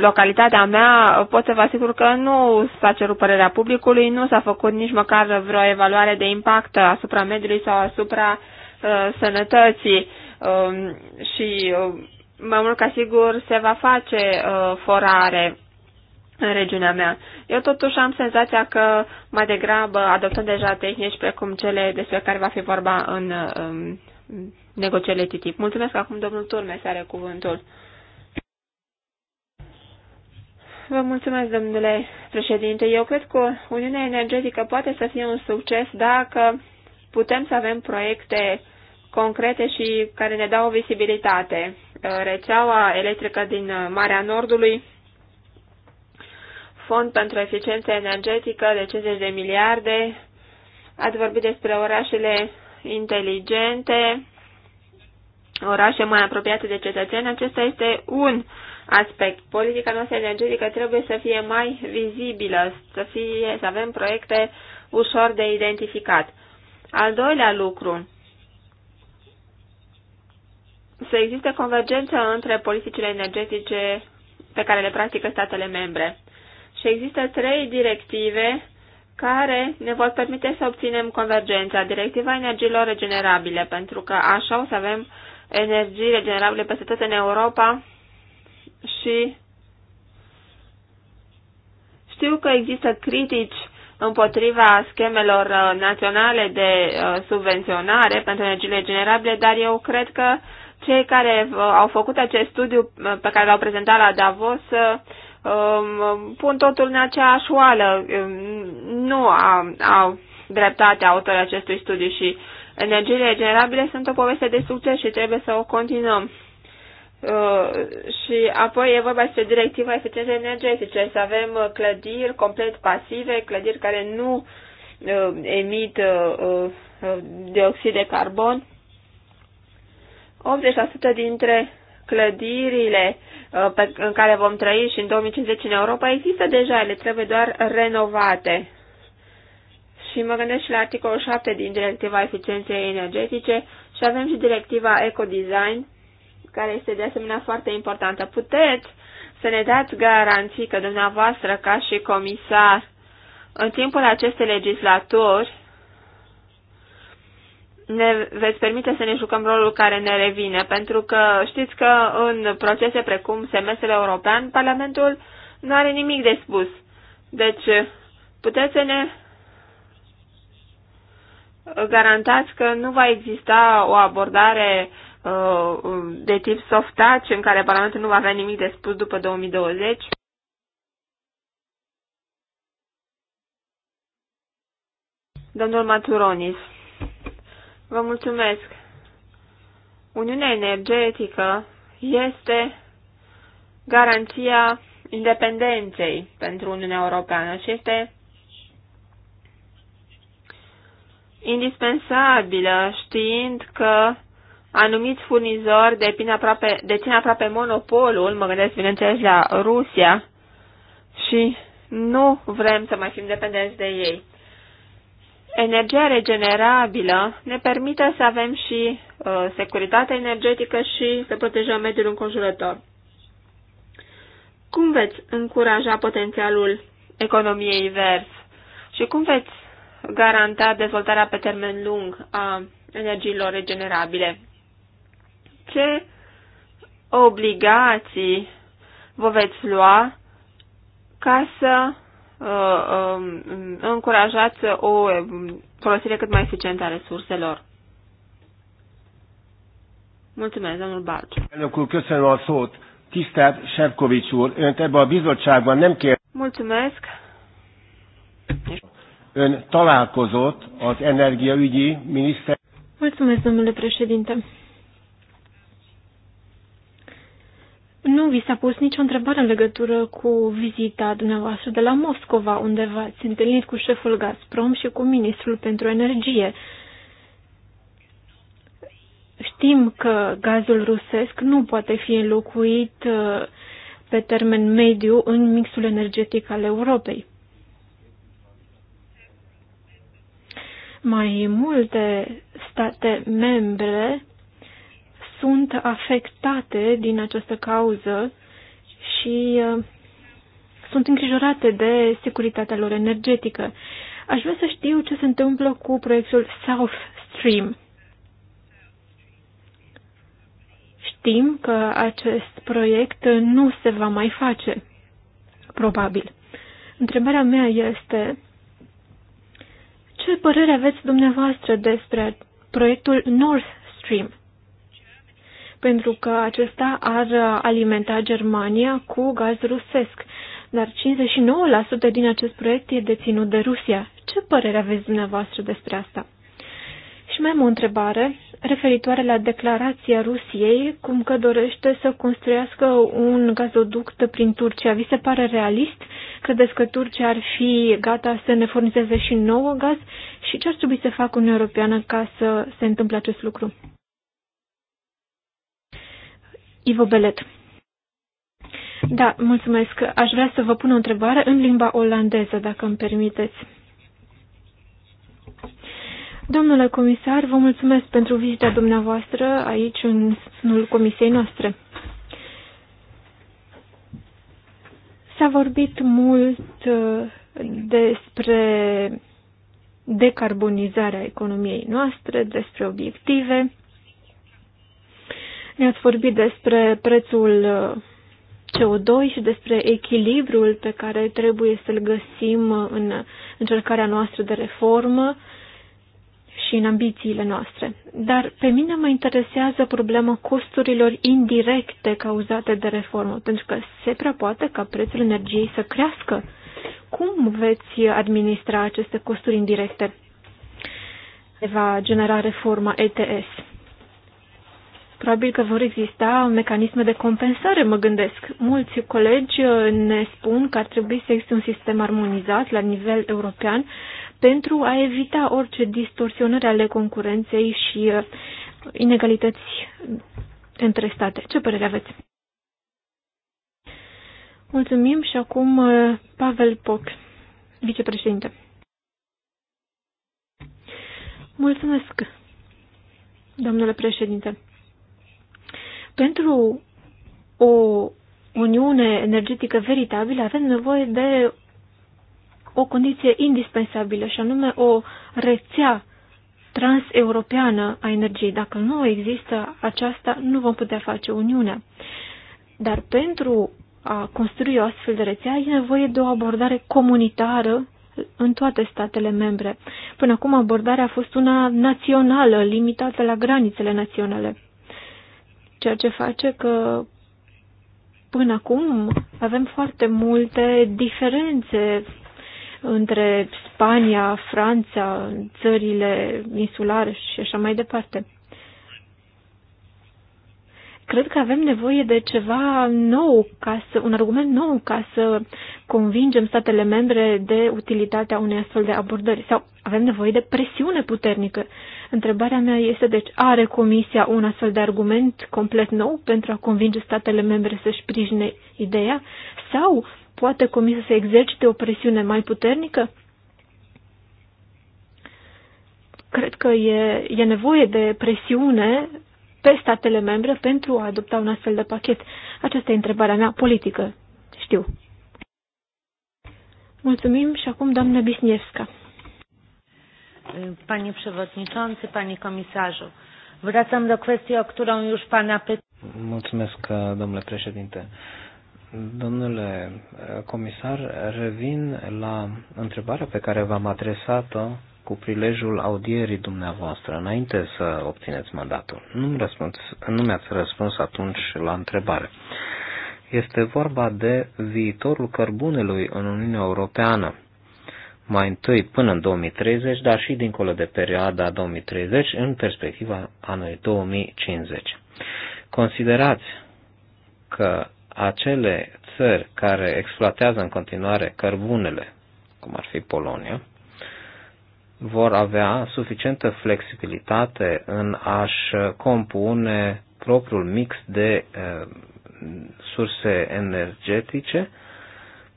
localitatea mea pot să vă asigur că nu s-a cerut părerea publicului, nu s-a făcut nici măcar vreo evaluare de impact asupra mediului sau asupra uh, sănătății uh, și uh, mai mult ca sigur se va face uh, forare în regiunea mea. Eu totuși am senzația că mai degrabă adoptăm deja tehnici precum cele despre care va fi vorba în Uh, negocierile TTIP. Mulțumesc acum domnul Turmes are cuvântul. Vă mulțumesc, domnule președinte. Eu cred că Uniunea Energetică poate să fie un succes dacă putem să avem proiecte concrete și care ne dau o visibilitate. Rețeaua electrică din Marea Nordului, fond pentru eficiență energetică de 50 de miliarde, ați vorbit despre orașele inteligente, orașe mai apropiate de cetățeni, acesta este un aspect. Politica noastră energetică trebuie să fie mai vizibilă, să, fie, să avem proiecte ușor de identificat. Al doilea lucru, să existe convergență între politicile energetice pe care le practică statele membre. Și există trei directive care ne vor permite să obținem convergența. Directiva energiilor regenerabile, pentru că așa o să avem energii regenerabile peste tot în Europa și știu că există critici împotriva schemelor uh, naționale de uh, subvenționare pentru energiile regenerabile, dar eu cred că cei care uh, au făcut acest studiu pe care l-au prezentat la Davos um, pun totul în aceeași oală. Um, nu au, au dreptate autorii acestui studiu și Energiile regenerabile sunt o poveste de succes și trebuie să o continuăm. Uh, și apoi e vorba despre directiva eficienței energetice, deci să avem uh, clădiri complet pasive, clădiri care nu uh, emit uh, uh, dioxid de carbon. 80% dintre clădirile uh, pe, în care vom trăi și în 2050 în Europa există deja, ele trebuie doar renovate. Și mă gândesc și la articolul 7 din Directiva Eficienței Energetice și avem și Directiva Ecodesign, care este de asemenea foarte importantă. Puteți să ne dați garanții că dumneavoastră, ca și comisar, în timpul acestei legislaturi, ne veți permite să ne jucăm rolul care ne revine, pentru că știți că în procese precum semestrele european, Parlamentul nu are nimic de spus. Deci, puteți să ne garantați că nu va exista o abordare uh, de tip soft touch în care Parlamentul nu va avea nimic de spus după 2020? Domnul Maturonis, vă mulțumesc. Uniunea energetică este garanția independenței pentru Uniunea Europeană și este indispensabilă, știind că anumiți furnizori dețin aproape, dețin aproape monopolul, mă gândesc bineînțeles la Rusia, și nu vrem să mai fim dependenți de ei. Energia regenerabilă ne permite să avem și uh, securitate energetică și să protejăm mediul înconjurător. Cum veți încuraja potențialul economiei verzi și cum veți garanta dezvoltarea pe termen lung a energiilor regenerabile. Ce obligații vă veți lua ca să uh, uh, încurajați o folosire cât mai eficientă a resurselor? Mulțumesc, domnul Balci. köszönöm a szót. Tisztelt Sefcovics úr, önt ebbe a bizottságban nem kér... Mulțumesc. Ön találkozott az energiaügyi miniszter... Mulțumesc, domnule președinte. Nu vi s-a pus nicio întrebare în legătură cu vizita dumneavoastră de la Moscova, unde v-ați întâlnit cu șeful Gazprom și cu ministrul pentru energie. Știm că gazul rusesc nu poate fi înlocuit uh, pe termen mediu în mixul energetic al Europei. Mai multe state membre sunt afectate din această cauză și uh, sunt îngrijorate de securitatea lor energetică. Aș vrea să știu ce se întâmplă cu proiectul South Stream. Știm că acest proiect nu se va mai face, probabil. Întrebarea mea este ce părere aveți dumneavoastră despre proiectul Nord Stream? Pentru că acesta ar alimenta Germania cu gaz rusesc, dar 59% din acest proiect e deținut de Rusia. Ce părere aveți dumneavoastră despre asta? Și mai am o întrebare referitoare la declarația Rusiei, cum că dorește să construiască un gazoduct prin Turcia. Vi se pare realist? Credeți că Turcia ar fi gata să ne furnizeze și nouă gaz? Și ce ar trebui să facă Uniunea Europeană ca să se întâmple acest lucru? Ivo Belet. Da, mulțumesc. Aș vrea să vă pun o întrebare în limba olandeză, dacă îmi permiteți. Domnule comisar, vă mulțumesc pentru vizita dumneavoastră aici în sânul comisiei noastre. S-a vorbit mult uh, despre decarbonizarea economiei noastre, despre obiective. Ne-ați vorbit despre prețul uh, CO2 și despre echilibrul pe care trebuie să-l găsim uh, în încercarea noastră de reformă și în ambițiile noastre. Dar pe mine mă interesează problema costurilor indirecte cauzate de reformă, pentru că se prea poate ca prețul energiei să crească. Cum veți administra aceste costuri indirecte? Va genera reforma ETS. Probabil că vor exista mecanisme de compensare, mă gândesc. Mulți colegi ne spun că ar trebui să existe un sistem armonizat la nivel european pentru a evita orice distorsionare ale concurenței și uh, inegalități între state. Ce părere aveți? Mulțumim și acum uh, Pavel Poc, vicepreședinte. Mulțumesc, domnule președinte. Pentru o uniune energetică veritabilă avem nevoie de o condiție indispensabilă și anume o rețea transeuropeană a energiei. Dacă nu există aceasta, nu vom putea face Uniunea. Dar pentru a construi o astfel de rețea e nevoie de o abordare comunitară în toate statele membre. Până acum abordarea a fost una națională, limitată la granițele naționale, ceea ce face că până acum avem foarte multe diferențe între Spania, Franța, țările insulare și așa mai departe. Cred că avem nevoie de ceva nou, ca să, un argument nou ca să convingem statele membre de utilitatea unei astfel de abordări. Sau avem nevoie de presiune puternică. Întrebarea mea este, deci, are Comisia un astfel de argument complet nou pentru a convinge statele membre să-și sprijine ideea? Sau poate comisă să exercite o presiune mai puternică? Cred că e, e nevoie de presiune pe statele membre pentru a adopta un astfel de pachet. Aceasta e întrebarea mea politică, știu. Mulțumim și acum doamna Bisniewska. Panie Przewodniczący, Panie Komisarzu, wracam do kwestii, o którą już Pana pytał. Mulțumesc, domnule președinte. Domnule eh, comisar, revin la întrebarea pe care v-am adresat-o cu prilejul audierii dumneavoastră, înainte să obțineți mandatul. Nu-mi răspuns, nu mi-ați răspuns atunci la întrebare. Este vorba de viitorul cărbunelui în Uniunea Europeană. Mai întâi până în 2030, dar și dincolo de perioada 2030, în perspectiva anului 2050. Considerați că acele țări care exploatează în continuare cărbunele, cum ar fi Polonia, vor avea suficientă flexibilitate în a-și compune propriul mix de uh, surse energetice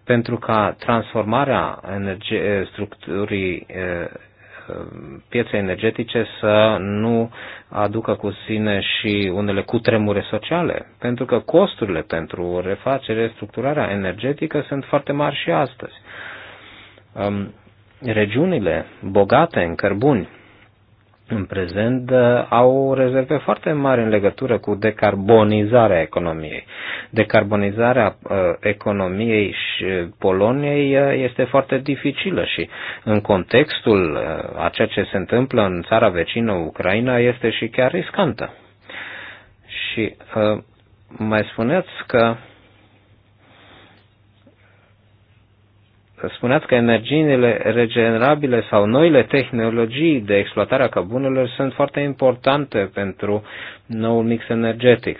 pentru ca transformarea energie, eh, structurii eh, piețe energetice să nu aducă cu sine și unele cutremure sociale, pentru că costurile pentru refacere, structurarea energetică sunt foarte mari și astăzi. Um, regiunile bogate în cărbuni în prezent uh, au rezerve foarte mari în legătură cu decarbonizarea economiei. Decarbonizarea uh, economiei și uh, Poloniei este foarte dificilă și în contextul a ceea ce se întâmplă în țara vecină Ucraina este și chiar riscantă. Și mai spuneți că că spuneați că energiile regenerabile sau noile tehnologii de exploatare a cărbunelor sunt foarte importante pentru noul mix energetic.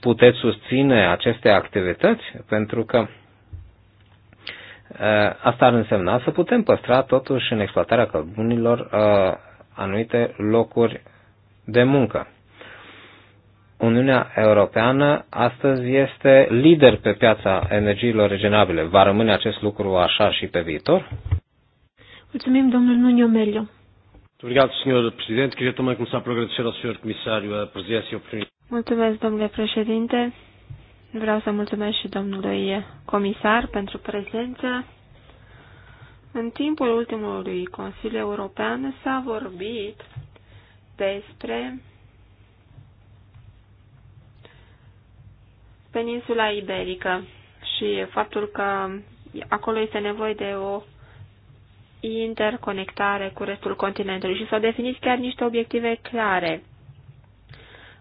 Puteți susține aceste activități? Pentru că asta ar însemna să putem păstra totuși în exploatarea cărbunilor anumite locuri de muncă. Uniunea Europeană astăzi este lider pe piața energiilor regenerabile. Va rămâne acest lucru așa și pe viitor? Mulțumim, domnul Nunio Melio. Obrigado, Presidente. Queria também começar por agradecer ao Comissário a presença e a oportunidade. Mulțumesc, domnule președinte. Vreau să mulțumesc și domnului comisar pentru prezență. În timpul ultimului Consiliu European s-a vorbit despre peninsula iberică și faptul că acolo este nevoie de o interconectare cu restul continentului și s-au definit chiar niște obiective clare.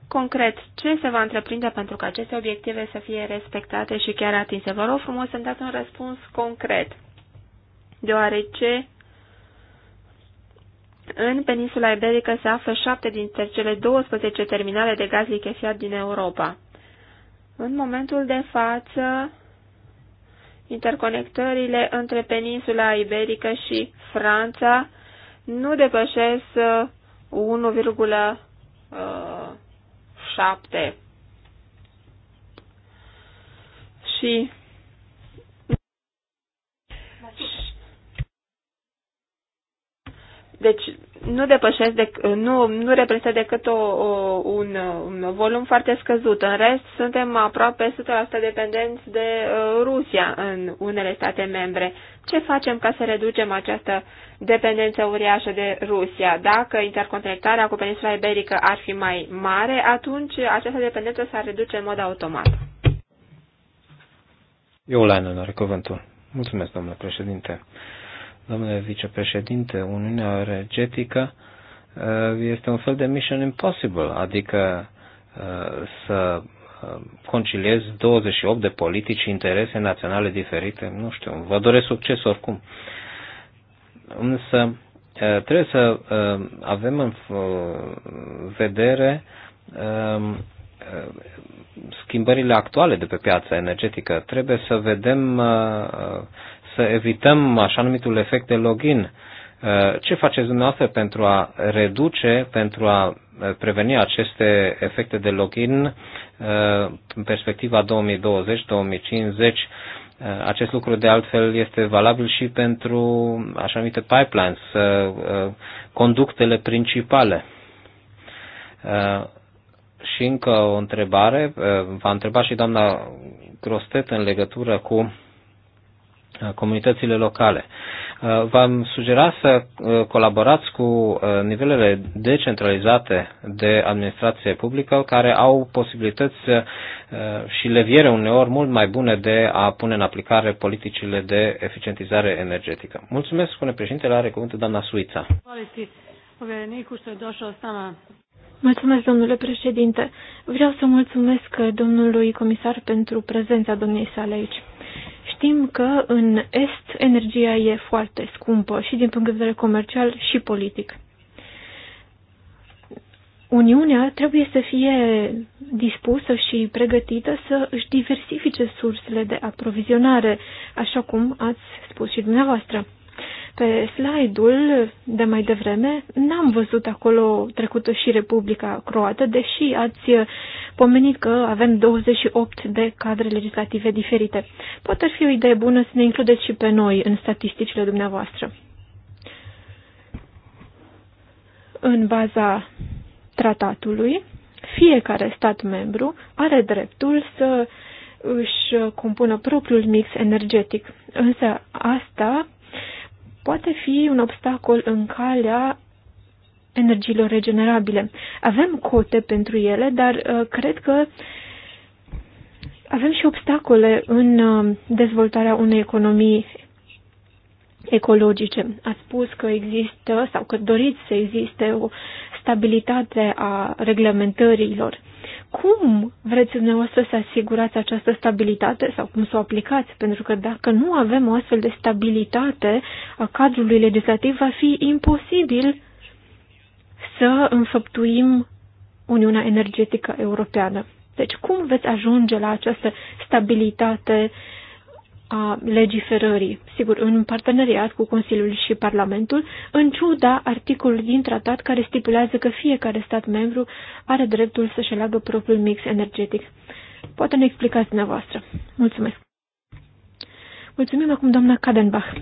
Concret, ce se va întreprinde pentru că aceste obiective să fie respectate și chiar atinse? Vă rog frumos să-mi dați un răspuns concret, deoarece în peninsula iberică se află șapte dintre cele 12 terminale de gaz lichefiat din Europa. În momentul de față, interconectările între peninsula iberică și Franța nu depășesc 1,7 uh, uh, și Deci nu depășesc, nu, nu reprezintă decât o, o, un, un volum foarte scăzut. În rest, suntem aproape 100% dependenți de uh, Rusia în unele state membre. Ce facem ca să reducem această dependență uriașă de Rusia? Dacă interconectarea cu peninsula iberică ar fi mai mare, atunci această dependență s-ar reduce în mod automat. Eu Iolana are cuvântul. Mulțumesc, domnule președinte. Uh, domnule vicepreședinte, Uniunea Energetică uh, este un fel de mission impossible, adică uh, să uh, conciliez 28 de politici și interese naționale diferite, nu știu, vă doresc succes oricum. Însă trebuie să avem în vedere um, schimbările actuale de pe piața energetică. Trebuie să vedem să evităm așa numitul efect de login. Uh, ce faceți dumneavoastră pentru a reduce, pentru a uh, preveni aceste efecte de login uh, în perspectiva 2020-2050? Acest lucru de altfel este valabil și pentru așa numite pipelines, conductele principale. Și încă o întrebare, v-a întrebat și doamna Grostet în legătură cu comunitățile locale. Uh, v-am sugera să uh, colaborați cu uh, nivelele decentralizate de administrație publică, care au posibilități și leviere uneori mult mai bune de a pune în aplicare politicile de eficientizare energetică. Mulțumesc, spune președintele, are cuvântul doamna Suița. Mulțumesc, domnule președinte. Vreau să mulțumesc domnului comisar pentru prezența domniei sale aici. Știm că în Est energia e foarte scumpă și din punct de vedere comercial și politic. Uniunea trebuie să fie dispusă și pregătită să își diversifice sursele de aprovizionare, așa cum ați spus și dumneavoastră. Pe slide-ul de mai devreme n-am văzut acolo trecută și Republica Croată, deși ați pomenit că avem 28 de cadre legislative diferite. Poate ar fi o idee bună să ne includeți și pe noi în statisticile dumneavoastră. În baza tratatului, fiecare stat membru are dreptul să își compună propriul mix energetic. Însă asta poate fi un obstacol în calea energiilor regenerabile. Avem cote pentru ele, dar uh, cred că avem și obstacole în uh, dezvoltarea unei economii ecologice. A spus că există sau că doriți să existe o stabilitate a reglementărilor cum vreți dumneavoastră să asigurați această stabilitate sau cum să o aplicați? Pentru că dacă nu avem o astfel de stabilitate a cadrului legislativ, va fi imposibil să înfăptuim Uniunea Energetică Europeană. Deci cum veți ajunge la această stabilitate uh, a legiferării, sigur, în parteneriat cu Consiliul și Parlamentul, în ciuda articolului din tratat care stipulează că fiecare stat membru are dreptul să-și aleagă propriul mix energetic. Poate ne explicați dumneavoastră. Mulțumesc. Mulțumim acum doamna Kadenbach.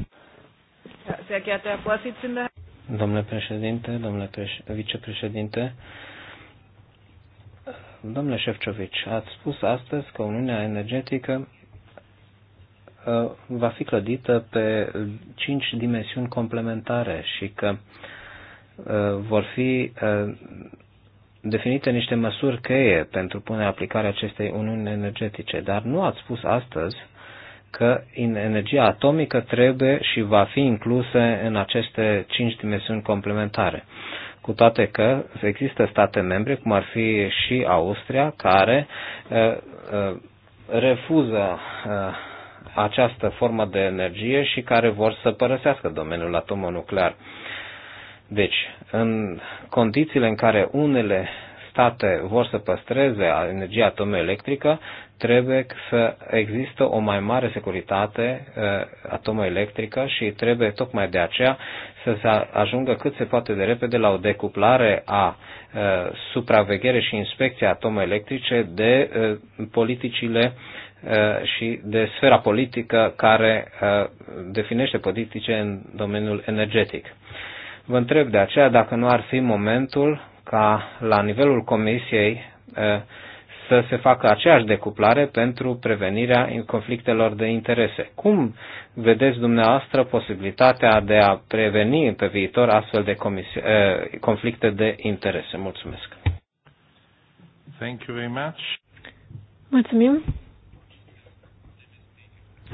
Domnule președinte, domnule vicepreședinte, domnule Șefcovici, ați spus astăzi că Uniunea Energetică Uh, va fi clădită pe cinci dimensiuni complementare și că uh, vor fi uh, definite niște măsuri cheie pentru punerea aplicare acestei uniuni energetice. Dar nu ați spus astăzi că energia atomică trebuie și va fi inclusă în aceste cinci dimensiuni complementare. Cu toate că există state membre, cum ar fi și Austria, care refuză această formă de energie și care vor să părăsească domeniul atomonuclear. Deci, în condițiile în care unele state vor să păstreze energia atomoelectrică, trebuie să există o mai mare securitate uh, atomoelectrică și trebuie tocmai de aceea să se ajungă cât se poate de repede la o decuplare a uh, supraveghere și inspecție atomoelectrice de uh, politicile Uh, și de sfera politică care uh, definește politice în domeniul energetic. Vă întreb de aceea dacă nu ar fi momentul ca la nivelul Comisiei uh, să se facă aceeași decuplare pentru prevenirea conflictelor de interese. Cum vedeți dumneavoastră posibilitatea de a preveni pe viitor astfel de conflicte de interese? Mulțumesc! Thank you very much. Mulțumim!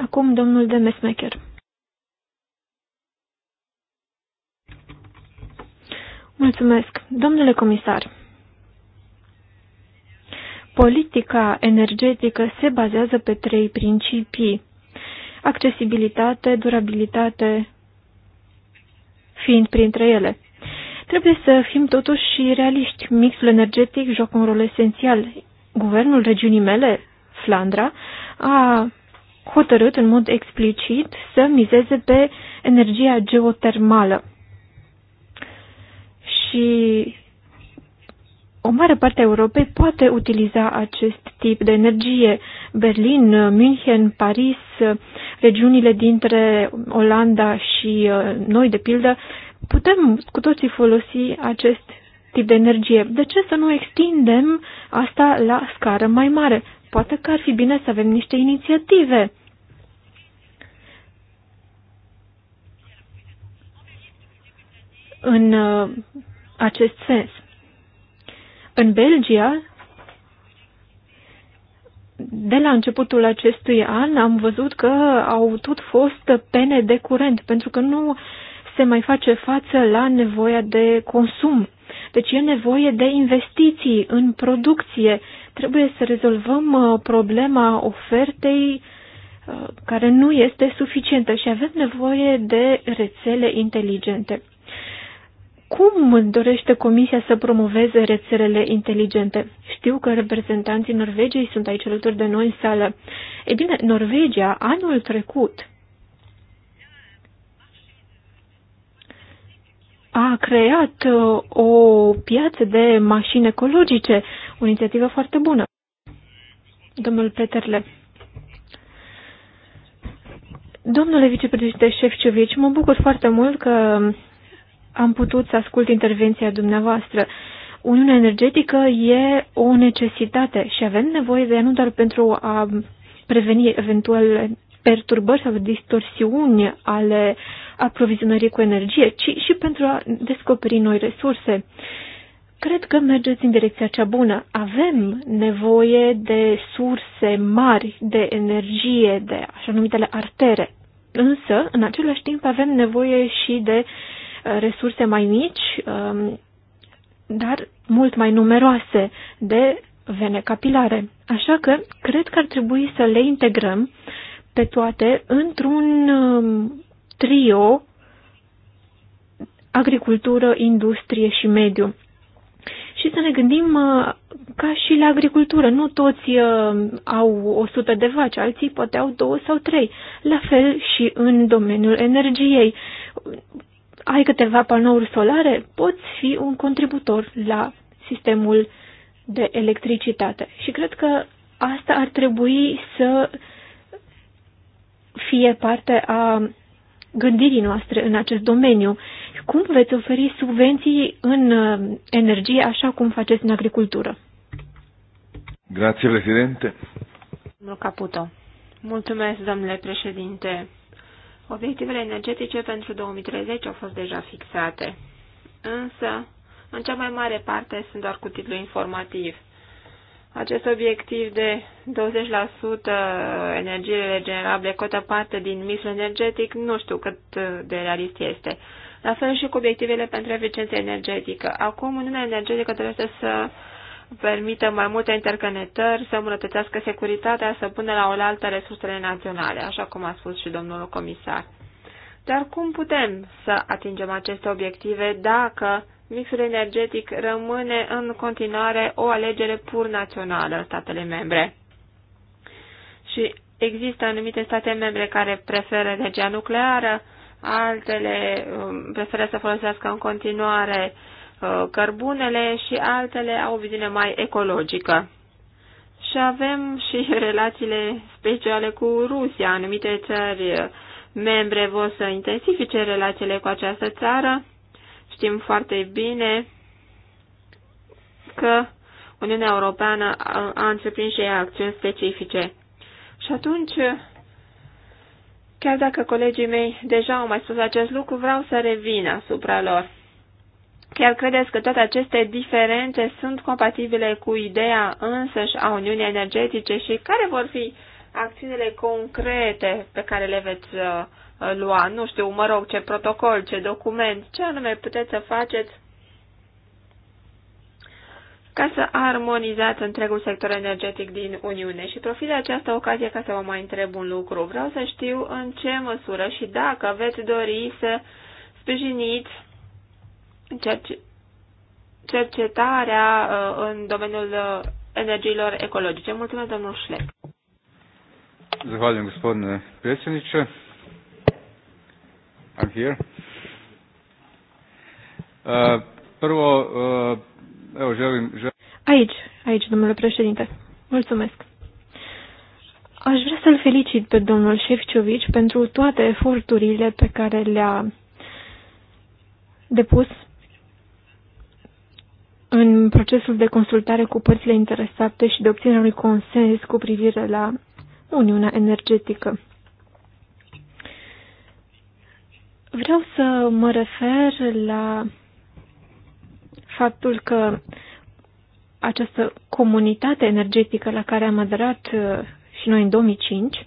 Acum domnul de Mesmecher. Mulțumesc. Domnule comisar, politica energetică se bazează pe trei principii. Accesibilitate, durabilitate, fiind printre ele. Trebuie să fim totuși și realiști. Mixul energetic joacă un rol esențial. Guvernul regiunii mele, Flandra, a hotărât în mod explicit să mizeze pe energia geotermală. Și o mare parte a Europei poate utiliza acest tip de energie. Berlin, München, Paris, regiunile dintre Olanda și uh, noi, de pildă, putem cu toții folosi acest tip de energie. De ce să nu extindem asta la scară mai mare? Poate că ar fi bine să avem niște inițiative în uh, acest sens. În Belgia, de la începutul acestui an am văzut că au tot fost pene de curent, pentru că nu se mai face față la nevoia de consum. Deci e nevoie de investiții în producție. Trebuie să rezolvăm uh, problema ofertei uh, care nu este suficientă și avem nevoie de rețele inteligente. Cum dorește Comisia să promoveze rețelele inteligente? Știu că reprezentanții Norvegiei sunt aici alături de noi în sală. E bine, Norvegia, anul trecut, a creat uh, o piață de mașini ecologice, o inițiativă foarte bună. Domnul Peterle. Domnule vicepreședinte Șefciovici, mă bucur foarte mult că am putut să ascult intervenția dumneavoastră. Uniunea energetică e o necesitate și avem nevoie de ea nu doar pentru a preveni eventual perturbări sau distorsiuni ale aprovizionării cu energie, ci și pentru a descoperi noi resurse. Cred că mergeți în direcția cea bună. Avem nevoie de surse mari de energie, de așa numitele artere. Însă, în același timp, avem nevoie și de resurse mai mici, um, dar mult mai numeroase de vene capilare. Așa că cred că ar trebui să le integrăm pe toate într-un um, trio agricultură, industrie și mediu. Și să ne gândim uh, ca și la agricultură. Nu toți uh, au 100 de vaci, alții poate au 2 sau 3. La fel și în domeniul energiei ai câteva panouri solare, poți fi un contributor la sistemul de electricitate. Și cred că asta ar trebui să fie parte a gândirii noastre în acest domeniu. Cum veți oferi subvenții în uh, energie așa cum faceți în agricultură? Grazie, președinte. Caputo. Mulțumesc, domnule președinte. Obiectivele energetice pentru 2030 au fost deja fixate, însă, în cea mai mare parte, sunt doar cu titlu informativ. Acest obiectiv de 20% energie regenerabile cotă parte din mixul energetic, nu știu cât de realist este. La fel și cu obiectivele pentru eficiență energetică. Acum, Uniunea Energetică trebuie să permită mai multe interconectări, să îmbunătățească securitatea, să pună la oaltă resursele naționale, așa cum a spus și domnul comisar. Dar cum putem să atingem aceste obiective dacă mixul energetic rămâne în continuare o alegere pur națională în statele membre? Și există anumite state membre care preferă energia nucleară, altele um, preferă să folosească în continuare uh, Uh, cărbunele și altele au o viziune mai ecologică. Și avem și <laughs> relațiile speciale cu Rusia. Anumite țări membre vor să intensifice relațiile cu această țară. Știm foarte bine că Uniunea Europeană a întreprins și acțiuni specifice. Și atunci, chiar dacă colegii mei deja au mai spus acest lucru, vreau să revin asupra lor. Chiar credeți că toate aceste diferențe sunt compatibile cu ideea însăși a Uniunii Energetice și care vor fi acțiunile concrete pe care le veți uh, lua? Nu știu, mă rog, ce protocol, ce document, ce anume puteți să faceți ca să armonizați întregul sector energetic din Uniune și profit de această ocazie ca să vă mai întreb un lucru. Vreau să știu în ce măsură și dacă veți dori să sprijiniți cercetarea uh, în domeniul uh, energiilor ecologice. Mulțumesc, domnul Șlec. Zahvaljujem, gospodine predsjedniče. I'm here. Uh, prvo, uh, evo, želim, želim... Aici, aici, domnule președinte. Mulțumesc. Aș vrea să-l felicit pe domnul Șefciovici pentru toate eforturile pe care le-a depus în procesul de consultare cu părțile interesate și de obținerea unui consens cu privire la Uniunea Energetică. Vreau să mă refer la faptul că această comunitate energetică la care am aderat uh, și noi în 2005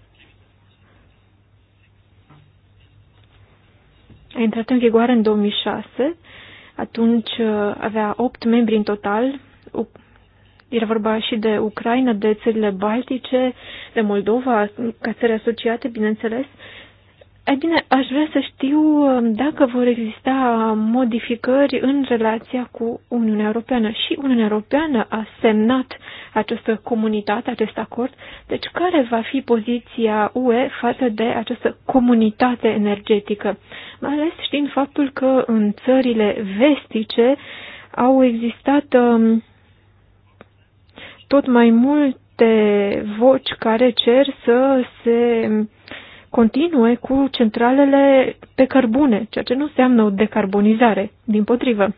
a intrat în vigoare în 2006 atunci uh, avea opt membri în total. Era vorba și de Ucraina, de țările Baltice, de Moldova, ca țări asociate, bineînțeles, ei bine, aș vrea să știu um, dacă vor exista modificări în relația cu Uniunea Europeană. Și Uniunea Europeană a semnat această comunitate, acest acord. Deci, care va fi poziția UE față de această comunitate energetică? Mai ales știind faptul că în țările vestice au existat um, tot mai multe voci care cer să se continue cu centralele pe cărbune, ceea ce nu înseamnă o decarbonizare, din potrivă.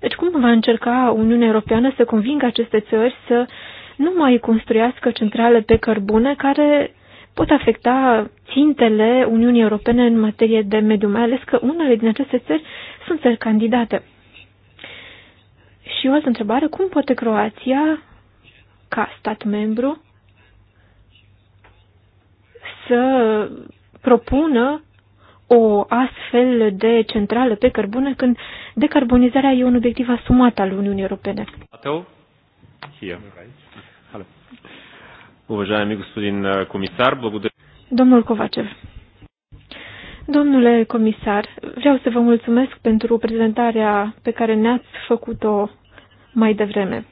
Deci cum va încerca Uniunea Europeană să convingă aceste țări să nu mai construiască centrale pe cărbune care pot afecta țintele Uniunii Europene în materie de mediu, mai ales că unele din aceste țări sunt țări candidate. Și o altă întrebare, cum poate Croația, ca stat membru, să propună o astfel de centrală pe cărbune când decarbonizarea e un obiectiv asumat al Uniunii Europene. Уважаеми господин uh, комисар, благодаря. Domnul Covacev. Domnule comisar, vreau să vă mulțumesc pentru prezentarea pe care ne-ați făcut-o mai devreme.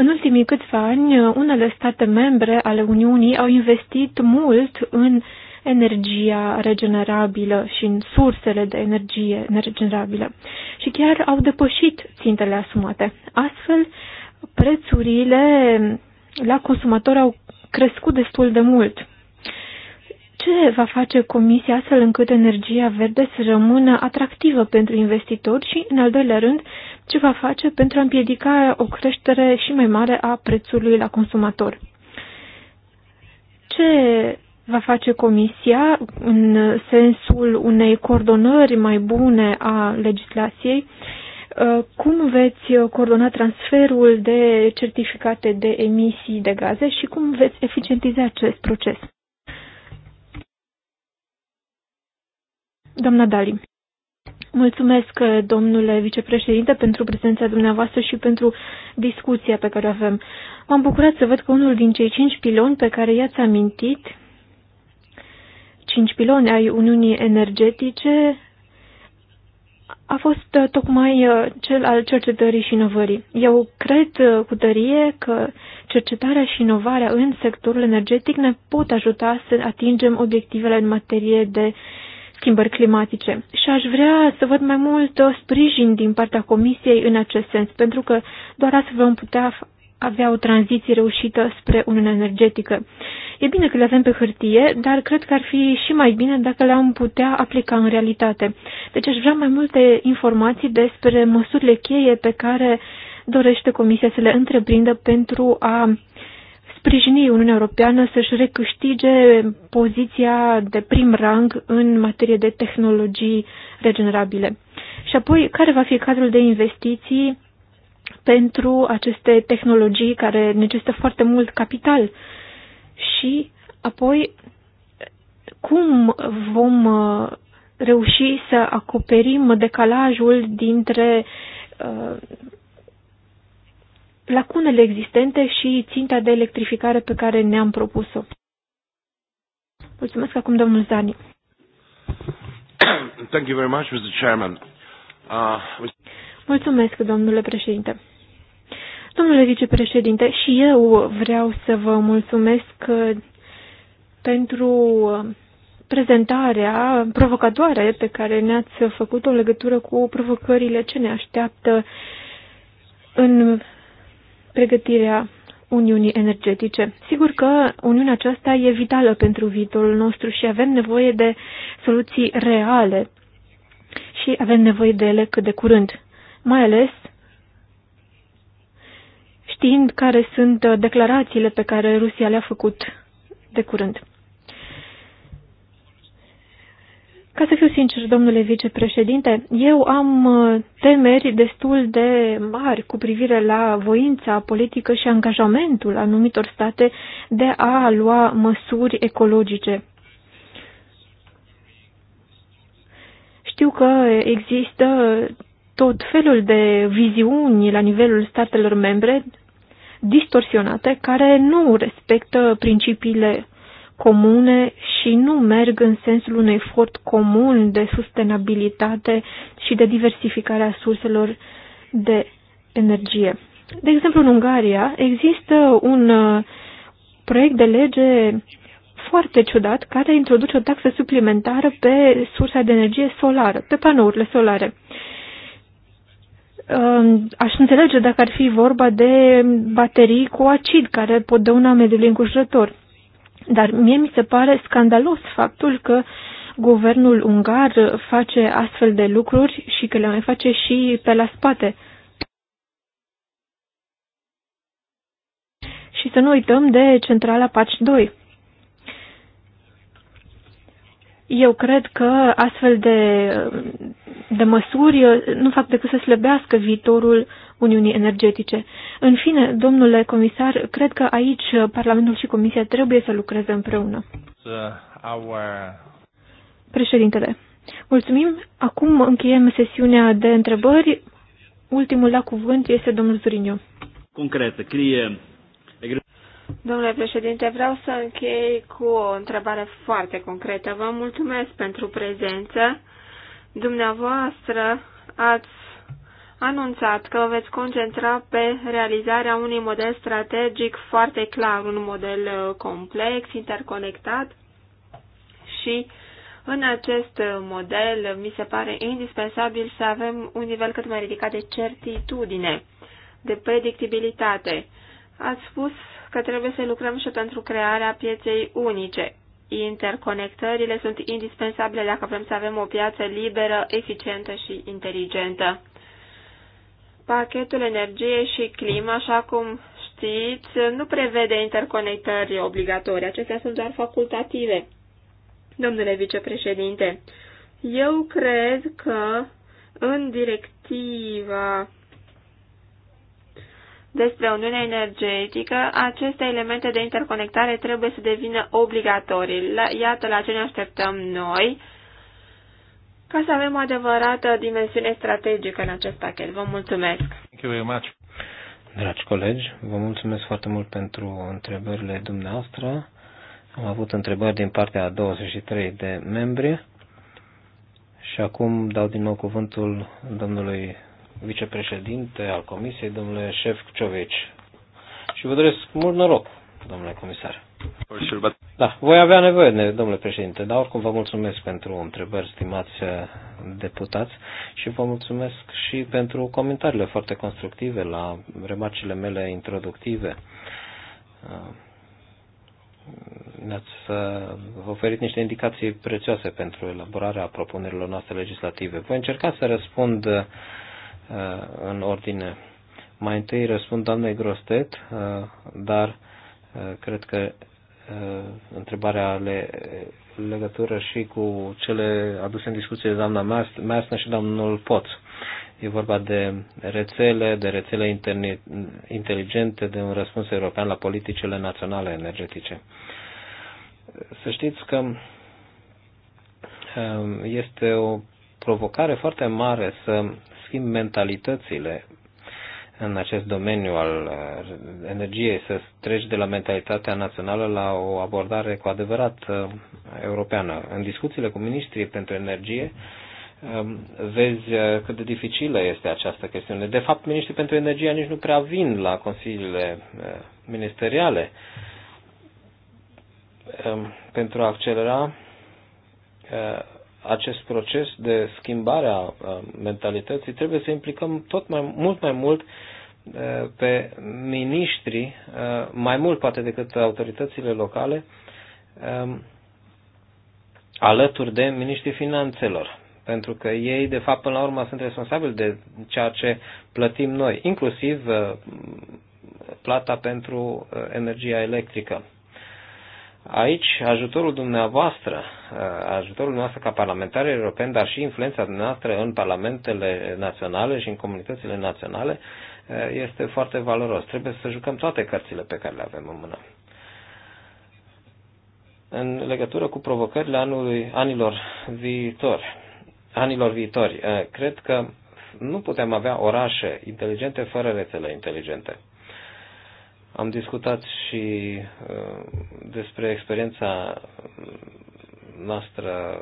În ultimii câțiva ani, unele state membre ale Uniunii au investit mult în energia regenerabilă și în sursele de energie regenerabilă și chiar au depășit țintele asumate. Astfel, prețurile la consumator au crescut destul de mult. Ce va face Comisia astfel încât energia verde să rămână atractivă pentru investitori și, în al doilea rând, ce va face pentru a împiedica o creștere și mai mare a prețului la consumator? Ce va face Comisia în sensul unei coordonări mai bune a legislației? Uh, cum veți coordona transferul de certificate de emisii de gaze și cum veți eficientiza acest proces? Doamna Dali. Mulțumesc, uh, domnule vicepreședinte, pentru prezența dumneavoastră și pentru discuția pe care o avem. M-am bucurat să văd că unul din cei cinci piloni pe care i-ați amintit, cinci piloni ai Uniunii Energetice, a fost uh, tocmai uh, cel al cercetării și inovării. Eu cred cu tărie că cercetarea și inovarea în sectorul energetic ne pot ajuta să atingem obiectivele în materie de uh, schimbări climatice. Și aș vrea să văd mai mult uh, sprijin din partea Comisiei în acest sens, pentru că doar astfel vom putea avea o tranziție reușită spre Uniunea Energetică. E bine că le avem pe hârtie, dar cred că ar fi și mai bine dacă le-am putea aplica în realitate. Deci aș vrea mai multe informații despre măsurile cheie pe care dorește Comisia să le întreprindă pentru a sprijini Uniunea Europeană să-și recâștige poziția de prim rang în materie de tehnologii regenerabile? Și apoi, care va fi cadrul de investiții pentru aceste tehnologii care necesită foarte mult capital? Și apoi, cum vom uh, reuși să acoperim decalajul dintre uh, lacunele existente și ținta de electrificare pe care ne-am propus-o. Mulțumesc acum, domnul Zani. <coughs> Thank you very much, Mr. Chairman. Uh, Mulțumesc, domnule președinte. Domnule vicepreședinte, și eu vreau să vă mulțumesc uh, pentru uh, prezentarea provocatoare pe care ne-ați făcut-o în legătură cu provocările ce ne așteaptă în pregătirea Uniunii Energetice. Sigur că Uniunea aceasta e vitală pentru viitorul nostru și avem nevoie de soluții reale și avem nevoie de ele cât de curând, mai ales știind care sunt declarațiile pe care Rusia le-a făcut de curând. Ca să fiu sincer, domnule vicepreședinte, eu am uh, temeri destul de mari cu privire la voința politică și angajamentul anumitor state de a lua măsuri ecologice. Știu că există tot felul de viziuni la nivelul statelor membre distorsionate care nu respectă principiile comune și nu merg în sensul unui efort comun de sustenabilitate și de diversificare a surselor de energie. De exemplu, în Ungaria există un uh, proiect de lege foarte ciudat care introduce o taxă suplimentară pe sursa de energie solară, pe panourile solare. Uh, aș înțelege dacă ar fi vorba de baterii cu acid care pot dăuna mediului înconjurător. Dar mie mi se pare scandalos faptul că guvernul ungar face astfel de lucruri și că le mai face și pe la spate. Și să nu uităm de centrala PACI 2. Eu cred că astfel de, de măsuri nu fac decât să slăbească viitorul Uniunii Energetice. În fine, domnule comisar, cred că aici uh, Parlamentul și Comisia trebuie să lucreze împreună. Președintele, mulțumim. Acum încheiem sesiunea de întrebări. Ultimul la cuvânt este domnul Zuriniu. Concret, crie Domnule președinte, vreau să închei cu o întrebare foarte concretă. Vă mulțumesc pentru prezență. Dumneavoastră ați anunțat că veți concentra pe realizarea unui model strategic foarte clar, un model uh, complex, interconectat și în acest uh, model mi se pare indispensabil să avem un nivel cât mai ridicat de certitudine, de predictibilitate. Ați spus că trebuie să lucrăm și pentru crearea pieței unice. Interconectările sunt indispensabile dacă vrem să avem o piață liberă, eficientă și inteligentă. Pachetul energie și climă, așa cum știți, nu prevede interconectări obligatorii. Acestea sunt doar facultative. Domnule vicepreședinte, eu cred că în directiva despre Uniunea Energetică, aceste elemente de interconectare trebuie să devină obligatorii. Iată la ce ne așteptăm noi ca să avem o adevărată dimensiune strategică în acest pachet. Vă mulțumesc! Thank you very much. Dragi colegi, vă mulțumesc foarte mult pentru întrebările dumneavoastră. Am avut întrebări din partea a 23 de membri și acum dau din nou cuvântul domnului vicepreședinte al Comisiei, domnule Șef Ciovici. Și vă doresc mult noroc, domnule comisar. Da, voi avea nevoie, domnule președinte, dar oricum vă mulțumesc pentru întrebări, stimați uh, deputați, și vă mulțumesc și pentru comentariile foarte constructive la remarcile mele introductive. Uh, ne-ați uh, oferit niște indicații prețioase pentru elaborarea propunerilor noastre legislative. Voi încerca să răspund în ordine. Mai întâi răspund doamnei Grostet, dar cred că Uh, întrebarea ale legătură și cu cele aduse în discuție de doamna Mersna și domnul Poț. E vorba de rețele, de rețele inteligente, de un răspuns european la politicile naționale energetice. Să știți că um, este o provocare foarte mare să schimb mentalitățile în acest domeniu al uh, energiei, să treci de la mentalitatea națională la o abordare cu adevărat uh, europeană. În discuțiile cu ministrii pentru energie, um, vezi uh, cât de dificilă este această chestiune. De fapt, ministrii pentru energie nici nu prea vin la consiliile ministeriale um, pentru a accelera acest proces de schimbare a mentalității, trebuie să implicăm tot mai mult mai mult pe miniștri, mai mult poate decât autoritățile locale, alături de miniștrii finanțelor. Pentru că ei, de fapt, până la urmă, sunt responsabili de ceea ce plătim noi, inclusiv plata pentru energia electrică. Aici, ajutorul dumneavoastră, uh, ajutorul dumneavoastră ca parlamentar european, dar și influența dumneavoastră în parlamentele naționale și în comunitățile naționale, uh, este foarte valoros. Trebuie să jucăm toate cărțile pe care le avem în mână. În legătură cu provocările anului, anilor viitori, anilor viitori, uh, cred că nu putem avea orașe inteligente fără rețele inteligente. Am discutat și uh, despre experiența mm, noastră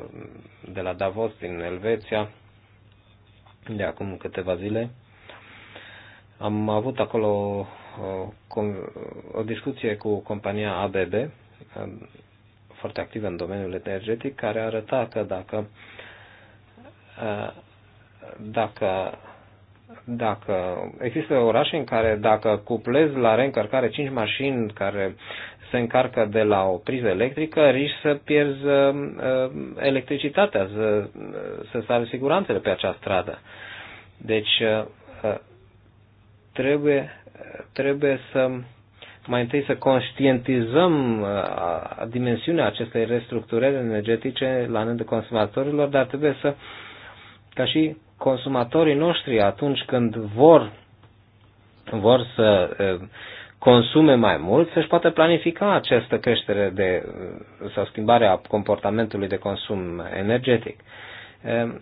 de la Davos din Elveția de acum câteva zile. Am avut acolo uh, o, o discuție cu compania ABB, uh, foarte activă în domeniul energetic, care arăta că dacă, dacă dacă există orașe în care dacă cuplezi la reîncărcare 5 mașini care se încarcă de la o priză electrică, riști să pierzi uh, uh electricitatea, să, uh, să sari siguranțele pe acea stradă. Deci uh, uh, trebuie, trebuie să mai întâi să conștientizăm uh, dimensiunea acestei restructurări energetice la rândul consumatorilor, dar trebuie să ca și consumatorii noștri atunci când vor, vor să consume mai mult, să-și poată planifica această creștere de, sau schimbarea comportamentului de consum energetic.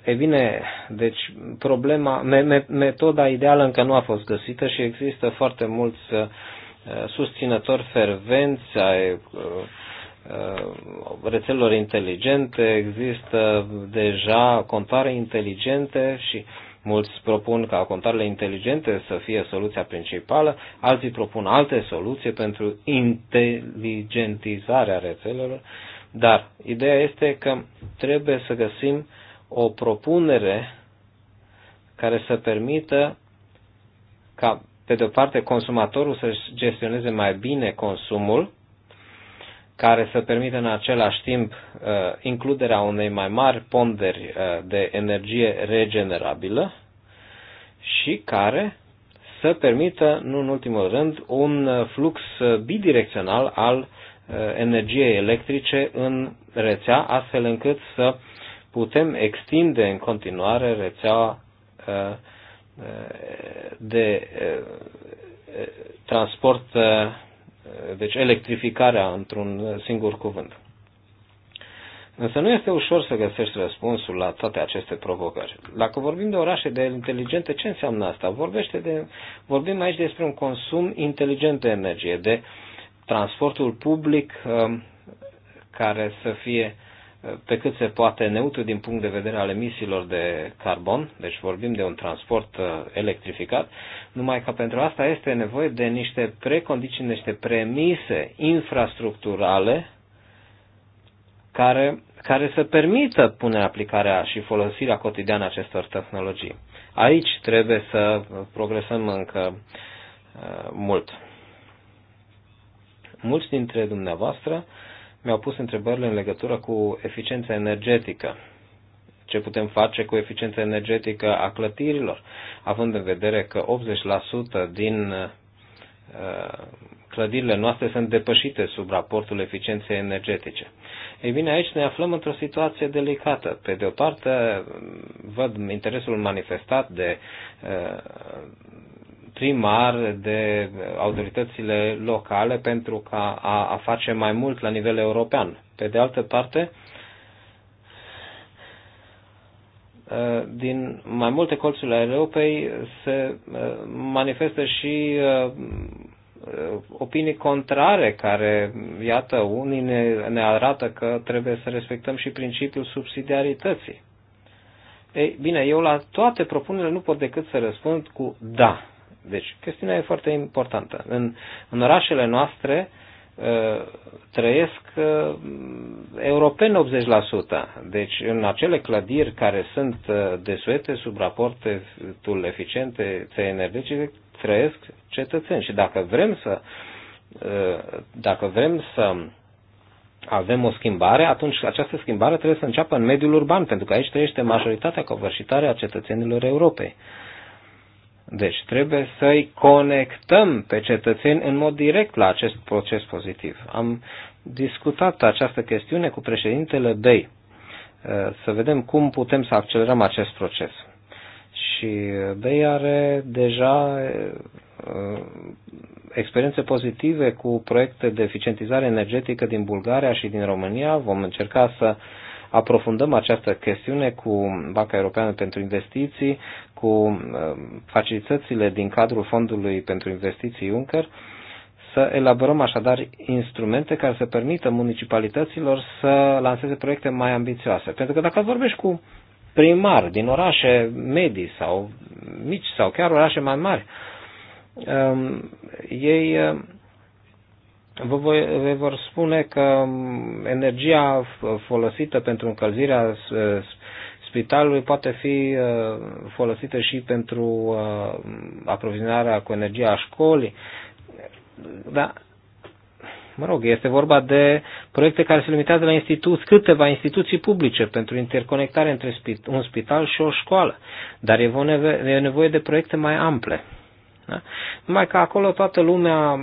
E bine, deci problema, metoda ideală încă nu a fost găsită și există foarte mulți susținători fervenți ai Uh, rețelelor inteligente, există deja contare inteligente și mulți propun ca contarele inteligente să fie soluția principală, alții propun alte soluții pentru inteligentizarea rețelelor, dar ideea este că trebuie să găsim o propunere care să permită ca, pe de o parte, consumatorul să gestioneze mai bine consumul, care să permită în același timp uh, includerea unei mai mari ponderi uh, de energie regenerabilă și care să permită, nu în ultimul rând, un uh, flux bidirecțional al energiei electrice în rețea, astfel încât să putem extinde în continuare rețeaua de transport deci electrificarea într-un singur cuvânt. Însă nu este ușor să găsești răspunsul la toate aceste provocări. Dacă vorbim de orașe de inteligente, ce înseamnă asta? Vorbește de, vorbim aici despre un consum inteligent de energie, de transportul public um, care să fie pe cât se poate neutru din punct de vedere al emisiilor de carbon, deci vorbim de un transport uh, electrificat, numai că pentru asta este nevoie de niște precondiții, niște premise infrastructurale care, care să permită punerea aplicarea și folosirea cotidiană acestor tehnologii. Aici trebuie să progresăm încă uh, mult. Mulți dintre dumneavoastră mi-au pus întrebările în legătură cu eficiența energetică. Ce putem face cu eficiența energetică a clătirilor, având în vedere că 80% din uh, clădirile noastre sunt depășite sub raportul eficienței energetice. Ei bine, aici ne aflăm într-o situație delicată. Pe de o parte, văd interesul manifestat de uh, primar, de autoritățile locale pentru ca a, a face mai mult la nivel european. Pe de altă parte, din mai multe colțuri ale Europei se uh, manifestă și uh, opinii contrare care, iată, unii ne, ne arată că trebuie să respectăm și principiul subsidiarității. Ei, bine, eu la toate propunerile nu pot decât să răspund cu da. Deci, chestiunea e foarte importantă. În, în orașele noastre ă, trăiesc ă, europeni 80%. Deci, în acele clădiri care sunt ă, desuete sub raportul eficiente energetice, trăiesc cetățeni. Și dacă vrem să dacă vrem să avem o schimbare, atunci această schimbare trebuie să înceapă în mediul urban, pentru că aici trăiește majoritatea covârșitare a cetățenilor Europei. Deci trebuie să-i conectăm pe cetățeni în mod direct la acest proces pozitiv. Am discutat această chestiune cu președintele Bey. Uh, să vedem cum putem să accelerăm acest proces. Și uh, Bey are deja uh, experiențe pozitive cu proiecte de eficientizare energetică din Bulgaria și din România. Vom încerca să uh, aprofundăm această chestiune cu Banca Europeană pentru Investiții, cu uh, facilitățile din cadrul Fondului pentru Investiții Juncker, să elaborăm așadar instrumente care să permită municipalităților să lanseze proiecte mai ambițioase. Pentru că dacă vorbești cu primari din orașe medii sau mici sau chiar orașe mai mari, um, ei uh, vă, voi, vă vor spune că energia folosită pentru încălzirea spitalului poate fi uh, folosită și pentru uh, aprovizionarea cu energia a școlii. Da, mă rog, este vorba de proiecte care se limitează la instituții, câteva instituții publice pentru interconectare între un spital și o școală. Dar e nevoie de proiecte mai ample. Da? Numai că acolo toată lumea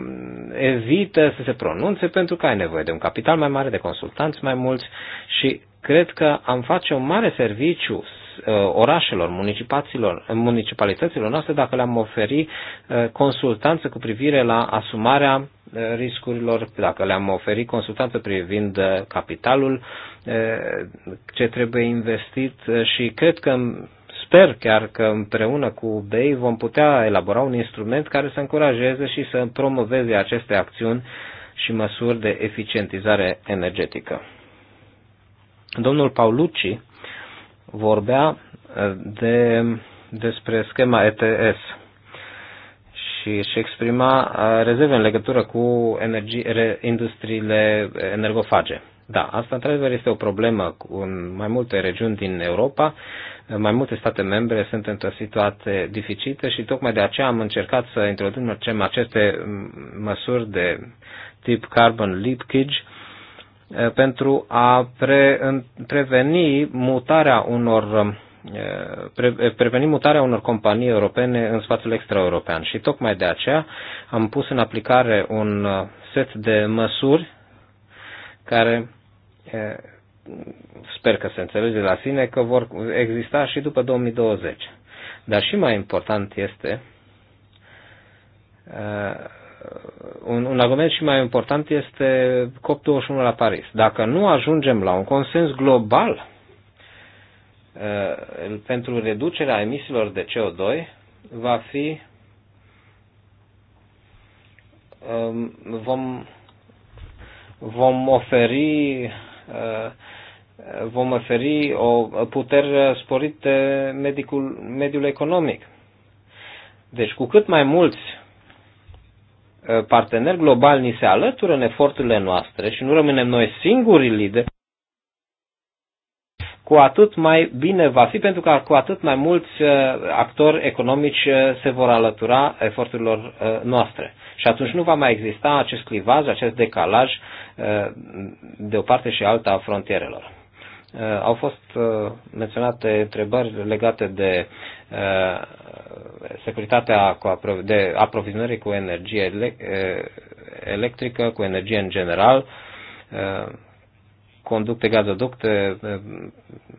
evită să se pronunțe pentru că ai nevoie de un capital mai mare, de consultanți mai mulți și cred că am face un mare serviciu uh, orașelor, municipalităților noastre dacă le-am oferi uh, consultanță cu privire la asumarea uh, riscurilor, dacă le-am oferit consultanță privind capitalul, ce trebuie investit și cred că sper chiar că împreună cu BEI vom putea elabora un instrument care să încurajeze și să promoveze aceste acțiuni și măsuri de eficientizare energetică. Domnul Paulucci vorbea uh, de, despre schema ETS și își exprima uh, rezerve în legătură cu energie, re, industriile energofage. Da, asta într-adevăr este o problemă în mai multe regiuni din Europa mai multe state membre sunt într-o situație dificită și tocmai de aceea am încercat să introducem aceste măsuri de tip carbon leakage eh, pentru a pre- preveni mutarea unor eh, eh, preveni mutarea unor companii europene în spațiul extraeuropean. Și tocmai de aceea am pus în aplicare un set de măsuri care sper că se înțelege la sine, că vor exista și după 2020. Dar și mai important este, uh, un, un argument și mai important este COP21 la Paris. Dacă nu ajungem la un consens global uh, pentru reducerea emisiilor de CO2, va fi. Um, vom, vom oferi Uh, vom oferi o putere sporită medicul, mediul economic. Deci cu cât mai mulți uh, parteneri globali ni se alătură în eforturile noastre și nu rămânem noi singuri lideri, cu atât mai bine va fi, pentru că cu atât mai mulți uh, actori economici se vor alătura eforturilor noastre. Și atunci nu va mai exista acest clivaj, acest decalaj Uh, de o parte și alta a frontierelor. Uh, au fost uh, menționate întrebări legate de securitatea de aprovizionării cu energie electrică, cu energie în general, conducte gazoducte,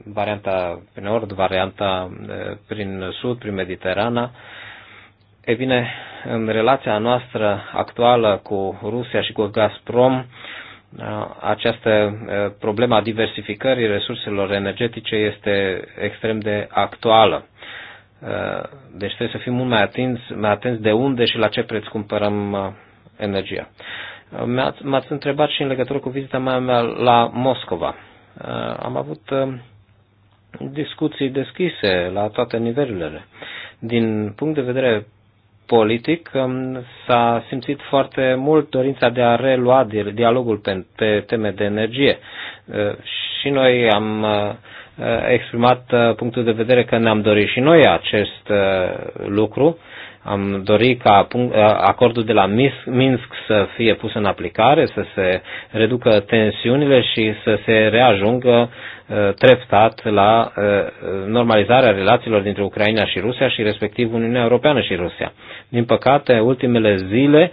varianta prin nord, varianta prin sud, prin Mediterana. E bine, în relația noastră actuală cu Rusia și cu Gazprom, această problemă a diversificării resurselor energetice este extrem de actuală. Deci trebuie să fim mult mai atenți, mai atenți de unde și la ce preț cumpărăm energia. M-ați întrebat și în legătură cu vizita mea la Moscova. Am avut discuții deschise la toate nivelurile. Din punct de vedere politic s-a simțit foarte mult dorința de a relua dialogul pe, pe teme de energie. Uh, și noi am uh, exprimat uh, punctul de vedere că ne-am dorit și noi acest lucru am dorit ca acordul de la Minsk să fie pus în aplicare, să se reducă tensiunile și să se reajungă treptat la normalizarea relațiilor dintre Ucraina și Rusia și respectiv Uniunea Europeană și Rusia. Din păcate, ultimele zile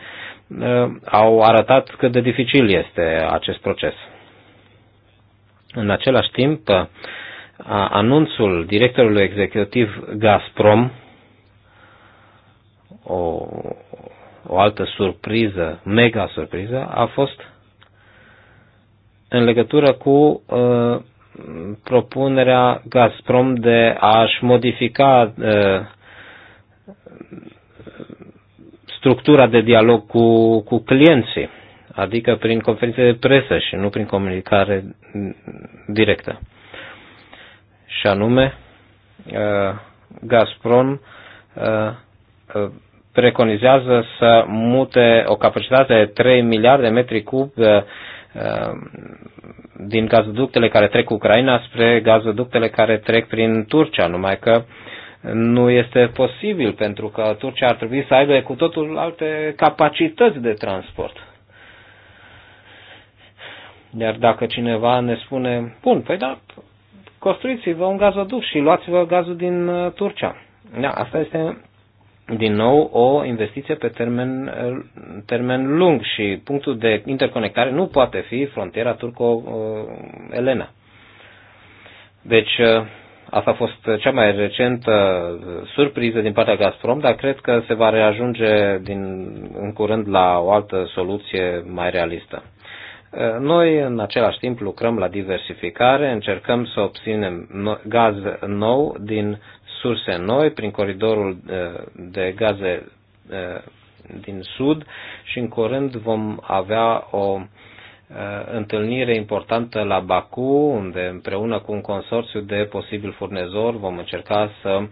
au arătat cât de dificil este acest proces. În același timp, anunțul directorului executiv Gazprom o, o altă surpriză, mega surpriză, a fost în legătură cu uh, propunerea Gazprom de a-și modifica uh, structura de dialog cu, cu clienții, adică prin conferințe de presă și nu prin comunicare directă. Și anume, uh, Gazprom uh, uh, preconizează să mute o capacitate de 3 miliarde de metri cub uh, uh, din gazoductele care trec Ucraina spre gazoductele care trec prin Turcia, numai că nu este posibil pentru că Turcia ar trebui să aibă cu totul alte capacități de transport. Iar dacă cineva ne spune, bun, păi da, construiți-vă un gazoduct și luați-vă gazul din uh, Turcia. Da, asta este din nou o investiție pe termen, termen lung și punctul de interconectare nu poate fi frontiera turco-elena. Deci, asta a fost cea mai recentă surpriză din partea Gazprom, dar cred că se va reajunge din, în curând la o altă soluție mai realistă. Noi, în același timp, lucrăm la diversificare, încercăm să obținem gaz nou din surse noi prin coridorul uh, de gaze uh, din sud și în curând vom avea o uh, întâlnire importantă la Baku, unde împreună cu un consorțiu de posibil furnizor vom încerca să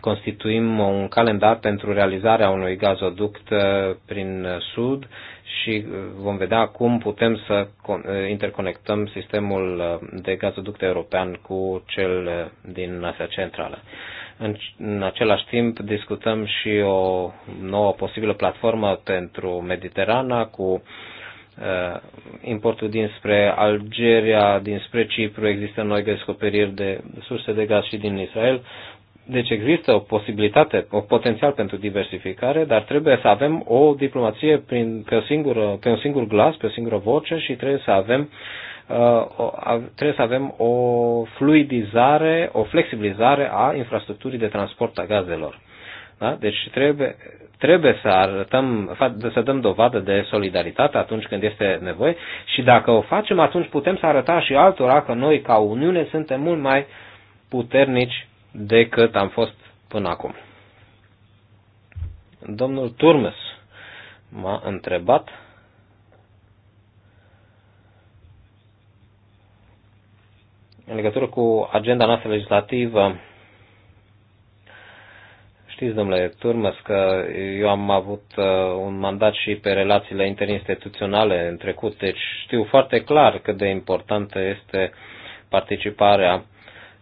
constituim un calendar pentru realizarea unui gazoduct prin sud și uh, vom vedea cum putem să uh, interconectăm sistemul uh, de gazoduct european cu cel din Asia Centrală. În, același timp discutăm și o nouă posibilă platformă pentru Mediterana cu importul dinspre Algeria, dinspre Cipru, există noi descoperiri de surse de gaz și din Israel. Deci există o posibilitate, o potențial pentru diversificare, dar trebuie să avem o diplomație prin, pe, o singură, pe un singur glas, pe o singură voce și trebuie să avem uh, trebuie să avem o fluidizare, o flexibilizare a infrastructurii de transport a gazelor. Da? Deci trebuie, trebuie să arătăm, să dăm dovadă de solidaritate atunci când este nevoie și dacă o facem, atunci putem să arăta și altora că noi, ca Uniune, suntem mult mai puternici decât am fost până acum. Domnul Turmes m-a întrebat în legătură cu agenda noastră legislativă. Știți, domnule Turmes, că eu am avut uh, un mandat și pe relațiile interinstituționale în trecut, deci știu foarte clar cât de importantă este participarea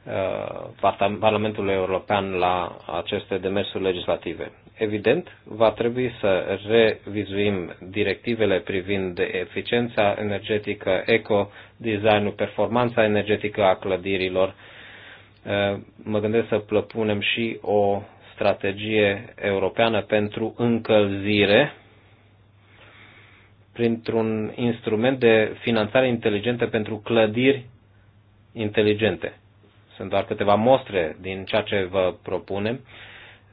Uh, Parlamentul European la aceste demersuri legislative. Evident, va trebui să revizuim directivele privind eficiența energetică, eco designul performanța energetică a clădirilor. Uh, mă gândesc să plăpunem și o strategie europeană pentru încălzire printr-un instrument de finanțare inteligentă pentru clădiri inteligente sunt doar câteva mostre din ceea ce vă propunem.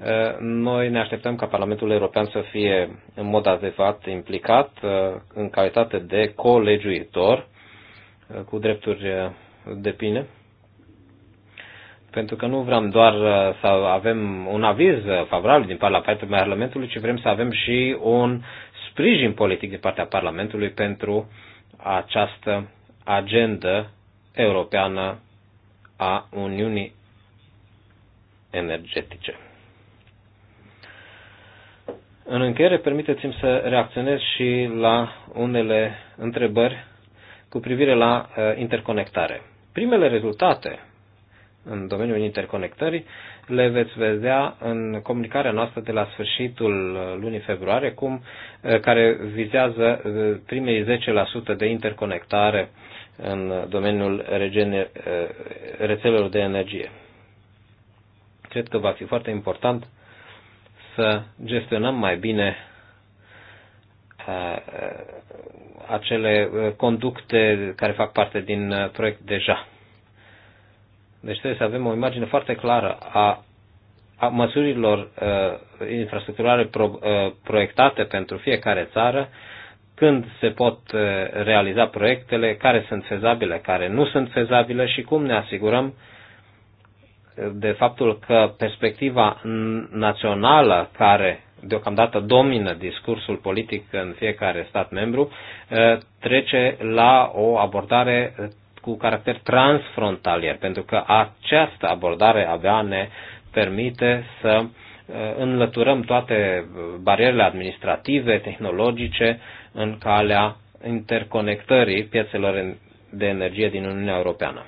Uh, noi ne așteptăm ca Parlamentul European să fie în mod adevărat implicat uh, în calitate de colegiuitor uh, cu drepturi de pine. Pentru că nu vrem doar să avem un aviz favorabil din partea Parlamentului, ci vrem să avem și un sprijin politic din partea Parlamentului pentru această agendă europeană a Uniunii energetice. În încheiere, permiteți-mi să reacționez și la unele întrebări cu privire la uh, interconectare. Primele rezultate în domeniul interconectării le veți vedea în comunicarea noastră de la sfârșitul uh, lunii februarie, cum, uh, care vizează primei 10% de interconectare uh, în domeniul eh, rețelelor de energie. Cred că va fi foarte important să gestionăm mai bine eh, acele eh, conducte care fac parte din proiect deja. Deci trebuie să avem o imagine foarte clară a, a măsurilor uh, infrastructurale pro, uh, proiectate pentru fiecare țară când se pot eh, realiza proiectele, care sunt fezabile, care nu sunt fezabile și cum ne asigurăm eh, de faptul că perspectiva națională care deocamdată domină discursul politic în fiecare stat membru, eh, trece la o abordare cu caracter transfrontalier, pentru că această abordare avea ne permite să înlăturăm toate barierele administrative, tehnologice în calea interconectării piețelor de energie din Uniunea Europeană.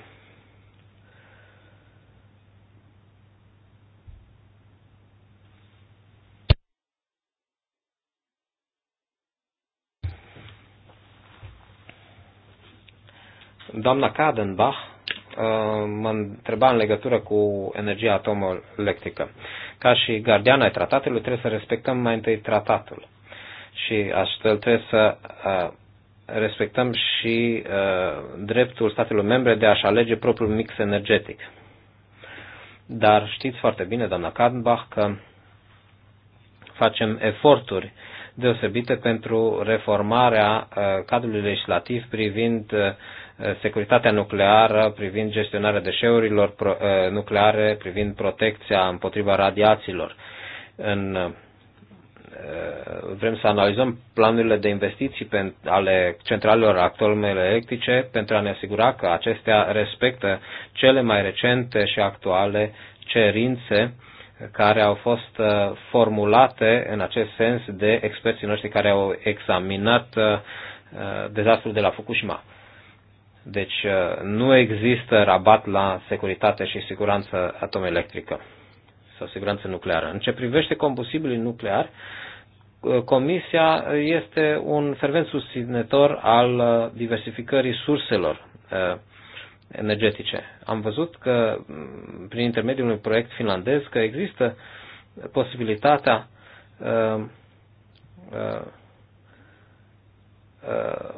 Doamna Kadenbach uh, mă întreba în legătură cu energia atomoelectrică. Ca și gardiana ai tratatului, trebuie să respectăm mai întâi tratatul și astfel trebuie să respectăm și dreptul statelor membre de a-și alege propriul mix energetic. Dar știți foarte bine, doamna Kadenbach, că facem eforturi deosebite pentru reformarea cadrului legislativ privind securitatea nucleară, privind gestionarea deșeurilor nucleare, privind protecția împotriva radiațiilor. În Eh, vrem să analizăm planurile de investiții ale centralelor actualmele electrice pentru a ne asigura că acestea respectă cele mai recente și actuale cerințe care au fost eh, formulate în acest sens de experții noștri care au examinat eh, dezastrul de la Fukushima. Deci nu există rabat la securitate și siguranță atomelectrică sau siguranță nucleară. În ce privește combustibilii nucleari, Comisia este un fervent susținător al uh, diversificării surselor uh, energetice. Am văzut că mm, prin intermediul unui proiect finlandez că există posibilitatea uh,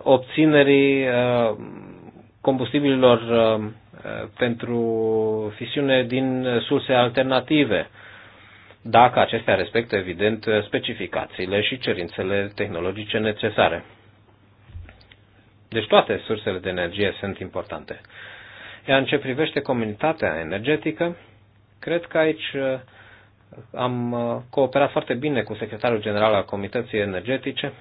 obținerii combustibililor pentru fisiune din surse alternative dacă acestea respectă, evident, specificațiile și cerințele tehnologice necesare. Deci toate sursele de energie sunt importante. Iar în ce privește comunitatea energetică, cred că aici uh, am uh, cooperat foarte bine cu secretarul general al Comității Energetice.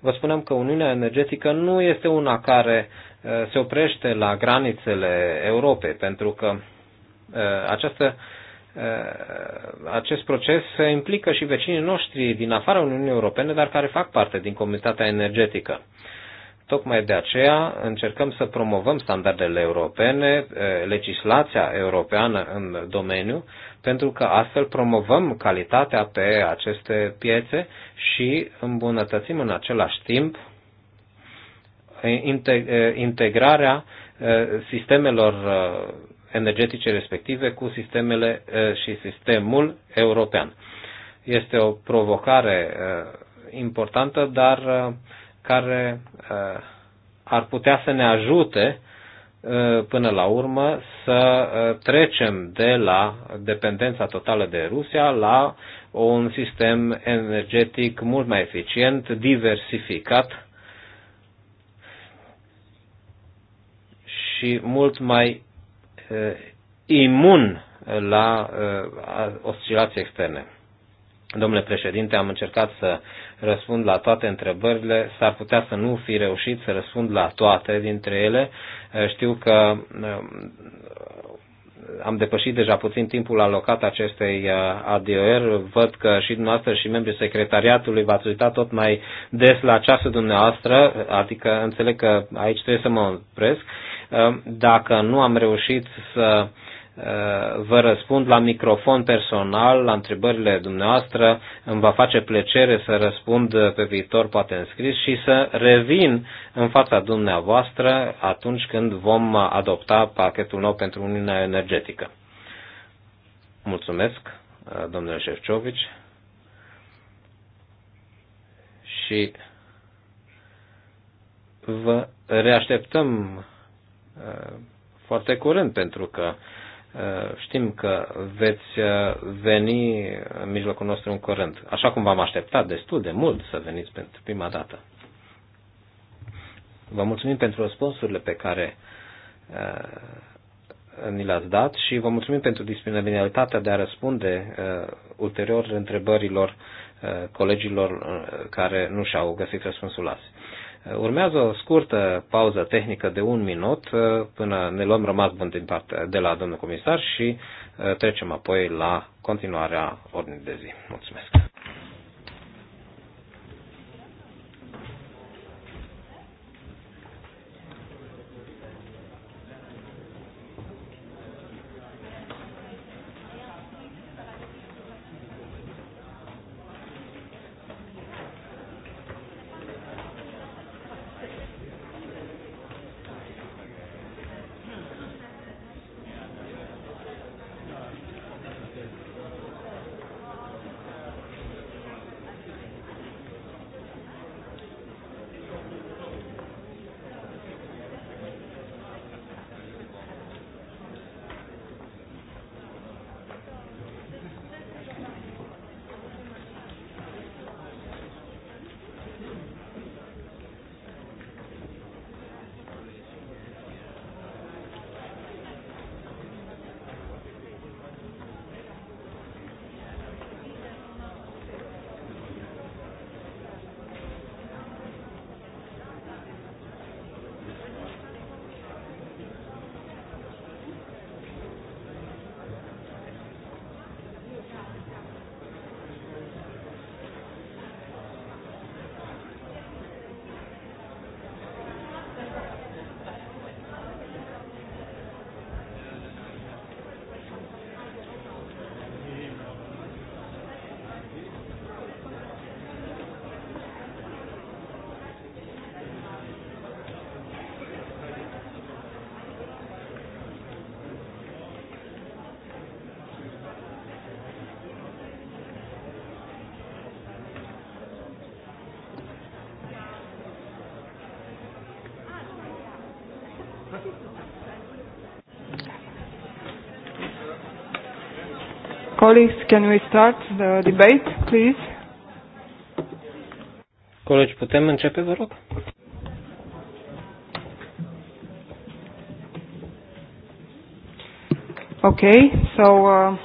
Vă spuneam că Uniunea Energetică nu este una care uh, se oprește la granițele Europei, pentru că această uh, Uh, acest proces implică și vecinii noștri din afara Uniunii Europene, dar care fac parte din comunitatea energetică. Tocmai de aceea încercăm să promovăm standardele europene, uh, legislația europeană în domeniu, pentru că astfel promovăm calitatea pe aceste piețe și îmbunătățim în același timp uh, integrarea sistemelor energetice respective cu sistemele și sistemul european. Este o provocare importantă, dar care ar putea să ne ajute până la urmă să trecem de la dependența totală de Rusia la un sistem energetic mult mai eficient, diversificat și mult mai Uh, imun la uh, oscilații externe. Domnule președinte, am încercat să răspund la toate întrebările, s-ar putea să nu fi reușit să răspund la toate dintre ele. Uh, știu că am depășit deja puțin timpul alocat acestei ADOR. Văd că și dumneavoastră și membrii secretariatului v-ați uitat tot mai des la ceasul dumneavoastră, adică înțeleg că aici trebuie să mă opresc. Ehm, dacă nu am reușit să ehm, vă răspund la microfon personal, la întrebările dumneavoastră, îmi va face plăcere să răspund pe viitor, poate în scris, și să revin în fața dumneavoastră atunci când vom adopta pachetul nou pentru Uniunea Energetică. Mulțumesc, ehm, domnule Șefciovici. Și vă reașteptăm Uh, foarte curând, pentru că uh, știm că veți uh, veni în mijlocul nostru în curând, așa cum v-am așteptat destul de mult să veniți pentru prima dată. Vă mulțumim pentru răspunsurile pe care ni le-ați dat și vă mulțumim pentru disponibilitatea de a răspunde uh, ulterior întrebărilor uh, colegilor uh, care nu și-au găsit răspunsul azi. Urmează o scurtă pauză tehnică de un minut uh, până ne luăm rămas bun din partea de la domnul comisar și uh, trecem apoi la continuarea ordinii de zi. Mulțumesc! Colleagues, can we start the debate, please? Colegi, putem începe, vă rog? Okay, so uh,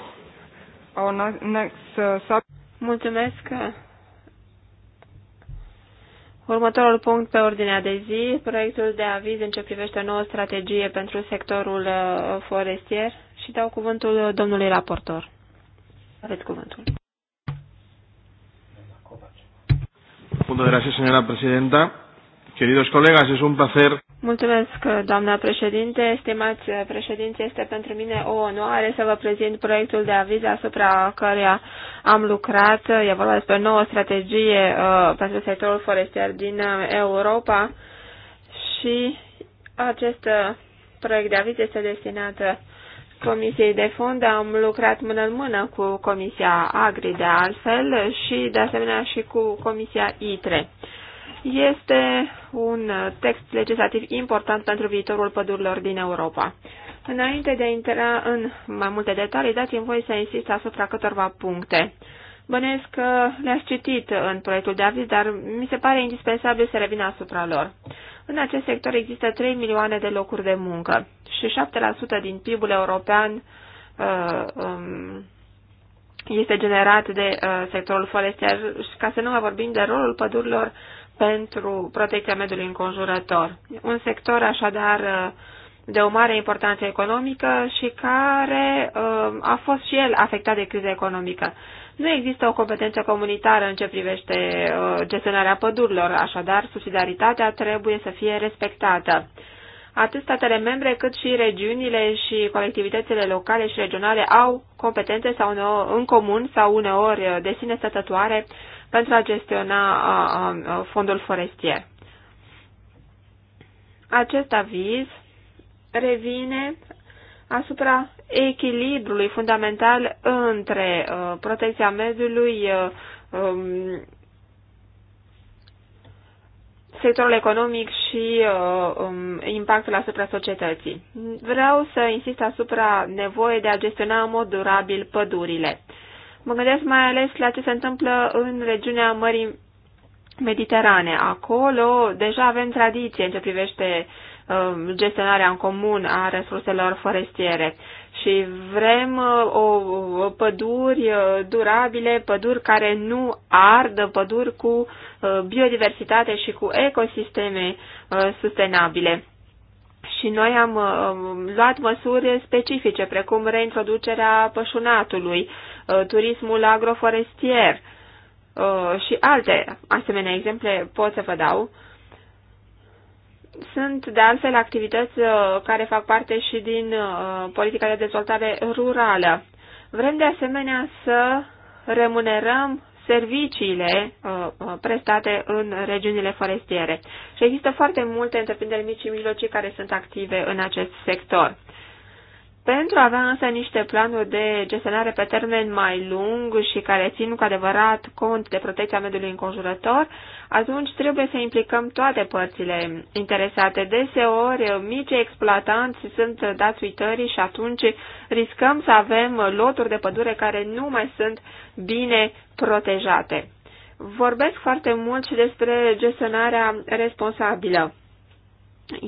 our next uh, sub Mulțumesc. Uh, Următorul punct pe ordinea de zi, proiectul de aviz în ce privește o nouă strategie pentru sectorul uh, forestier și dau cuvântul domnului raportor. Aveți cuvântul. Muchas gracias, señora presidenta. Queridos colegas, es un placer. Mulțumesc, doamna președinte. Stimați președinte, este pentru mine o onoare să vă prezint proiectul de aviz asupra căreia am lucrat. E vorba despre o nouă strategie uh, pentru sectorul forestier din uh, Europa și acest uh, proiect de aviz este destinat Comisiei de Fond. Am lucrat mână în mână cu Comisia Agri de altfel și de asemenea și cu Comisia ITRE. Este un text legislativ important pentru viitorul pădurilor din Europa. Înainte de a intra în mai multe detalii, dați-mi voi să insist asupra câtorva puncte. Bănesc că le-ați citit în proiectul de aviz, dar mi se pare indispensabil să revin asupra lor. În acest sector există 3 milioane de locuri de muncă și 7% din PIB-ul european uh, um, este generat de uh, sectorul forestier, ca să nu mai vorbim de rolul pădurilor pentru protecția mediului înconjurător. Un sector așadar de o mare importanță economică și care uh, a fost și el afectat de criza economică. Nu există o competență comunitară în ce privește uh, gestionarea pădurilor, așadar subsidiaritatea trebuie să fie respectată. Atât statele membre cât și regiunile și colectivitățile locale și regionale au competențe sau uneori, în comun sau uneori uh, de sine stătătoare pentru a gestiona fondul forestier. Acest aviz revine asupra echilibrului fundamental între uh, protecția mediului, uh, um, sectorul economic și uh, um, impactul asupra societății. Vreau să insist asupra nevoie de a gestiona în mod durabil pădurile. Mă gândesc mai ales la ce se întâmplă în regiunea Mării Mediterane. Acolo deja avem tradiție în ce privește um, gestionarea în comun a resurselor forestiere și vrem uh, o păduri uh, durabile, păduri care nu ardă, păduri cu uh, biodiversitate și cu ecosisteme sustenabile. Și noi am um, luat măsuri specifice, precum reintroducerea pășunatului, Uh, turismul agroforestier uh, și alte asemenea exemple pot să vă dau. Sunt de altfel activități uh, care fac parte și din politica de dezvoltare rurală. Vrem de asemenea să remunerăm serviciile prestate în regiunile forestiere. Și există foarte multe întreprinderi mici și mijlocii care sunt active în acest sector. Pentru a avea însă niște planuri de gestionare pe termen mai lung și care țin cu adevărat cont de protecția mediului înconjurător, atunci trebuie să implicăm toate părțile interesate. Deseori, mici exploatanți sunt dați uitării și atunci riscăm să avem loturi de pădure care nu mai sunt bine protejate. Vorbesc foarte mult și despre gestionarea responsabilă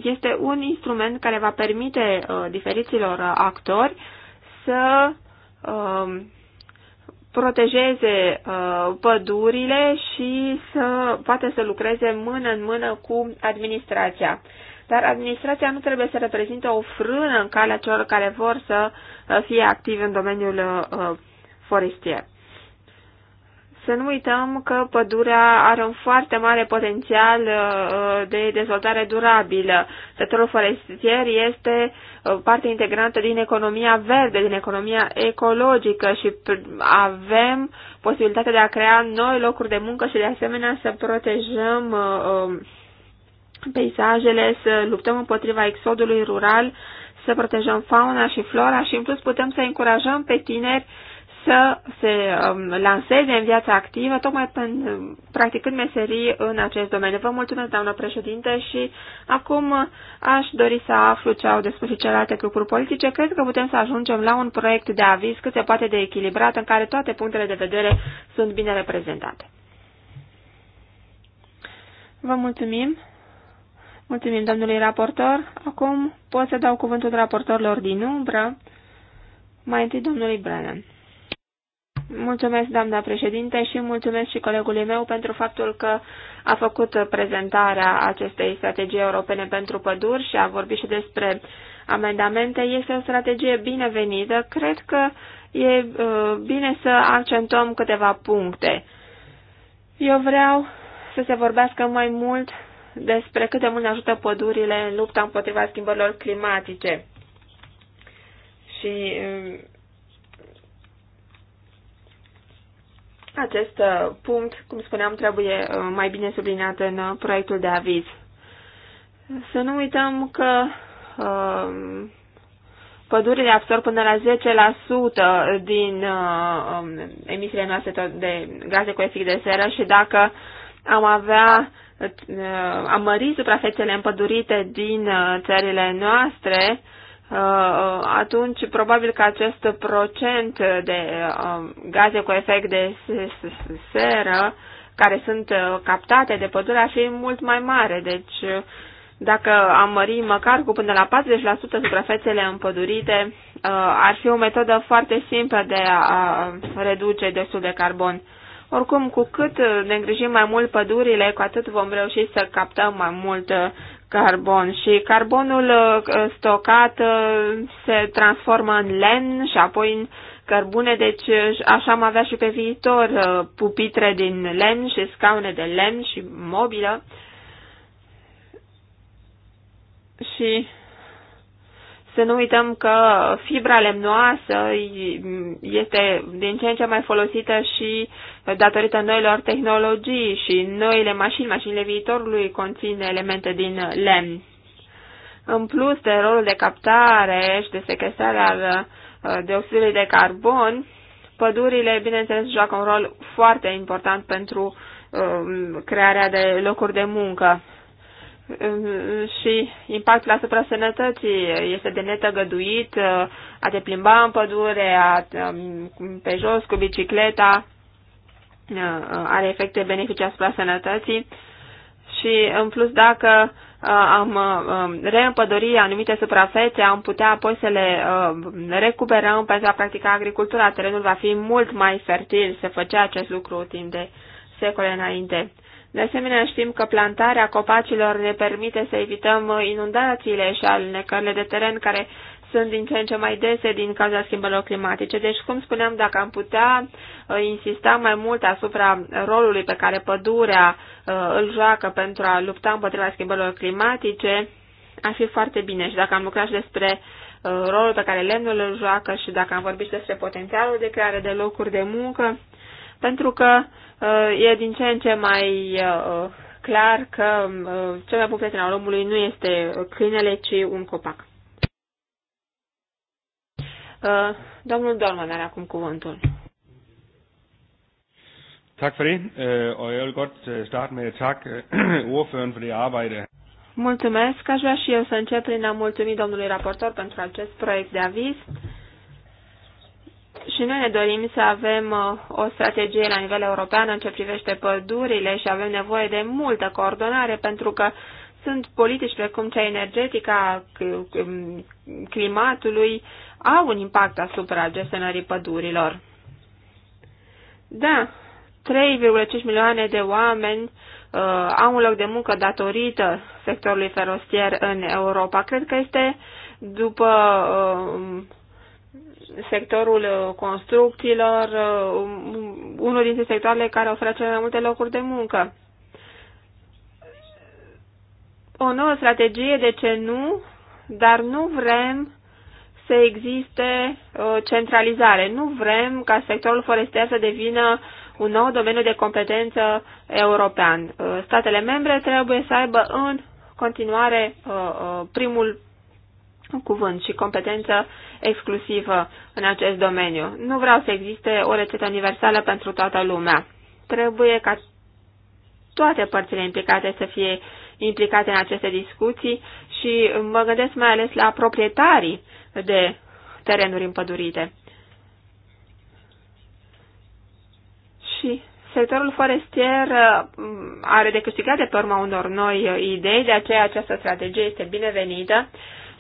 este un instrument care va permite uh, diferiților uh, actori să uh, protejeze uh, pădurile și să poate să lucreze mână în mână cu administrația. Dar administrația nu trebuie să reprezinte o frână în calea celor care vor să uh, fie activi în domeniul uh, forestier. Să nu uităm că pădurea are un foarte mare potențial uh, de dezvoltare durabilă. Sectorul forestier este uh, parte integrantă din economia verde, din economia ecologică și avem posibilitatea de a crea noi locuri de muncă și de asemenea să protejăm uh, um, peisajele, să luptăm împotriva exodului rural, să protejăm fauna și flora și în plus putem să încurajăm pe tineri să se um, lanseze în viața activă, tocmai pen, practicând meserii în acest domeniu. Vă mulțumesc, doamnă președinte, și acum aș dori să aflu ce au de spus și celelalte grupuri politice. Cred că putem să ajungem la un proiect de aviz cât se poate de echilibrat, în care toate punctele de vedere sunt bine reprezentate. Vă mulțumim. Mulțumim domnului raportor. Acum pot să dau cuvântul raportorilor din umbră. Mai întâi domnului Brennan. Mulțumesc, doamna președinte, și mulțumesc și colegului meu pentru faptul că a făcut prezentarea acestei strategii europene pentru păduri și a vorbit și despre amendamente. Este o strategie binevenită. Cred că e uh, bine să accentuăm câteva puncte. Eu vreau să se vorbească mai mult despre cât de mult ne ajută pădurile în lupta împotriva schimbărilor climatice. Și uh, Acest uh, punct, cum spuneam, trebuie uh, mai bine subliniat în uh, proiectul de aviz. Să nu uităm că pădurile absorb până la 10% din um, emisiile noastre de gaze cu efect de seră și dacă am avea am mări suprafețele împădurite din țările noastre, Uh, uh, atunci probabil că acest procent de uh, gaze cu efect de seră care sunt captate de pădure ar fi mult mai mare. Deci, dacă am mări măcar cu până la 40% suprafețele împădurite, ar fi o metodă foarte simplă de a reduce destul de carbon. Oricum, cu cât ne îngrijim mai mult pădurile, cu atât vom reuși să captăm mai mult carbon și carbonul uh, stocat uh, se transformă în len și apoi în cărbune, deci uh, așa am avea și pe viitor pupitre din len și scaune de len și mobilă. Și să nu uităm că fibra lemnoasă este din ce în ce mai folosită și datorită noilor tehnologii și noile mașini, mașinile viitorului conțin elemente din lemn. În plus de rolul de captare și de sequestrare al uh, dioxidului de carbon, pădurile, bineînțeles, joacă un rol foarte important pentru um, crearea de locuri de muncă și impactul asupra sănătății este de netăgăduit, a te plimba în pădure, a, um, pe jos cu bicicleta, uh, are efecte benefice asupra sănătății și în plus dacă uh, am um, reîmpădori anumite suprafețe, am putea apoi să le uh, recuperăm pentru a practica agricultura. Terenul va fi mult mai fertil, se făcea acest lucru timp de secole înainte. De asemenea, știm că plantarea copacilor ne permite să evităm inundațiile și alnecările de teren care sunt din ce în ce mai dese din cauza schimbărilor climatice. Deci, cum spuneam, dacă am putea uh, insista mai mult asupra rolului pe care pădurea uh, îl joacă pentru a lupta împotriva schimbărilor climatice, ar fi foarte bine. Și dacă am lucrat și despre uh, rolul pe care lemnul îl joacă și dacă am vorbit și despre potențialul de creare de locuri de muncă, pentru că uh, Uh, e din ce în ce mai uh, clar că uh, cel mai bun prieten al omului nu este câinele, ci un copac. Domnul Dorman are acum cuvântul. Tak for det, øh, og jeg vil godt øh, starte med at takke øh, ordføreren for det arbejde. Mulțumesc, aș vrea și eu să încep prin a mulțumi domnului raportor pentru acest proiect de aviz. Și noi ne dorim să avem uh, o strategie la nivel european în ce privește pădurile și avem nevoie de multă coordonare pentru că sunt politici precum cea energetică a climatului au un impact asupra gestionării pădurilor. Da, 3,5 milioane de oameni uh, au un loc de muncă datorită sectorului ferostier în Europa. Cred că este după uh, sectorul uh, construcțiilor, uh, unul dintre sectoarele care oferă cele mai multe locuri de muncă. O nouă strategie, de ce nu? Dar nu vrem să existe uh, centralizare. Nu vrem ca sectorul forestier să devină un nou domeniu de competență european. Statele membre trebuie să aibă în continuare primul cuvânt și competență exclusivă în acest domeniu. Nu vreau să existe o rețetă universală pentru toată lumea. Trebuie ca toate părțile implicate să fie implicate în aceste discuții și mă gândesc mai ales la proprietarii de terenuri împădurite. Și sectorul forestier uh, are de câștigat de pe urma unor noi uh, idei, de aceea această strategie este binevenită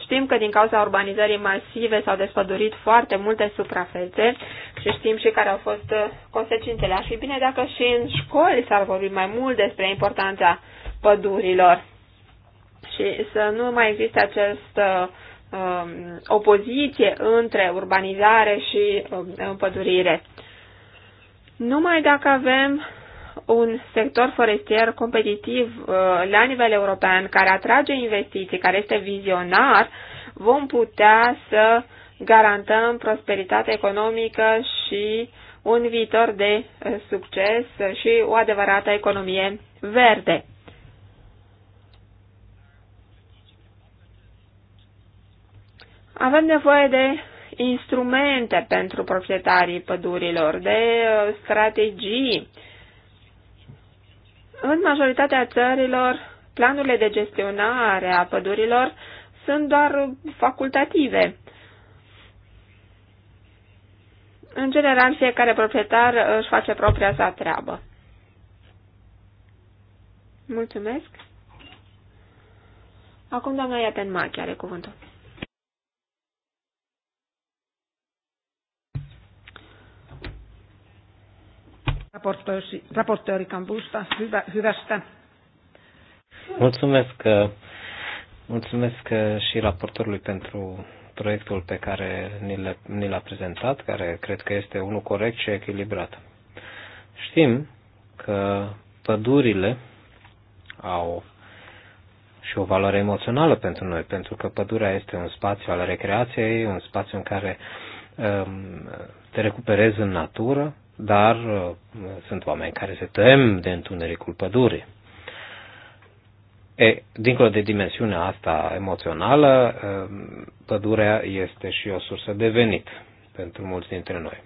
Știm că din cauza urbanizării masive s-au despădurit foarte multe suprafețe și știm și care au fost uh, consecințele. Ar fi bine dacă și în școli s-ar vorbi mai mult despre importanța pădurilor și să nu mai existe această uh, opoziție între urbanizare și uh, împădurire. Numai dacă avem un sector forestier competitiv uh, la nivel european, care atrage investiții, care este vizionar, vom putea să garantăm prosperitate economică și un viitor de uh, succes și o adevărată economie verde. Avem nevoie de instrumente pentru proprietarii pădurilor, de uh, strategii în majoritatea țărilor, planurile de gestionare a pădurilor sunt doar facultative. În general, fiecare proprietar își face propria sa treabă. Mulțumesc. Acum doamna Iaten Machi are cuvântul. raportööri Kambusta hyvä, hyvästä. Mulțumesc, uh, mulțumesc uh, și raportorului pentru proiectul pe care ni l-a prezentat, care cred că este unul corect și echilibrat. Știm că pădurile au și o valoare emoțională pentru noi, pentru că pădurea este un spațiu al recreației, un spațiu în care um, te recuperezi în natură dar uh, sunt oameni care se tem de întunericul pădurii. E, dincolo de dimensiunea asta emoțională, uh, pădurea este și o sursă de venit pentru mulți dintre noi.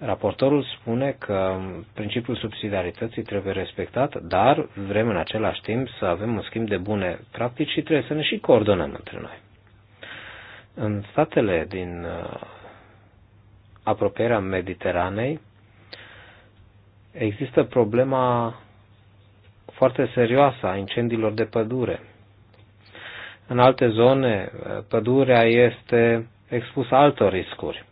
Raportorul spune că principiul subsidiarității trebuie respectat, dar vrem în același timp să avem un schimb de bune practici și trebuie să ne și coordonăm între noi. În statele din uh, apropierea Mediteranei, există problema foarte serioasă a incendiilor de pădure. În alte zone, pădurea este expusă altor riscuri.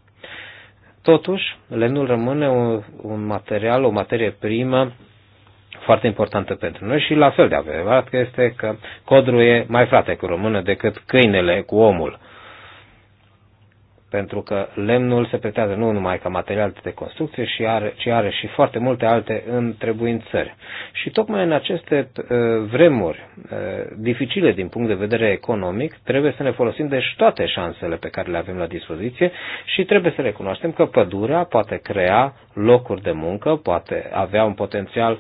Totuși, lemnul rămâne un, un material, o materie primă foarte importantă pentru noi și la fel de adevărat că este că codru e mai frate cu română decât câinele cu omul pentru că lemnul se pretează nu numai ca material de construcție, ci are, ci are și foarte multe alte întrebuiințări. Și tocmai în aceste uh, vremuri uh, dificile din punct de vedere economic, trebuie să ne folosim de toate șansele pe care le avem la dispoziție și trebuie să recunoaștem că pădurea poate crea locuri de muncă, poate avea un potențial uh,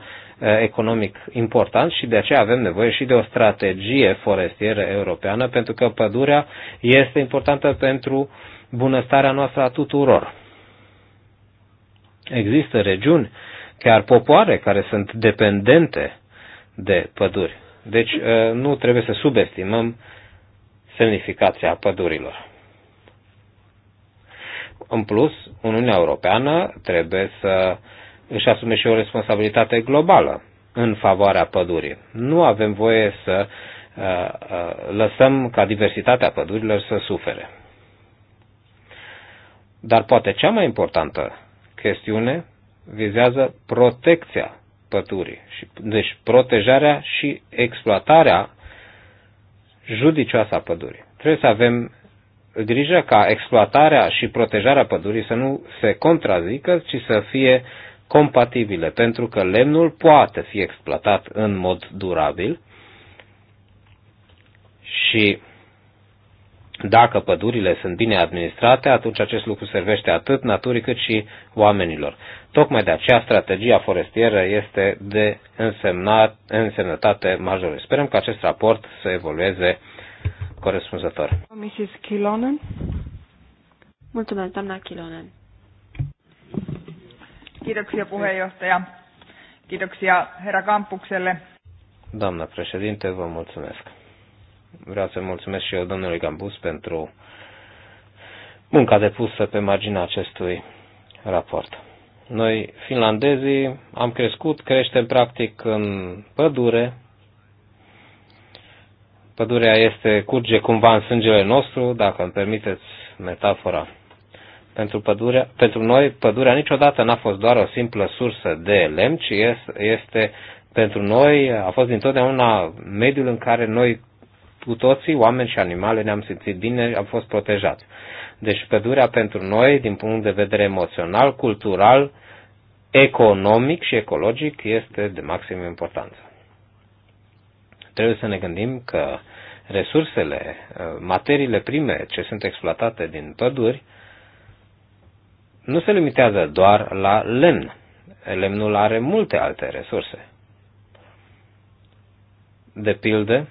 economic important și de aceea avem nevoie și de o strategie forestieră europeană pentru că pădurea este importantă pentru uh, bunăstarea noastră a tuturor. Există regiuni, chiar popoare, care sunt dependente de păduri. Deci uh, nu trebuie să subestimăm semnificația pădurilor. În plus, Uniunea Europeană trebuie să își asume și o responsabilitate globală în favoarea pădurii. Nu avem voie să uh, uh, lăsăm ca diversitatea pădurilor să sufere. Dar poate cea mai importantă chestiune vizează protecția pădurii, și, deci protejarea și exploatarea judicioasă a pădurii. Trebuie să avem grijă ca exploatarea și protejarea pădurii să nu se contrazică, ci să fie compatibile, pentru că lemnul poate fi exploatat în mod durabil și dacă pădurile sunt bine administrate, atunci acest lucru servește atât naturii cât și oamenilor. Tocmai de aceea strategia forestieră este de însemnat, însemnătate majoră. Sperăm că acest raport să evolueze corespunzător. Mrs. Kilonen. Mulțumesc, doamna Kilonen. Kiitoksia puheenjohtaja. Kiitoksia herra Kampukselle. Doamna președinte, vă mulțumesc. Vreau să mulțumesc și eu domnului Gambus pentru munca depusă pe marginea acestui raport. Noi, finlandezii, am crescut, creștem practic în pădure. Pădurea este, curge cumva în sângele nostru, dacă îmi permiteți metafora. Pentru, pădurea, pentru noi, pădurea niciodată n-a fost doar o simplă sursă de lemn, ci este, este pentru noi, a fost dintotdeauna mediul în care noi cu toții, oameni și animale, ne-am simțit bine, am fost protejați. Deci pădurea pentru noi, din punct de vedere emoțional, cultural, economic și ecologic, este de maximă importanță. Trebuie să ne gândim că resursele, uh, materiile prime ce sunt exploatate din păduri, nu se limitează doar la lemn. Lemnul are multe alte resurse. De pildă,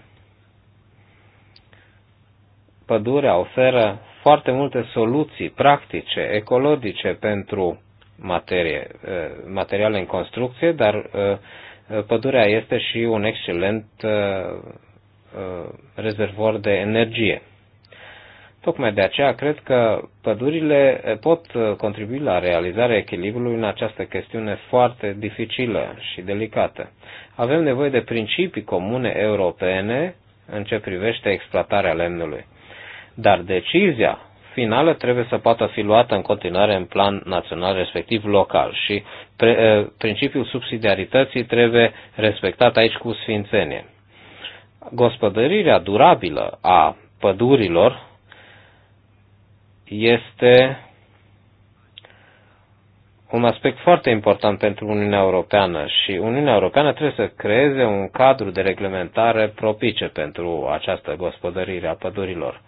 Pădurea oferă foarte multe soluții practice, ecologice pentru materie, eh, materiale în construcție, dar eh, pădurea este și un excelent eh, rezervor de energie. Tocmai de aceea cred că pădurile pot contribui la realizarea echilibrului în această chestiune foarte dificilă și delicată. Avem nevoie de principii comune europene în ce privește exploatarea lemnului dar decizia finală trebuie să poată fi luată în continuare în plan național, respectiv local. Și pre, principiul subsidiarității trebuie respectat aici cu sfințenie. Gospodărirea durabilă a pădurilor este un aspect foarte important pentru Uniunea Europeană și Uniunea Europeană trebuie să creeze un cadru de reglementare propice pentru această gospodărire a pădurilor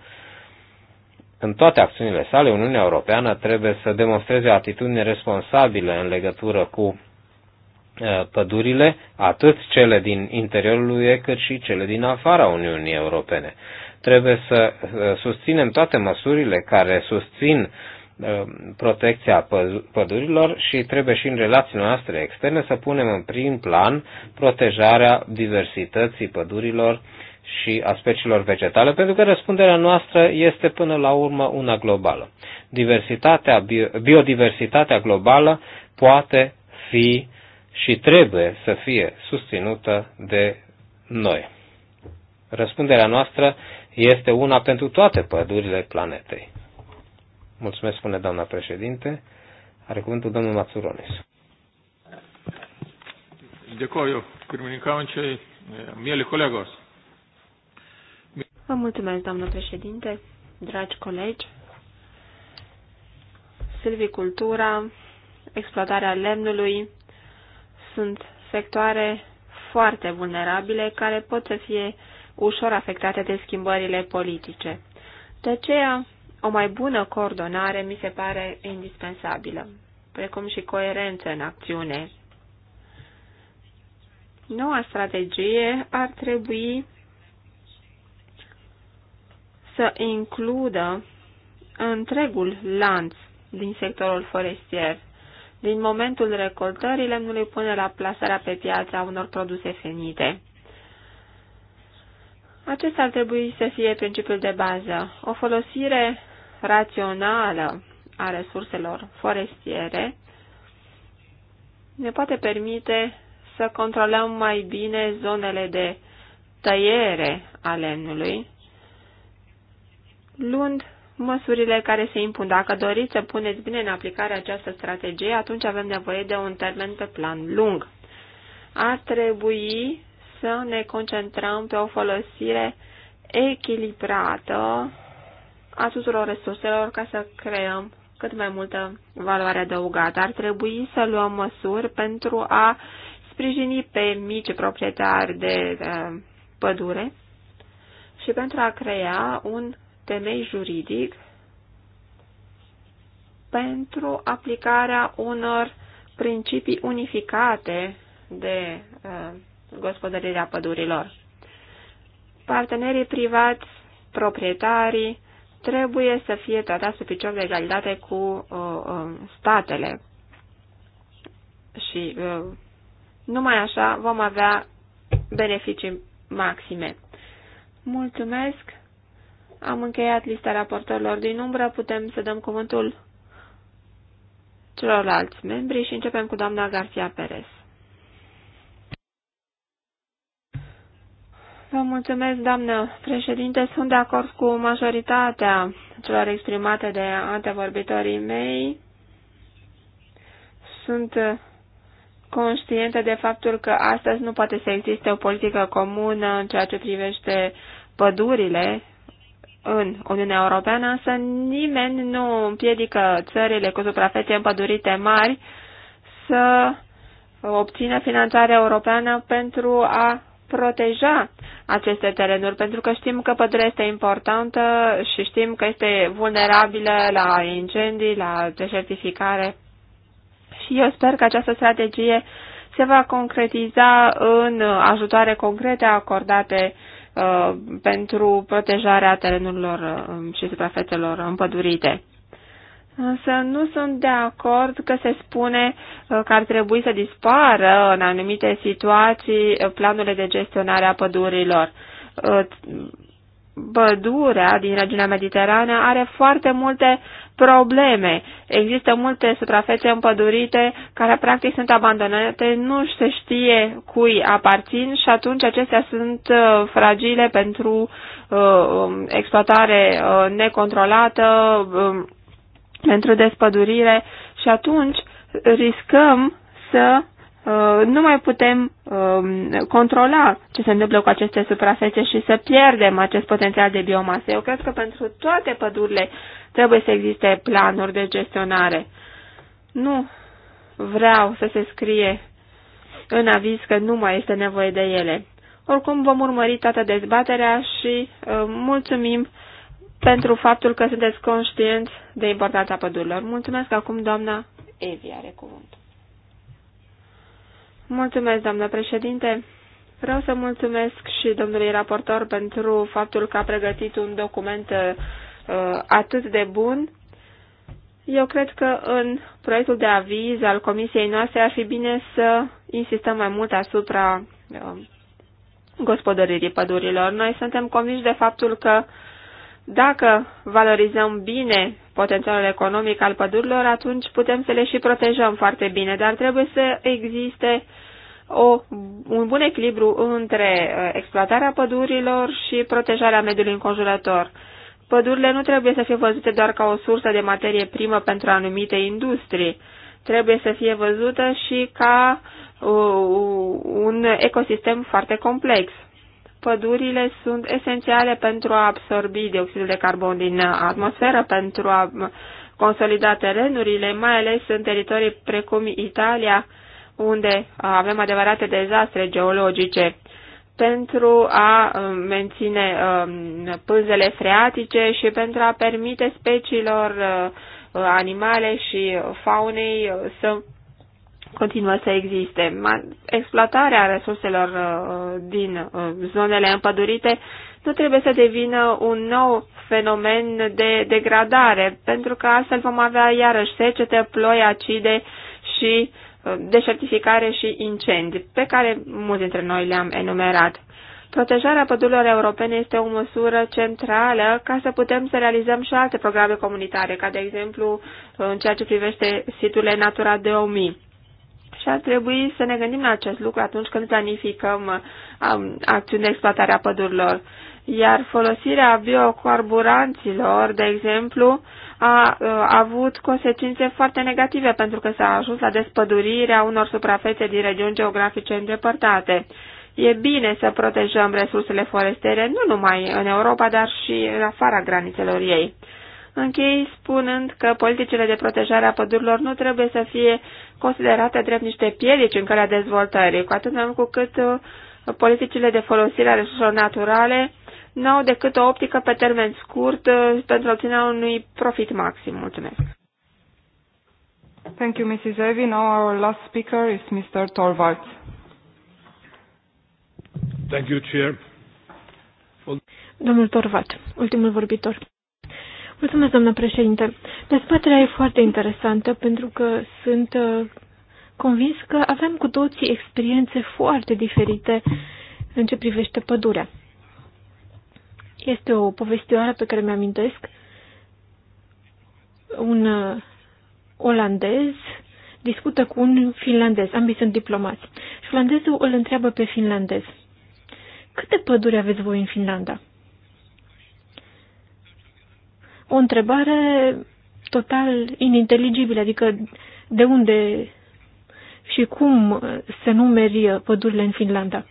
în toate acțiunile sale, Uniunea Europeană trebuie să demonstreze o atitudine responsabilă în legătură cu uh, pădurile, atât cele din interiorul UE, cât și cele din afara Uniunii Europene. Trebuie să uh, susținem toate măsurile care susțin uh, protecția pădurilor și trebuie și în relațiile noastre externe să punem în prim plan protejarea diversității pădurilor și a speciilor vegetale, pentru că răspunderea noastră este până la urmă una globală. Diversitatea, biodiversitatea globală poate fi și trebuie să fie susținută de noi. Răspunderea noastră este una pentru toate pădurile planetei. Mulțumesc, spune doamna președinte. Are cuvântul domnul Matsuronis. Dėkoju pirmininkaujančiai, mėly kolegos. Vă mulțumesc, doamnă președinte, dragi colegi. Silvicultura, exploatarea lemnului sunt sectoare foarte vulnerabile care pot să fie ușor afectate de schimbările politice. De aceea, o mai bună coordonare mi se pare indispensabilă, precum și coerență în acțiune. Noua strategie ar trebui să includă întregul lanț din sectorul forestier, din momentul recoltării lemnului până la plasarea pe piața unor produse finite. Acesta ar trebui să fie principiul de bază. O folosire rațională a resurselor forestiere ne poate permite să controlăm mai bine zonele de tăiere a lemnului, luând măsurile care se impun. Dacă doriți să puneți bine în aplicare această strategie, atunci avem nevoie de un termen pe plan lung. Ar trebui să ne concentrăm pe o folosire echilibrată a tuturor resurselor ca să creăm cât mai multă valoare adăugată. Ar trebui să luăm măsuri pentru a sprijini pe mici proprietari de uh, pădure și pentru a crea un temei juridic pentru aplicarea unor principii unificate de uh, gospodărirea pădurilor. Partenerii privați, proprietarii, trebuie să fie tratați pe picior de egalitate cu uh, uh, statele. Și uh, numai așa vom avea beneficii maxime. Mulțumesc! Am încheiat lista raportorilor din umbră, putem să dăm cuvântul celorlalți membri și începem cu doamna Garcia Perez. Vă mulțumesc, doamnă președinte. Sunt de acord cu majoritatea celor exprimate de antevorbitorii mei. Sunt conștientă de faptul că astăzi nu poate să existe o politică comună în ceea ce privește pădurile în Uniunea Europeană, însă nimeni nu împiedică țările cu suprafețe împădurite mari să obțină finanțare europeană pentru a proteja aceste terenuri, pentru că știm că pădurea este importantă și știm că este vulnerabilă la incendii, la deșertificare. Și eu sper că această strategie se va concretiza în ajutoare concrete acordate uh, Uh, pentru protejarea terenurilor uh, și suprafețelor împădurite. Însă nu sunt de acord că se spune uh, că ar trebui să dispară în anumite situații planurile de gestionare a pădurilor. Pădurea din regiunea mediterană are foarte multe probleme. Există multe suprafețe împădurite care practic sunt abandonate, nu se știe cui aparțin și atunci acestea sunt uh, fragile pentru uh, um, exploatare uh, necontrolată, uh, pentru despădurire și atunci riscăm să Uh, nu mai putem um, controla ce se întâmplă cu aceste suprafețe și să pierdem acest potențial de biomasă. Eu cred că pentru toate pădurile trebuie să existe planuri de gestionare. Nu vreau să se scrie în aviz că nu mai este nevoie de ele. Oricum vom urmări toată dezbaterea și uh, mulțumim pentru faptul că sunteți conștienți de importanța pădurilor. Mulțumesc acum doamna Evi are cuvântul. Mulțumesc, doamnă președinte. Vreau să mulțumesc și domnului raportor pentru faptul că a pregătit un document uh, atât de bun. Eu cred că în proiectul de aviz al comisiei noastre ar fi bine să insistăm mai mult asupra uh, gospodăririi pădurilor. Noi suntem convinși de faptul că uh, dacă valorizăm bine potențialul economic al pădurilor, atunci putem să le și protejăm foarte bine, dar trebuie să existe o, un bun echilibru între uh, exploatarea pădurilor și protejarea mediului înconjurător. Pădurile nu trebuie să fie văzute doar ca o sursă de materie primă pentru anumite industrii, trebuie să fie văzută și ca uh, un ecosistem foarte complex pădurile sunt esențiale pentru a absorbi dioxidul de carbon din atmosferă, pentru a consolida terenurile, mai ales în teritorii precum Italia, unde avem adevărate dezastre geologice, pentru a um, menține um, pânzele freatice și pentru a permite speciilor uh, animale și faunei să continuă să existe. Exploatarea resurselor uh, din uh, zonele împădurite nu trebuie să devină un nou fenomen de degradare, pentru că astfel vom avea iarăși secete, ploi acide și uh, deșertificare și incendii, pe care mulți dintre noi le-am enumerat. Protejarea pădurilor europene este o măsură centrală ca să putem să realizăm și alte programe comunitare, ca de exemplu în ceea ce privește siturile Natura 2000. Și ar trebui să ne gândim la acest lucru atunci când planificăm um, acțiuni de exploatare a pădurilor. Iar folosirea biocarburanților, de exemplu, a, uh, a avut consecințe foarte negative pentru că s-a ajuns la despădurirea unor suprafețe din regiuni geografice îndepărtate. E bine să protejăm resursele forestiere nu numai în Europa, dar și în afara granițelor ei. Închei spunând că politicile de protejare a pădurilor nu trebuie să fie considerate drept niște piedici în calea dezvoltării, cu atât mai mult cu cât uh, politicile de folosire a resurselor naturale nu au decât o optică pe termen scurt uh, pentru obținerea unui profit maxim. Mulțumesc! Thank you, Mrs. Evi. Now our last speaker is Mr. Torvald. Thank you, Chair. Domnul Torvat, ultimul vorbitor. Mulțumesc, doamnă președinte. Dezbaterea e foarte interesantă pentru că sunt uh, convins că avem cu toții experiențe foarte diferite în ce privește pădurea. Este o povestioară pe care mi-amintesc. Un uh, olandez discută cu un finlandez, ambii sunt diplomați. Și finlandezul îl întreabă pe finlandez. Câte păduri aveți voi în Finlanda? o întrebare total ininteligibilă, adică de unde și cum se numeri pădurile în Finlanda.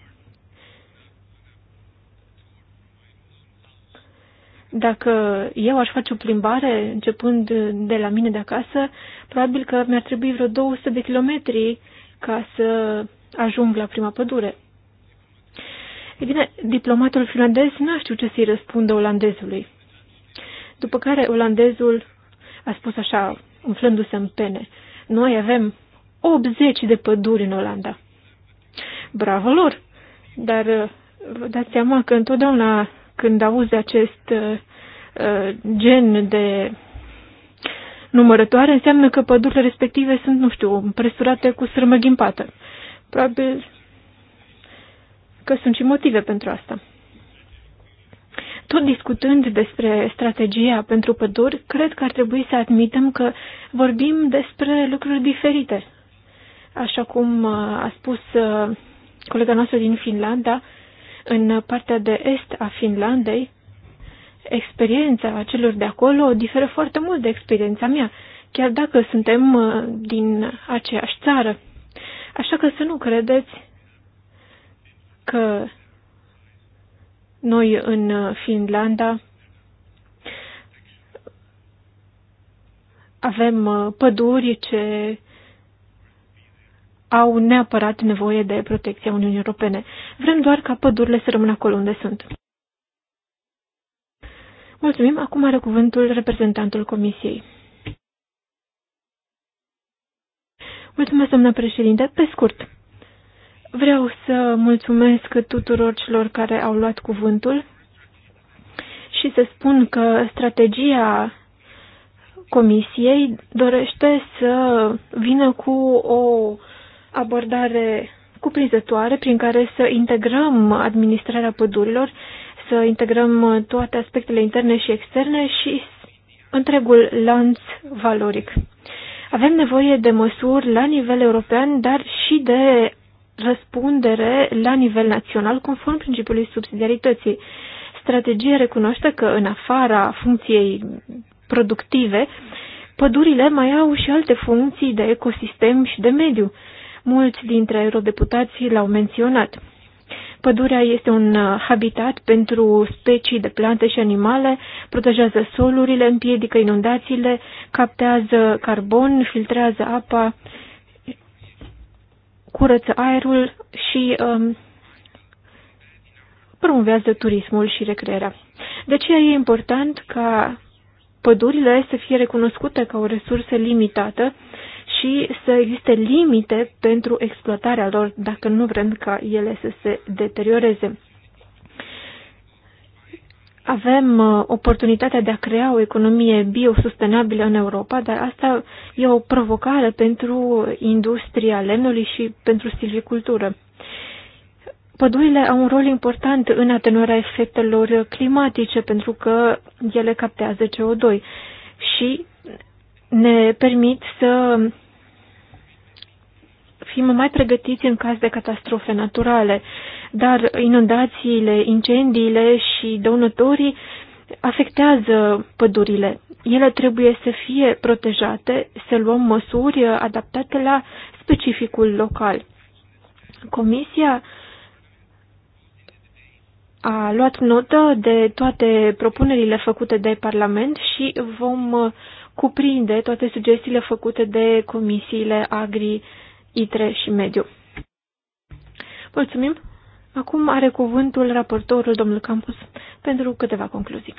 Dacă eu aș face o plimbare începând de la mine de acasă, probabil că mi-ar trebui vreo 200 de kilometri ca să ajung la prima pădure. E bine, diplomatul finlandez nu știu ce să-i răspundă olandezului. După care olandezul a spus așa, umflându-se în pene, noi avem 80 de păduri în Olanda. Bravo lor! Dar uh, vă dați seama că întotdeauna când auzi acest uh, uh, gen de numărătoare, înseamnă că pădurile respective sunt, nu știu, împresurate cu sârmă ghimpată. Probabil că sunt și motive pentru asta tot discutând despre strategia pentru păduri, cred că ar trebui să admitem că vorbim despre lucruri diferite. Așa cum uh, a spus uh, colega noastră din Finlanda, în partea de est a Finlandei, experiența celor de acolo diferă foarte mult de experiența mea, chiar dacă suntem uh, din aceeași țară. Așa că să nu credeți că noi în Finlanda avem uh, păduri ce au neapărat nevoie de protecția Uniunii Europene. Vrem doar ca pădurile să rămână acolo unde sunt. Mulțumim. Acum are cuvântul reprezentantul Comisiei. Mulțumesc, doamnă președinte. Pe scurt, Vreau să mulțumesc tuturor celor care au luat cuvântul și să spun că strategia Comisiei dorește să vină cu o abordare cuprinzătoare prin care să integrăm administrarea pădurilor, să integrăm toate aspectele interne și externe și întregul lanț valoric. Avem nevoie de măsuri la nivel european, dar și de răspundere la nivel național conform principiului subsidiarității. Strategia recunoaște că în afara funcției productive, pădurile mai au și alte funcții de ecosistem și de mediu. Mulți dintre eurodeputații l-au menționat. Pădurea este un uh, habitat pentru specii de plante și animale, protejează solurile, împiedică inundațiile, captează carbon, filtrează apa, curăță aerul și um, promovează turismul și recrearea. De aceea e important ca pădurile să fie recunoscute ca o resursă limitată și să existe limite pentru exploatarea lor dacă nu vrem ca ele să se deterioreze avem uh, oportunitatea de a crea o economie biosustenabilă în Europa, dar asta e o provocare pentru industria lemnului și pentru silvicultură. Pădurile au un rol important în atenuarea efectelor climatice pentru că ele captează CO2 și ne permit să fim mai pregătiți în caz de catastrofe naturale, dar inundațiile, incendiile și dăunătorii afectează pădurile. Ele trebuie să fie protejate, să luăm măsuri adaptate la specificul local. Comisia a luat notă de toate propunerile făcute de Parlament și vom cuprinde toate sugestiile făcute de comisiile agri ITRE și Mediu. Mulțumim! Acum are cuvântul raportorul domnul Campus pentru câteva concluzii.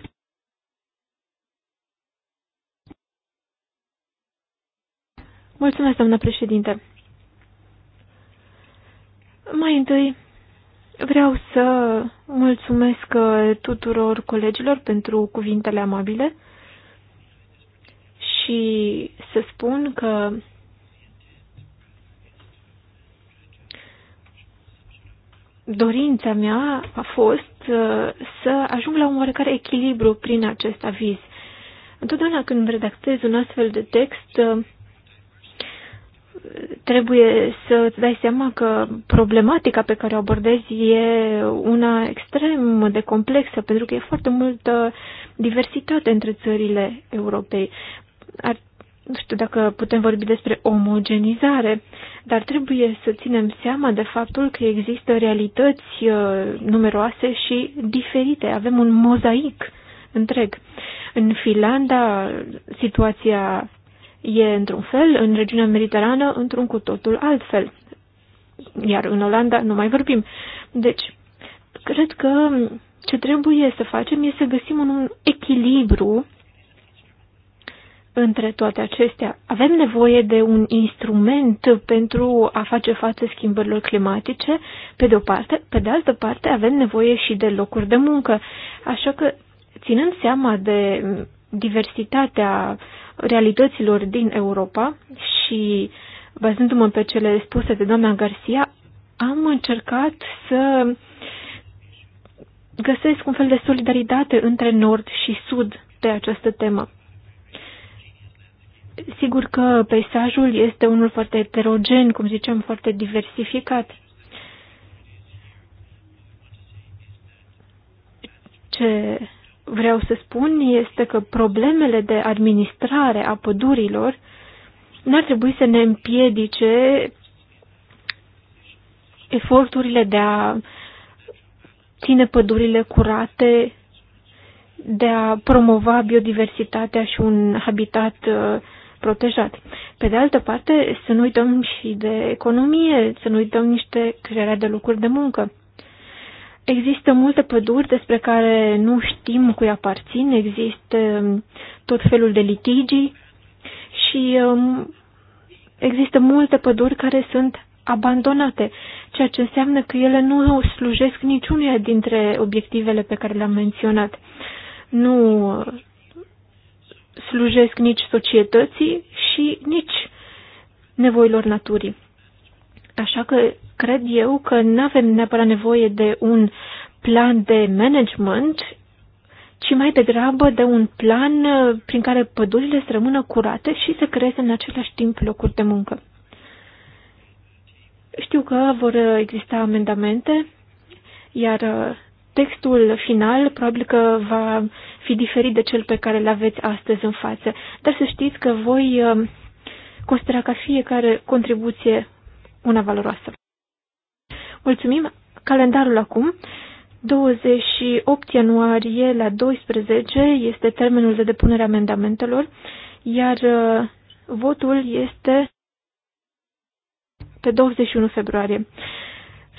Mulțumesc, doamna președinte. Mai întâi vreau să mulțumesc tuturor colegilor pentru cuvintele amabile și să spun că dorința mea a fost uh, să ajung la un oarecare echilibru prin acest aviz. Întotdeauna când redactez un astfel de text, uh, trebuie să îți dai seama că problematica pe care o abordezi e una extrem de complexă, pentru că e foarte multă diversitate între țările Europei. Ar, nu știu dacă putem vorbi despre omogenizare, dar trebuie să ținem seama de faptul că există realități uh, numeroase și diferite. Avem un mozaic întreg. În Finlanda situația e într-un fel, în regiunea mediterană într-un cu totul altfel. Iar în Olanda nu mai vorbim. Deci, cred că ce trebuie să facem este să găsim un echilibru între toate acestea, avem nevoie de un instrument pentru a face față schimbărilor climatice, pe de o parte, pe de altă parte avem nevoie și de locuri de muncă. Așa că, ținând seama de diversitatea realităților din Europa și bazându-mă pe cele spuse de doamna Garcia, am încercat să găsesc un fel de solidaritate între nord și sud pe această temă. Sigur că peisajul este unul foarte heterogen, cum ziceam, foarte diversificat. Ce vreau să spun este că problemele de administrare a pădurilor n-ar trebui să ne împiedice eforturile de a ține pădurile curate, de a promova biodiversitatea și un habitat uh, protejat. Pe de altă parte, să nu uităm și de economie, să nu uităm niște crearea de locuri de muncă. Există multe păduri despre care nu știm cui aparțin, există tot felul de litigii și um, există multe păduri care sunt abandonate, ceea ce înseamnă că ele nu slujesc niciunul dintre obiectivele pe care le-am menționat. Nu slujesc nici societății și nici nevoilor naturii. Așa că cred eu că nu avem neapărat nevoie de un plan de management, ci mai degrabă de un plan uh, prin care pădurile să rămână curate și să creeze în același timp locuri de muncă. Știu că vor uh, exista amendamente, iar uh, textul final probabil că va fi diferit de cel pe care îl aveți astăzi în față. Dar să știți că voi um, considera ca fiecare contribuție una valoroasă. Mulțumim! Calendarul acum. 28 ianuarie la 12 este termenul de depunere a amendamentelor, iar uh, votul este pe 21 februarie.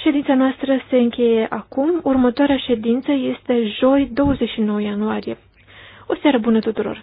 Ședința noastră se încheie acum. Următoarea ședință este joi 29 ianuarie. O seară bună tuturor!